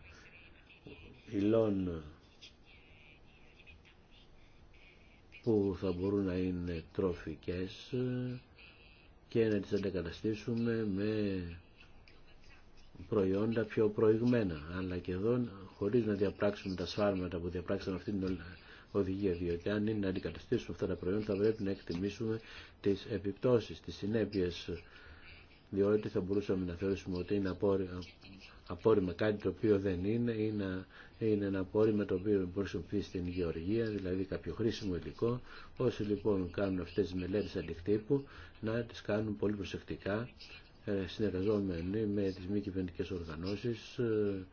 υλών που θα μπορούν να είναι τροφικές ε, και να τις αντεκαταστήσουμε με προϊόντα πιο προηγμένα, αλλά και εδώ χωρίς να διαπράξουν τα σφάλματα που διαπράξαν αυτήν την οδηγία, διότι αν είναι να αντικαταστήσουμε αυτά τα προϊόντα θα πρέπει να εκτιμήσουμε τις επιπτώσεις, τις συνέπειε διότι θα μπορούσαμε να θεωρήσουμε ότι είναι απόρριμα κάτι το οποίο δεν είναι είναι, είναι ένα απόρριμα το οποίο μπορεί να πει στην γεωργία, δηλαδή κάποιο χρήσιμο υλικό. Όσοι λοιπόν κάνουν αυτές τις μελέτες αντικτύπου να τις κάνουν πολύ προσεκτικά ε, συνεργαζόμενοι με τις μη κυβερνητικές οργανώσεις ε,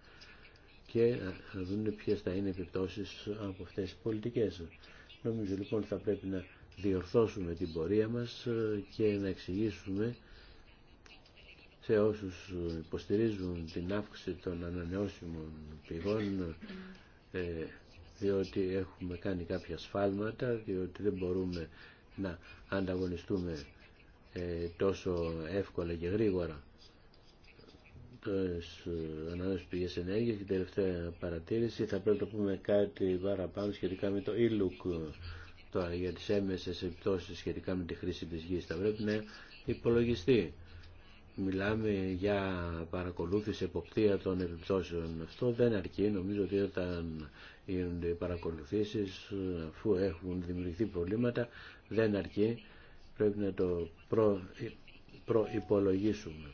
και να δουν ποιες θα είναι οι επιπτώσεις από αυτές τις πολιτικές. Νομίζω λοιπόν θα πρέπει να διορθώσουμε την πορεία μας ε, και να εξηγήσουμε σε όσους υποστηρίζουν την αύξηση των ανανεώσιμων πηγών διότι έχουμε κάνει κάποια σφάλματα, διότι δεν μπορούμε να ανταγωνιστούμε ε, τόσο εύκολα και γρήγορα τις της πηγές ενέργειας και τελευταία παρατήρηση θα πρέπει να πούμε κάτι παραπάνω σχετικά με το e-look τώρα για τις έμεσες επιπτώσεις σχετικά με τη χρήση της γης θα πρέπει να υπολογιστεί μιλάμε για παρακολούθηση εποπτεία των επιπτώσεων αυτό δεν αρκεί νομίζω ότι όταν γίνονται οι παρακολουθήσεις αφού έχουν δημιουργηθεί προβλήματα δεν αρκεί πρέπει να το προ, προϋπολογίσουμε.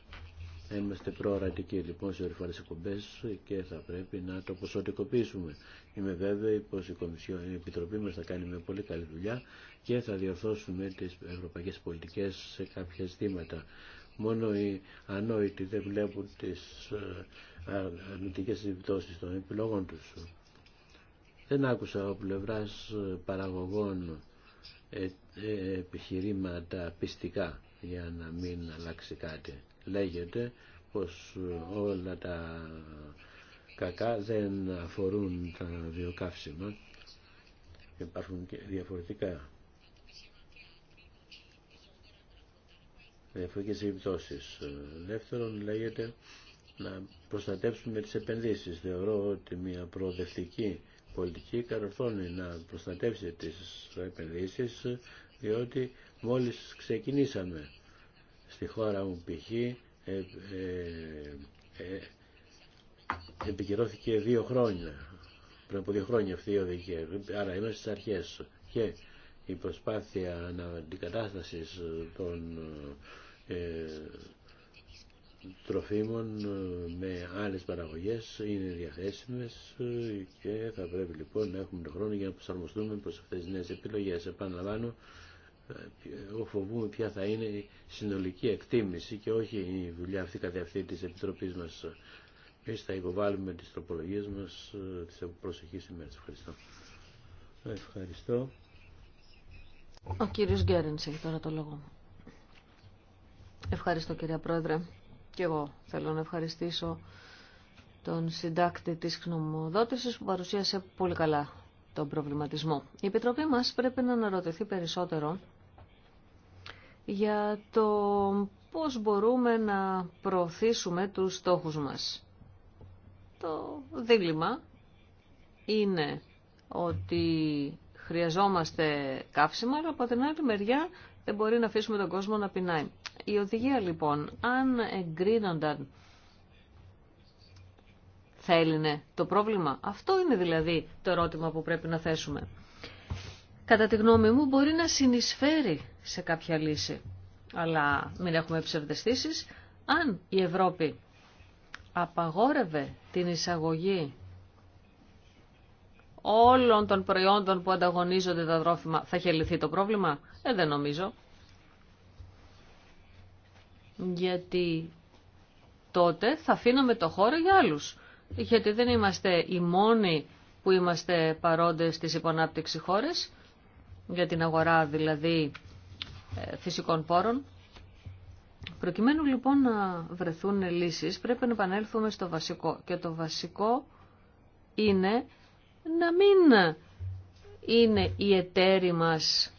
Είμαστε προορατικοί λοιπόν σε ορυφάρε εκπομπέ και θα πρέπει να το ποσοτικοποιήσουμε. Είμαι βέβαιη πω η, Κομισιό, η Επιτροπή μα θα κάνει με πολύ καλή δουλειά και θα διορθώσουμε τις ευρωπαϊκές πολιτικές σε κάποια ζητήματα. Μόνο οι ανόητοι δεν βλέπουν τις ε, αρνητικέ επιπτώσει των επιλογών του. Δεν άκουσα ο πλευρά παραγωγών ε, ε, επιχειρήματα πιστικά για να μην αλλάξει κάτι. Λέγεται πως ε, όλα τα κακά δεν αφορούν τα βιοκαύσιμα. Υπάρχουν και διαφορετικά διαφορετικές επιπτώσεις. Δεύτερον λέγεται να προστατεύσουμε τις επενδύσεις. Θεωρώ ότι μια προοδευτική πολιτική κατορθώνει να προστατεύσει τις επενδύσεις διότι μόλις ξεκινήσαμε στη χώρα μου π.χ. Ε, ε, ε, επικυρώθηκε δύο χρόνια πριν από δύο χρόνια αυτή η οδηγία άρα είμαστε στις αρχές και η προσπάθεια αντικατάστασης των ε, τροφίμων ε, με άλλες παραγωγές είναι διαθέσιμες ε, και θα πρέπει λοιπόν να έχουμε τον χρόνο για να προσαρμοστούμε προς αυτές τις νέες επιλογές. Επαναλαμβάνω, ε, εγώ φοβούμαι ποια θα είναι η συνολική εκτίμηση και όχι η δουλειά αυτή κατά αυτή της Επιτροπής μας. Εμείς θα υποβάλουμε τις τροπολογίες μας τις προσεχείς ημέρες. Ευχαριστώ. Ευχαριστώ. Ο κύριος Γκέρινς έχει τώρα το λόγο. Ευχαριστώ κυρία Πρόεδρε. Και εγώ θέλω να ευχαριστήσω τον συντάκτη της γνωμοδότησης που παρουσίασε πολύ καλά τον προβληματισμό. Η Επιτροπή μας πρέπει να αναρωτηθεί περισσότερο για το πώς μπορούμε να προωθήσουμε τους στόχους μας. Το δίλημα είναι ότι χρειαζόμαστε καύσιμα, αλλά από την άλλη μεριά δεν μπορεί να αφήσουμε τον κόσμο να πεινάει. Η οδηγία λοιπόν, αν εγκρίνονταν θα έλυνε το πρόβλημα. Αυτό είναι δηλαδή το ερώτημα που πρέπει να θέσουμε. Κατά τη γνώμη μου μπορεί να συνεισφέρει σε κάποια λύση. Αλλά μην έχουμε ψευδεστήσεις. Αν η Ευρώπη απαγόρευε την εισαγωγή όλων των προϊόντων που ανταγωνίζονται τα τρόφιμα, θα είχε λυθεί το πρόβλημα. Ε, δεν νομίζω γιατί τότε θα αφήναμε το χώρο για άλλους. Γιατί δεν είμαστε οι μόνοι που είμαστε παρόντες στις υπονάπτυξη χώρες, για την αγορά δηλαδή ε, φυσικών πόρων. Προκειμένου λοιπόν να βρεθούν λύσεις πρέπει να επανέλθουμε στο βασικό. Και το βασικό είναι να μην είναι οι εταίροι μας.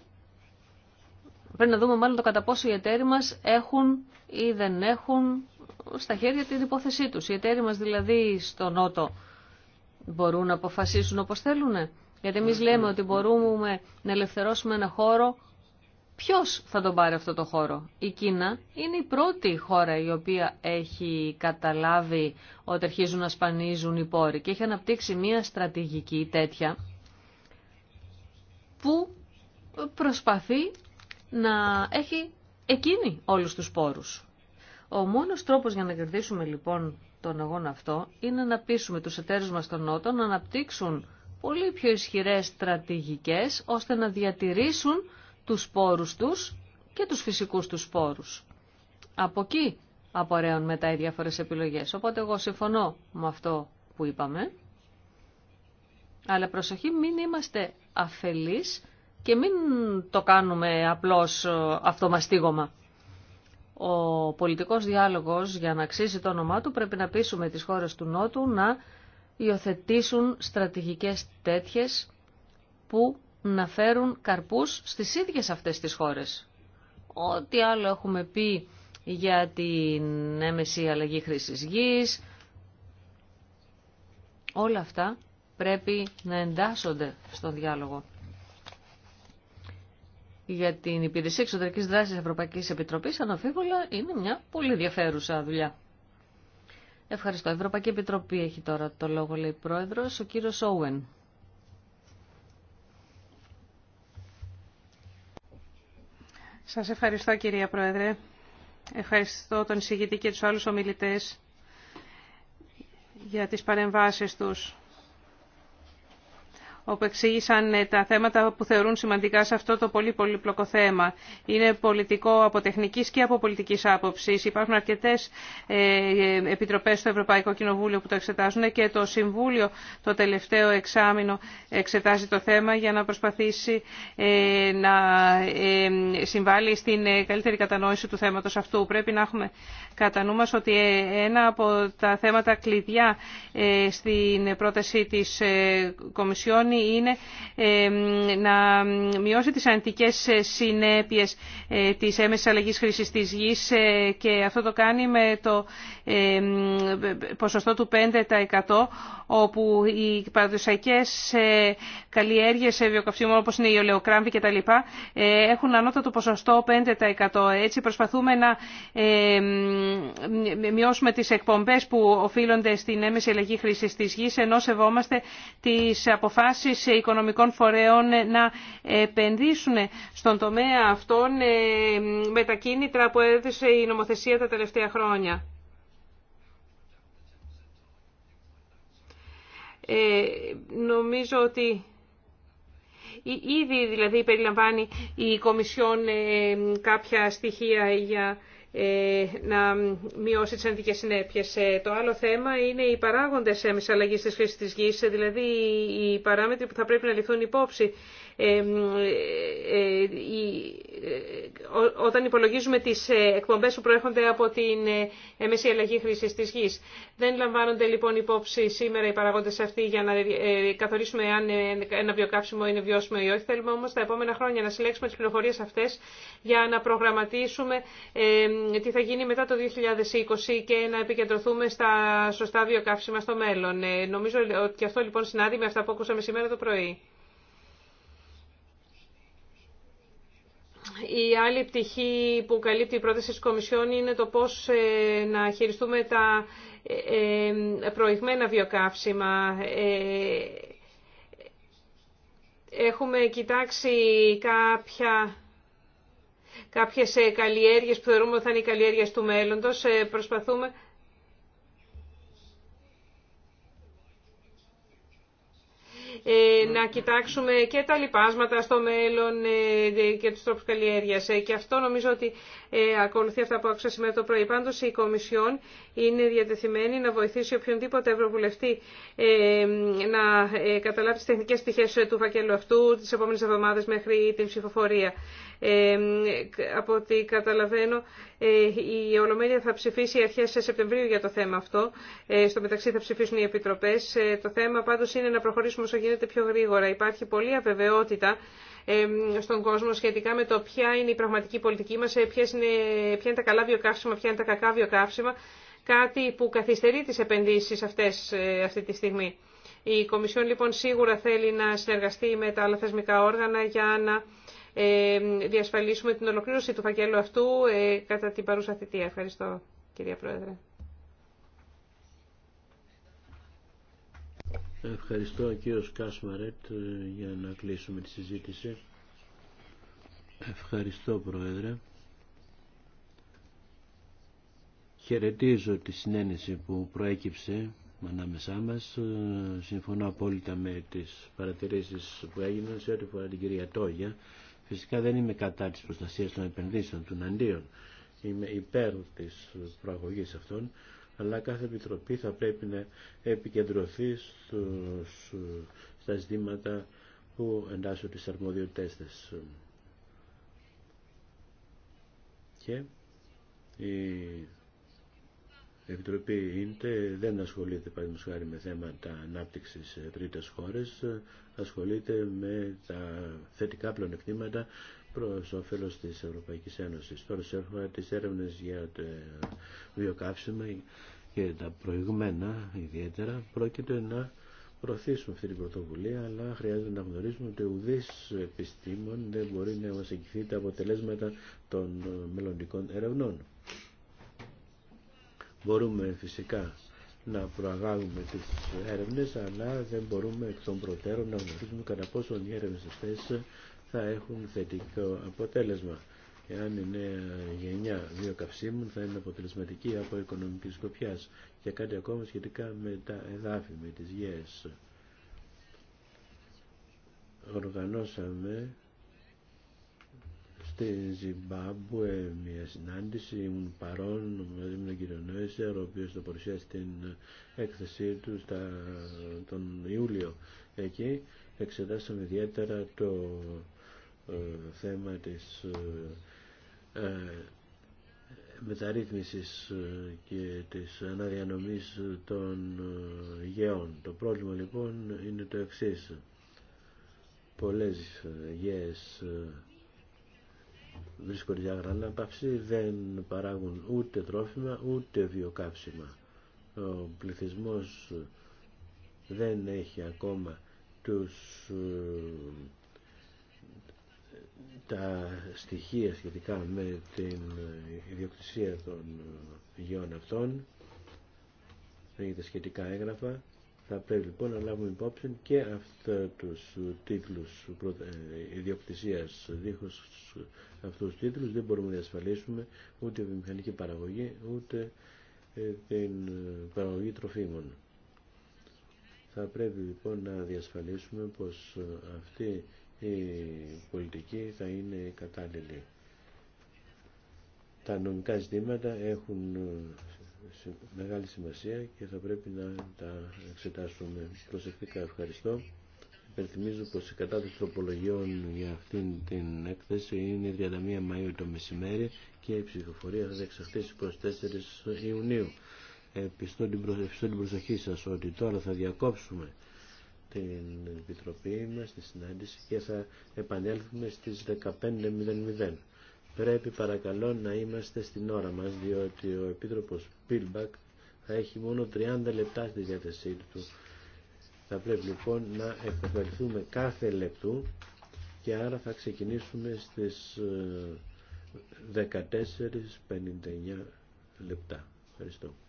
Πρέπει να δούμε μάλλον το κατά πόσο οι εταίροι μας έχουν ή δεν έχουν στα χέρια την υπόθεσή τους. Οι εταίροι μας δηλαδή στο Νότο μπορούν να αποφασίσουν όπως θέλουν. Γιατί εμείς λέμε ότι μπορούμε να ελευθερώσουμε ένα χώρο. Ποιος θα τον πάρει αυτό το χώρο. Η Κίνα είναι η πρώτη χώρα η οποία έχει καταλάβει ότι αρχίζουν να σπανίζουν οι πόροι και έχει αναπτύξει μια στρατηγική τέτοια που προσπαθεί να έχει εκείνη όλους τους πόρους. Ο μόνος τρόπος για να κερδίσουμε λοιπόν τον αγώνα αυτό είναι να πείσουμε τους εταίρους μας στον Νότο να αναπτύξουν πολύ πιο ισχυρές στρατηγικές ώστε να διατηρήσουν τους πόρους τους και τους φυσικούς τους πόρους. Από εκεί απορρέουν μετά οι διάφορες επιλογές. Οπότε εγώ συμφωνώ με αυτό που είπαμε. Αλλά προσοχή μην είμαστε αφελείς και μην το κάνουμε απλώς ε, αυτομαστίγωμα. Ο πολιτικός διάλογος για να αξίζει το όνομά του πρέπει να πείσουμε τις χώρες του Νότου να υιοθετήσουν στρατηγικές τέτοιες που να φέρουν καρπούς στις ίδιες αυτές τις χώρες. Ό,τι άλλο έχουμε πει για την έμεση αλλαγή χρήσης γης, όλα αυτά πρέπει να εντάσσονται στον διάλογο για την Υπηρεσία εξωτερική δράση τη Ευρωπαϊκής Επιτροπής αναφίβολα είναι μια πολύ ενδιαφέρουσα δουλειά. Ευχαριστώ. Ευρωπαϊκή Επιτροπή έχει τώρα το λόγο, λέει Πρόεδρο, ο κύριο Όουεν. Σα ευχαριστώ κυρία Πρόεδρε. Ευχαριστώ τον εισηγητή και του άλλου ομιλητέ, για τις παρεμβάσεις του όπου εξήγησαν ε, τα θέματα που θεωρούν σημαντικά σε αυτό το πολύ πολύπλοκο θέμα. Είναι πολιτικό από τεχνική και από πολιτική άποψη. Υπάρχουν αρκετέ ε, επιτροπέ στο Ευρωπαϊκό Κοινοβούλιο που το εξετάζουν και το Συμβούλιο το τελευταίο εξάμεινο εξετάζει το θέμα για να προσπαθήσει ε, να συμβάλλει στην καλύτερη κατανόηση του θέματος αυτού. Πρέπει να έχουμε κατά νου ότι ένα από τα θέματα κλειδιά στην πρόταση της Κομισιόν είναι να μειώσει τις αντικές ε, συνέπειες ε, της έμεσης αλλαγής χρήσης της γης ε, και αυτό το κάνει με το ποσοστό του 5% όπου οι παραδοσιακές καλλιέργειες βιοκαυσίμων όπως είναι η τα κτλ. έχουν ανώτατο ποσοστό 5%. Έτσι προσπαθούμε να μειώσουμε τις εκπομπές που οφείλονται στην έμεση αλλαγή χρήσης της γης ενώ σεβόμαστε τις αποφάσεις σε οικονομικών φορέων να επενδύσουν στον τομέα αυτών ε, με τα κίνητρα που έδωσε η νομοθεσία τα τελευταία χρόνια. Ε, νομίζω ότι ήδη δηλαδή περιλαμβάνει η Κομισιόν ε, κάποια στοιχεία για ε, να μειώσει τις συνέπειε. συνέπειες. Ε, το άλλο θέμα είναι οι παράγοντε έμεις αλλαγής της χρήσης της ε, δηλαδή οι παράμετροι που θα πρέπει να ληφθούν υπόψη ε, ε, όταν υπολογίζουμε τις ε, εκπομπές που προέρχονται από την έμεση αλλαγή χρήσης της γης. Δεν λαμβάνονται λοιπόν υπόψη σήμερα οι παραγόντες αυτοί για να καθορίσουμε αν ένα βιοκάψιμο είναι βιώσιμο ή όχι. Θέλουμε όμως τα επόμενα χρόνια να συλλέξουμε τις πληροφορίες αυτές για να προγραμματίσουμε τι θα γίνει μετά το 2020 και να επικεντρωθούμε στα σωστά βιοκαύσιμα στο μέλλον. Νομίζω ότι αυτό λοιπόν συνάδει με αυτά που ακούσαμε σήμερα το πρωί. Η άλλη πτυχή που καλύπτει η πρόταση της Κομισιόν είναι το πώς ε, να χειριστούμε τα ε, ε, προηγμένα βιοκαύσιμα. Έχουμε κοιτάξει κάποια κάποιες καλλιέργειες που θεωρούμε ότι θα είναι οι καλλιέργειες του μέλλοντος. Προσπαθούμε Ε, να κοιτάξουμε και τα λοιπάσματα στο μέλλον ε, και τους τρόπους καλλιέργειας. Ε, και αυτό νομίζω ότι ακολουθεί αυτά που άκουσα σήμερα το πρωί. Πάντως η Κομισιόν είναι διατεθειμένη να βοηθήσει οποιονδήποτε ευρωβουλευτή να καταλάβει τις τεχνικές στοιχές του φακέλου αυτού τις επόμενες εβδομάδες μέχρι την ψηφοφορία από ό,τι καταλαβαίνω, ε, η Ολομέλεια θα ψηφίσει αρχές σε Σεπτεμβρίου για το θέμα αυτό. Ε, στο μεταξύ θα ψηφίσουν οι επιτροπές. Ε, το θέμα πάντως είναι να προχωρήσουμε όσο γίνεται πιο γρήγορα. Υπάρχει πολλή αβεβαιότητα στον κόσμο σχετικά με το ποια είναι η πραγματική πολιτική μας, ποια είναι τα καλά βιοκαύσιμα, ποια είναι τα κακά βιοκαύσιμα, κάτι που καθυστερεί τις επενδύσεις αυτές αυτή τη στιγμή. Η Κομισιόν λοιπόν σίγουρα θέλει να συνεργαστεί με τα άλλα θεσμικά όργανα για να ε, διασφαλίσουμε την ολοκλήρωση του φακέλου αυτού ε, κατά την παρούσα θητεία. Ευχαριστώ, κυρία Πρόεδρε. Ευχαριστώ κύριο Κάσμαρετ ε, για να κλείσουμε τη συζήτηση. Ευχαριστώ Πρόεδρε. Χαιρετίζω τη συνένεση που προέκυψε ανάμεσά μας. Συμφωνώ απόλυτα με τις παρατηρήσεις που έγιναν σε ό,τι φορά την κυρία Τόγια Φυσικά δεν είμαι κατά της προστασίας των επενδύσεων, των αντίων. Είμαι υπέρ της προαγωγής αυτών, αλλά κάθε επιτροπή θα πρέπει να επικεντρωθεί στους, στα ζητήματα που εντάσσουν τις αρμοδιότητές της. Και η Επιτροπή ΙΝΤΕ δεν ασχολείται παραδείγματος χάρη με θέματα ανάπτυξης τρίτες χώρες, ασχολείται με τα θετικά πλονεκτήματα προς όφελος της Ευρωπαϊκής Ένωσης. Τώρα σε έρχομαι τις έρευνες για το βιοκαύσιμα και τα προηγουμένα ιδιαίτερα πρόκειται να προωθήσουμε αυτή την πρωτοβουλία, αλλά χρειάζεται να γνωρίζουμε ότι ουδής επιστήμων δεν μπορεί να μας εγγυθεί τα αποτελέσματα των μελλοντικών ερευνών. Μπορούμε φυσικά να προαγάγουμε τις έρευνες, αλλά δεν μπορούμε εκ των προτέρων να γνωρίζουμε κατά πόσο οι έρευνες αυτές θα έχουν θετικό αποτέλεσμα. Εάν η νέα γενιά βιοκαυσίμων θα είναι αποτελεσματική από οικονομική σκοπιά και κάτι ακόμα σχετικά με τα εδάφη, με τις γέες. Οργανώσαμε στη Ζιμπάμπουε μια συνάντηση, ήμουν παρόν μαζί με τον κύριο Νόησερ, ο οποίος το παρουσίασε την έκθεσή του στα, τον Ιούλιο εκεί. Εξετάσαμε ιδιαίτερα το ε, θέμα της ε, ε, ε, και της αναδιανομής των γεών. Το πρόβλημα λοιπόν είναι το εξής. Πολλές γεές βρίσκονται για αγρανάπαυση δεν παράγουν ούτε τρόφιμα ούτε βιοκάψιμα. Ο πληθυσμός δεν έχει ακόμα τους, ε, τα στοιχεία σχετικά με την ιδιοκτησία των γεών αυτών, έχετε σχετικά έγγραφα θα πρέπει λοιπόν να λάβουμε υπόψη και αυτού τους τίτλους ε, ιδιοκτησίας δίχως αυτούς τους τίτλους δεν μπορούμε να διασφαλίσουμε ούτε μηχανική παραγωγή ούτε ε, την ε, παραγωγή τροφίμων. Θα πρέπει λοιπόν να διασφαλίσουμε πως αυτή η πολιτική θα είναι κατάλληλη. Τα νομικά ζητήματα έχουν μεγάλη σημασία και θα πρέπει να τα εξετάσουμε προσεκτικά. Ευχαριστώ. Υπενθυμίζω πως η κατάθεση τροπολογιών για αυτήν την έκθεση είναι 31 Μαΐου το μεσημέρι και η ψηφοφορία θα διεξαχθεί στις 24 Ιουνίου. Επιστώ την προσοχή σας ότι τώρα θα διακόψουμε την επιτροπή μας, τη συνάντηση και θα επανέλθουμε στις 15.00. Πρέπει παρακαλώ να είμαστε στην ώρα μας, διότι ο Επίτροπος Πίλμπακ θα έχει μόνο 30 λεπτά στη διάθεσή του. Θα πρέπει λοιπόν να επωφελθούμε κάθε λεπτού και άρα θα ξεκινήσουμε στις 14.59 ε, λεπτά. Ευχαριστώ.